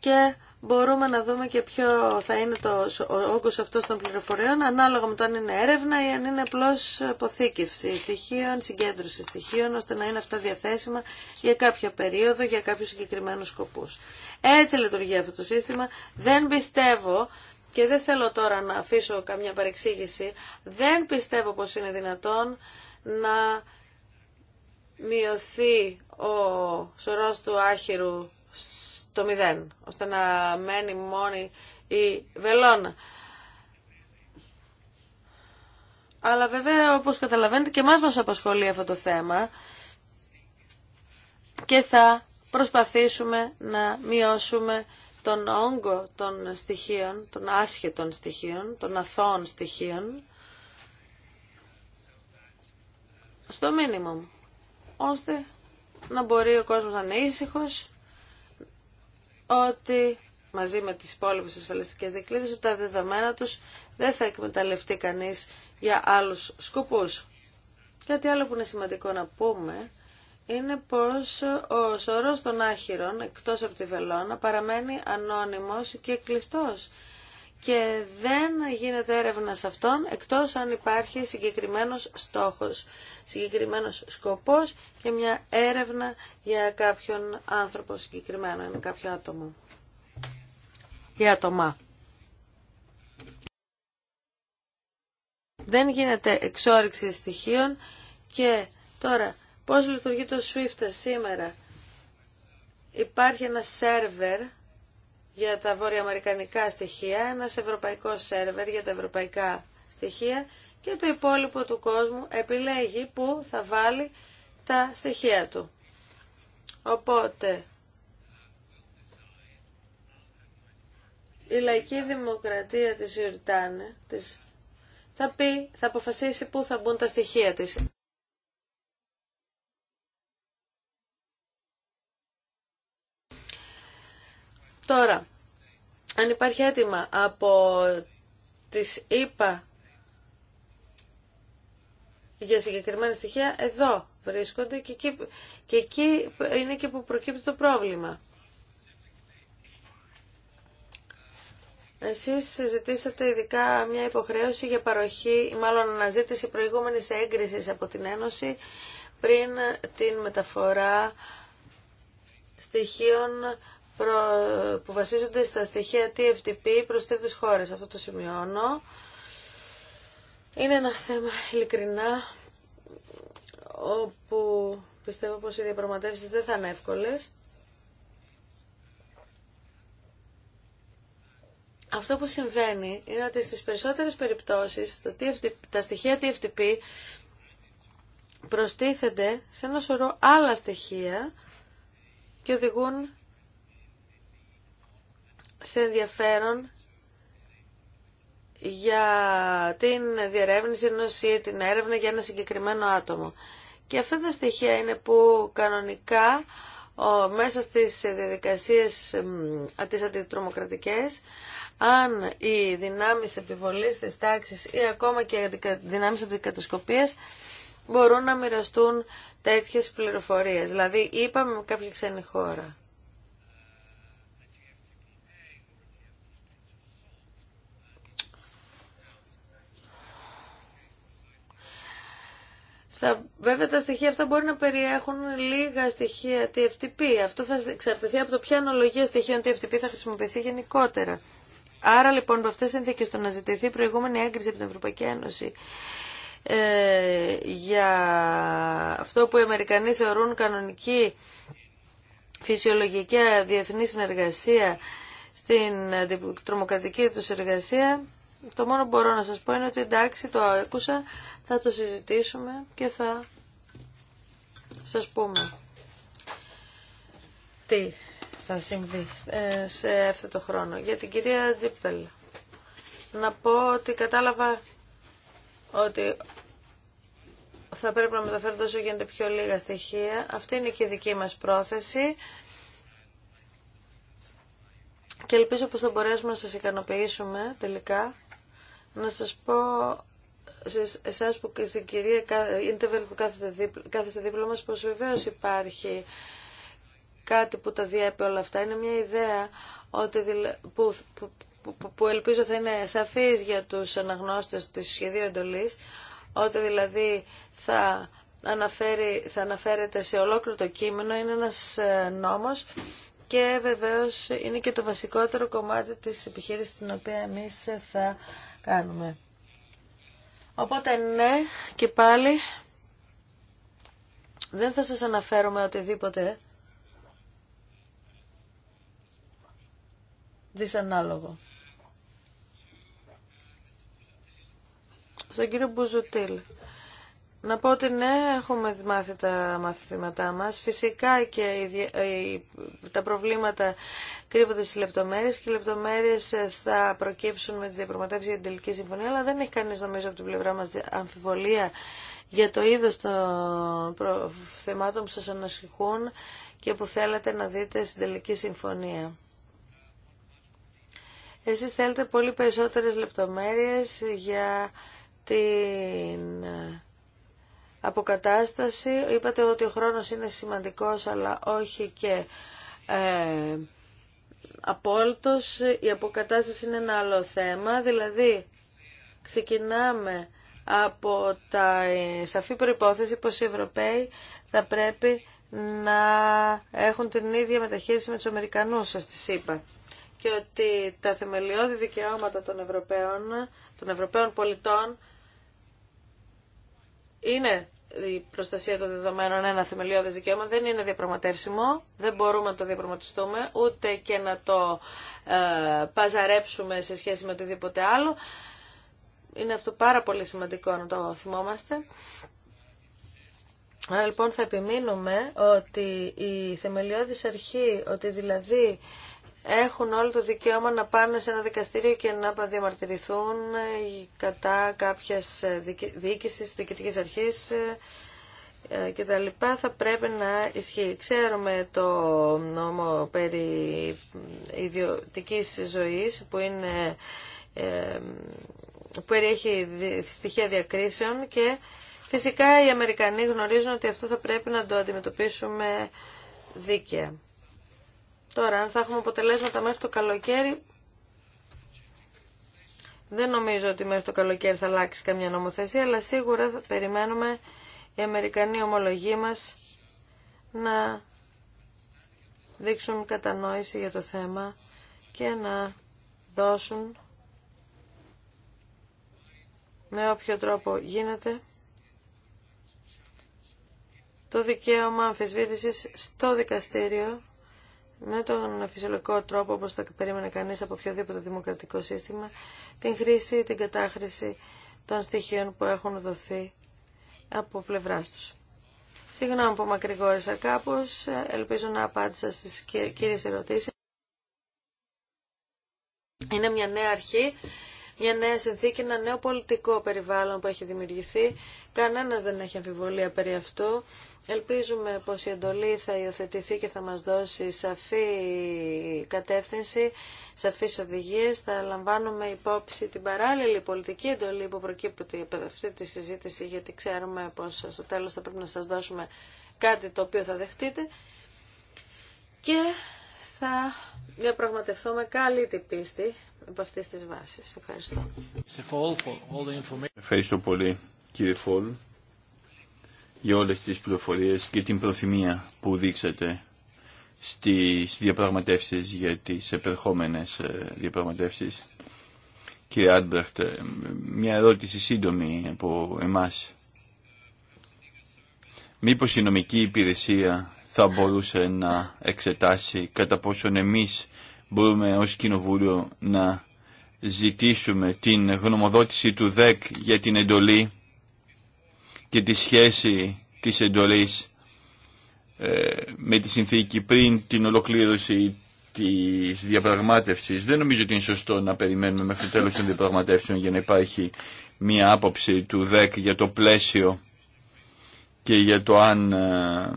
και μπορούμε να δούμε και ποιο θα είναι το, ο όγκος αυτός των πληροφοριών ανάλογα με το αν είναι έρευνα ή αν είναι απλώς αποθήκευση στοιχείων, συγκέντρωση στοιχείων ώστε να είναι αυτά διαθέσιμα για κάποια περίοδο, για κάποιους συγκεκριμένους σκοπούς. Έτσι λειτουργεί αυτό το σύστημα. Δεν πιστεύω και δεν θέλω τώρα να αφήσω καμιά παρεξήγηση, δεν πιστεύω πως είναι δυνατόν να μειωθεί ο σωρός του άχυρου το μηδέν, ώστε να μένει μόνη η βελόνα. Αλλά βέβαια, όπως καταλαβαίνετε, και μας μας απασχολεί αυτό το θέμα και θα προσπαθήσουμε να μειώσουμε τον όγκο των στοιχείων, των άσχετων στοιχείων, των αθώων στοιχείων, στο μήνυμα ώστε να μπορεί ο κόσμος να είναι ήσυχος ότι μαζί με τις υπόλοιπες ασφαλιστικές δικλείδες τα δεδομένα τους δεν θα εκμεταλλευτεί κανείς για άλλους σκοπούς. Κάτι άλλο που είναι σημαντικό να πούμε είναι πως ο σωρός των άχυρων εκτός από τη βελόνα παραμένει ανώνυμος και κλειστός και δεν γίνεται έρευνα σε αυτόν εκτός αν υπάρχει συγκεκριμένος στόχος, συγκεκριμένος σκοπός και μια έρευνα για κάποιον άνθρωπο συγκεκριμένο, για κάποιο άτομο ή άτομα. Δεν γίνεται εξόριξη στοιχείων και τώρα πώς λειτουργεί το SWIFT σήμερα. Υπάρχει ένα σερβερ για τα βορειοαμερικανικά στοιχεία, ένας ευρωπαϊκός σερβερ για τα ευρωπαϊκά στοιχεία και το υπόλοιπο του κόσμου επιλέγει που θα βάλει τα στοιχεία του. Οπότε, η λαϊκή δημοκρατία της Ιουρτάνε της, θα, θα αποφασίσει πού θα μπουν τα στοιχεία της. Τώρα, αν υπάρχει έτοιμα από τις ΕΠΑ για συγκεκριμένα στοιχεία, εδώ βρίσκονται και εκεί, είναι και που προκύπτει το πρόβλημα. Εσείς ζητήσατε ειδικά μια υποχρέωση για παροχή, μάλλον αναζήτηση προηγούμενης έγκρισης από την Ένωση πριν την μεταφορά στοιχείων που βασίζονται στα στοιχεία TFTP προς τρίτες χώρες. Αυτό το σημειώνω. Είναι ένα θέμα ειλικρινά όπου πιστεύω πως οι διαπραγματεύσεις δεν θα είναι εύκολες. Αυτό που συμβαίνει είναι ότι στις περισσότερες περιπτώσεις το τα στοιχεία TFTP προστίθενται σε ένα σωρό άλλα στοιχεία και οδηγούν σε ενδιαφέρον για την διερεύνηση ενός ή την έρευνα για ένα συγκεκριμένο άτομο. Και αυτά τα στοιχεία είναι που κανονικά μέσα στις διαδικασίες τις αντιτρομοκρατικές αν οι δυνάμεις επιβολής της τάξης ή ακόμα και οι δυνάμεις αντικατασκοπίας μπορούν να μοιραστούν τέτοιες πληροφορίες. Δηλαδή είπαμε με κάποια ξένη χώρα. Θα, βέβαια τα στοιχεία αυτά μπορεί να περιέχουν λίγα στοιχεία TFTP. Αυτό θα εξαρτηθεί από το ποια αναλογία στοιχείων TFTP θα χρησιμοποιηθεί γενικότερα. Άρα λοιπόν με αυτές τις συνθήκες το να ζητηθεί προηγούμενη έγκριση από την Ευρωπαϊκή Ένωση ε, για αυτό που οι Αμερικανοί θεωρούν κανονική φυσιολογική διεθνή συνεργασία στην τρομοκρατική τους εργασία το μόνο που μπορώ να σας πω είναι ότι εντάξει το άκουσα, θα το συζητήσουμε και θα σας πούμε τι θα συμβεί ε, σε αυτό το χρόνο. Για την κυρία Τζίπελ, να πω ότι κατάλαβα ότι θα πρέπει να μεταφέρω τόσο γίνεται πιο λίγα στοιχεία. Αυτή είναι και η δική μας πρόθεση. Και ελπίζω πως θα μπορέσουμε να σας ικανοποιήσουμε τελικά να σας πω σε εσάς που στην κυρία Ιντεβελ που κάθεστε δίπλα, κάθεστε δίπλα μας πως υπάρχει κάτι που τα διέπει όλα αυτά. Είναι μια ιδέα ότι, που, που, που, ελπίζω θα είναι σαφής για τους αναγνώστες της σχεδίου εντολής, ότι δηλαδή θα, αναφέρει, θα αναφέρεται σε ολόκληρο το κείμενο, είναι ένας ε, νόμος και βεβαίως είναι και το βασικότερο κομμάτι της επιχείρησης την οποία εμείς θα κάνουμε. Οπότε ναι και πάλι δεν θα σας αναφέρουμε οτιδήποτε δυσανάλογο. Στον κύριο Μπουζουτήλ. Να πω ότι ναι, έχουμε μάθει τα μαθήματά μας. Φυσικά και τα προβλήματα κρύβονται στις λεπτομέρειες και οι λεπτομέρειες ε, θα προκύψουν με τις διαπραγματεύσεις για την τελική συμφωνία, αλλά δεν έχει κανείς νομίζω από την πλευρά μας αμφιβολία για το είδος των θεμάτων που σας ανασυχούν και που θέλατε να δείτε στην τελική συμφωνία. Εσείς θέλετε πολύ περισσότερες λεπτομέρειες για την ε, αποκατάσταση. Είπατε ότι ο χρόνος είναι σημαντικός αλλά όχι και ε, απόλυτος. Η αποκατάσταση είναι ένα άλλο θέμα, δηλαδή ξεκινάμε από τα ε, σαφή προϋπόθεση πως οι Ευρωπαίοι θα πρέπει να έχουν την ίδια μεταχείριση με τους Αμερικανούς, σας τις είπα. Και ότι τα θεμελιώδη δικαιώματα των Ευρωπαίων, των Ευρωπαίων πολιτών είναι η προστασία των δεδομένων ένα θεμελιώδες δικαίωμα, δεν είναι διαπραγματεύσιμο, δεν μπορούμε να το διαπραγματιστούμε ούτε και να το ε, παζαρέψουμε σε σχέση με οτιδήποτε άλλο. Είναι αυτό πάρα πολύ σημαντικό να το θυμόμαστε. Άρα λοιπόν θα επιμείνουμε ότι η θεμελιώδης αρχή, ότι δηλαδή έχουν όλο το δικαίωμα να πάνε σε ένα δικαστήριο και να διαμαρτυρηθούν κατά κάποιας διοίκησης, διοικητικής αρχής ε, και τα λοιπά θα πρέπει να ισχύει. Ξέρουμε το νόμο περί ιδιωτικής ζωής που είναι ε, που περιέχει στοιχεία διακρίσεων και φυσικά οι Αμερικανοί γνωρίζουν ότι αυτό θα πρέπει να το αντιμετωπίσουμε δίκαια. Τώρα, αν θα έχουμε αποτελέσματα μέχρι το καλοκαίρι, δεν νομίζω ότι μέχρι το καλοκαίρι θα αλλάξει καμιά νομοθεσία, αλλά σίγουρα θα περιμένουμε οι Αμερικανοί ομολογοί μας να δείξουν κατανόηση για το θέμα και να δώσουν με όποιο τρόπο γίνεται το δικαίωμα αμφισβήτησης στο δικαστήριο με τον φυσιολογικό τρόπο όπως θα περίμενε κανείς από οποιοδήποτε δημοκρατικό σύστημα την χρήση την κατάχρηση των στοιχείων που έχουν δοθεί από πλευράς τους. Συγγνώμη που μακρηγόρησα κάπως, ελπίζω να απάντησα στις κύριες ερωτήσεις. Είναι μια νέα αρχή μια νέα συνθήκη, ένα νέο πολιτικό περιβάλλον που έχει δημιουργηθεί. Κανένας δεν έχει αμφιβολία περί αυτού. Ελπίζουμε πως η εντολή θα υιοθετηθεί και θα μας δώσει σαφή κατεύθυνση, σαφείς οδηγίες. Θα λαμβάνουμε υπόψη την παράλληλη πολιτική εντολή που προκύπτει από αυτή τη συζήτηση, γιατί ξέρουμε πως στο τέλος θα πρέπει να σας δώσουμε κάτι το οποίο θα δεχτείτε. Και θα διαπραγματευτούμε καλή την πίστη από αυτές τις βάσεις. Ευχαριστώ. Ευχαριστώ πολύ κύριε Φόλ για όλες τις πληροφορίες και την προθυμία που δείξατε στις διαπραγματεύσεις για τις επερχόμενες ε, διαπραγματεύσεις. Κύριε Άντμπραχτ, ε, μια ερώτηση σύντομη από εμάς. Μήπως η νομική υπηρεσία θα μπορούσε να εξετάσει κατά πόσον εμείς μπορούμε ως Κοινοβούλιο να ζητήσουμε την γνωμοδότηση του ΔΕΚ για την εντολή και τη σχέση της εντολής ε, με τη συνθήκη πριν την ολοκλήρωση της διαπραγμάτευσης. Δεν νομίζω ότι είναι σωστό να περιμένουμε μέχρι το τέλος των διαπραγματεύσεων για να υπάρχει μία άποψη του ΔΕΚ για το πλαίσιο και για το αν ε,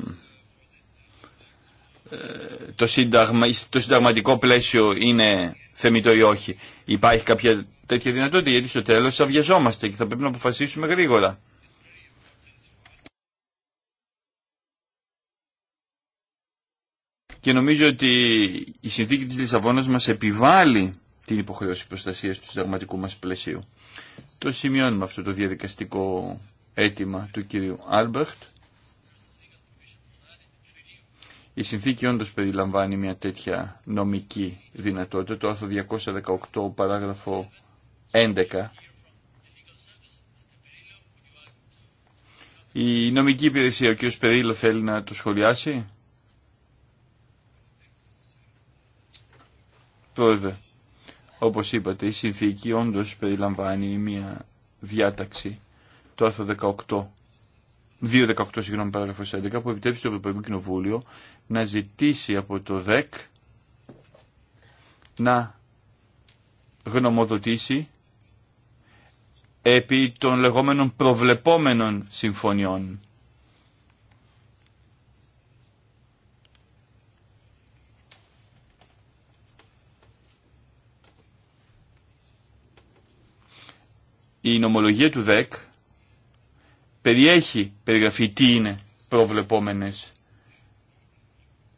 το, συνταγμα, συνταγματικό πλαίσιο είναι θεμητό ή όχι. Υπάρχει κάποια τέτοια δυνατότητα γιατί στο τέλος θα και θα πρέπει να αποφασίσουμε γρήγορα. Και νομίζω ότι η συνθήκη της Λισαβόνας μας επιβάλλει την υποχρέωση προστασίας του συνταγματικού μας πλαισίου. Το σημειώνουμε αυτό το διαδικαστικό αίτημα του κυρίου Άλμπερτ η συνθήκη όντως περιλαμβάνει μια τέτοια νομική δυνατότητα. Το άρθρο 218 παράγραφο 11 Η νομική υπηρεσία, ο κ. Περίλο θέλει να το σχολιάσει. Πρόεδρε, όπως είπατε, η συνθήκη όντως περιλαμβάνει μια διάταξη, το άρθρο 18, 2.18 συγγνώμη παραγραφό 11 που επιτρέπει το Ευρωπαϊκό Κοινοβούλιο να ζητήσει από το ΔΕΚ να γνωμοδοτήσει επί των λεγόμενων προβλεπόμενων συμφωνιών. Η νομολογία του ΔΕΚ περιέχει περιγραφή τι είναι προβλεπόμενες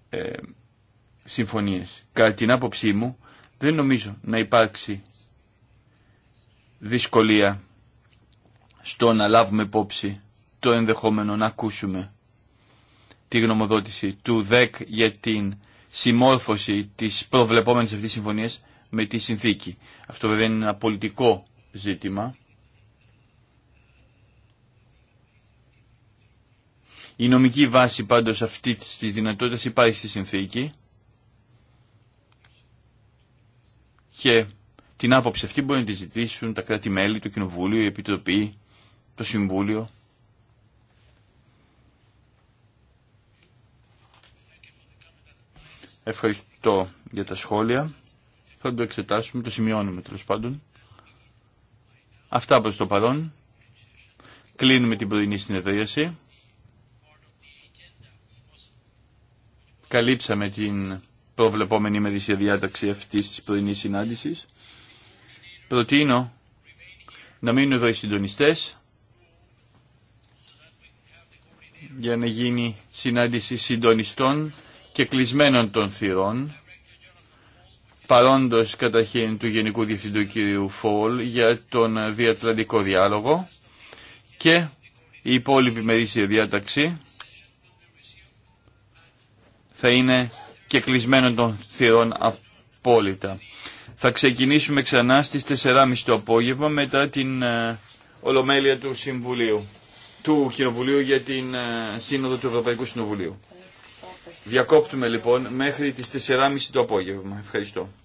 ε, συμφωνίες. Κατά την άποψή μου δεν νομίζω να υπάρξει δυσκολία στο να λάβουμε υπόψη το ενδεχόμενο να ακούσουμε τη γνωμοδότηση του ΔΕΚ για την συμμόρφωση της προβλεπόμενης αυτής συμφωνίας με τη συνθήκη. Αυτό βέβαια είναι ένα πολιτικό ζήτημα Η νομική βάση πάντως αυτή της δυνατότητας υπάρχει στη συνθήκη και την άποψη αυτή μπορεί να τη ζητήσουν τα κράτη-μέλη, το Κοινοβούλιο, η Επιτροπή, το Συμβούλιο. Ευχαριστώ για τα σχόλια. Θα το εξετάσουμε, το σημειώνουμε τέλο πάντων. Αυτά προς το παρόν. Κλείνουμε την πρωινή συνεδρίαση. καλύψαμε την προβλεπόμενη μερίσια διάταξη αυτή της πρωινή συνάντηση, Προτείνω να μείνουν εδώ οι συντονιστέ για να γίνει συνάντηση συντονιστών και κλεισμένων των θυρών παρόντος καταρχήν του Γενικού Διευθυντού κ. Φόλ για τον διατραντικό διάλογο και η υπόλοιπη μερίσια διάταξη θα είναι και κλεισμένο των θυρών απόλυτα. Θα ξεκινήσουμε ξανά στις 4.30 το απόγευμα μετά την ε, ολομέλεια του Συμβουλίου, του Κοινοβουλίου για την ε, Σύνοδο του Ευρωπαϊκού Συνοβουλίου. Διακόπτουμε λοιπόν μέχρι τις 4.30 το απόγευμα. Ευχαριστώ.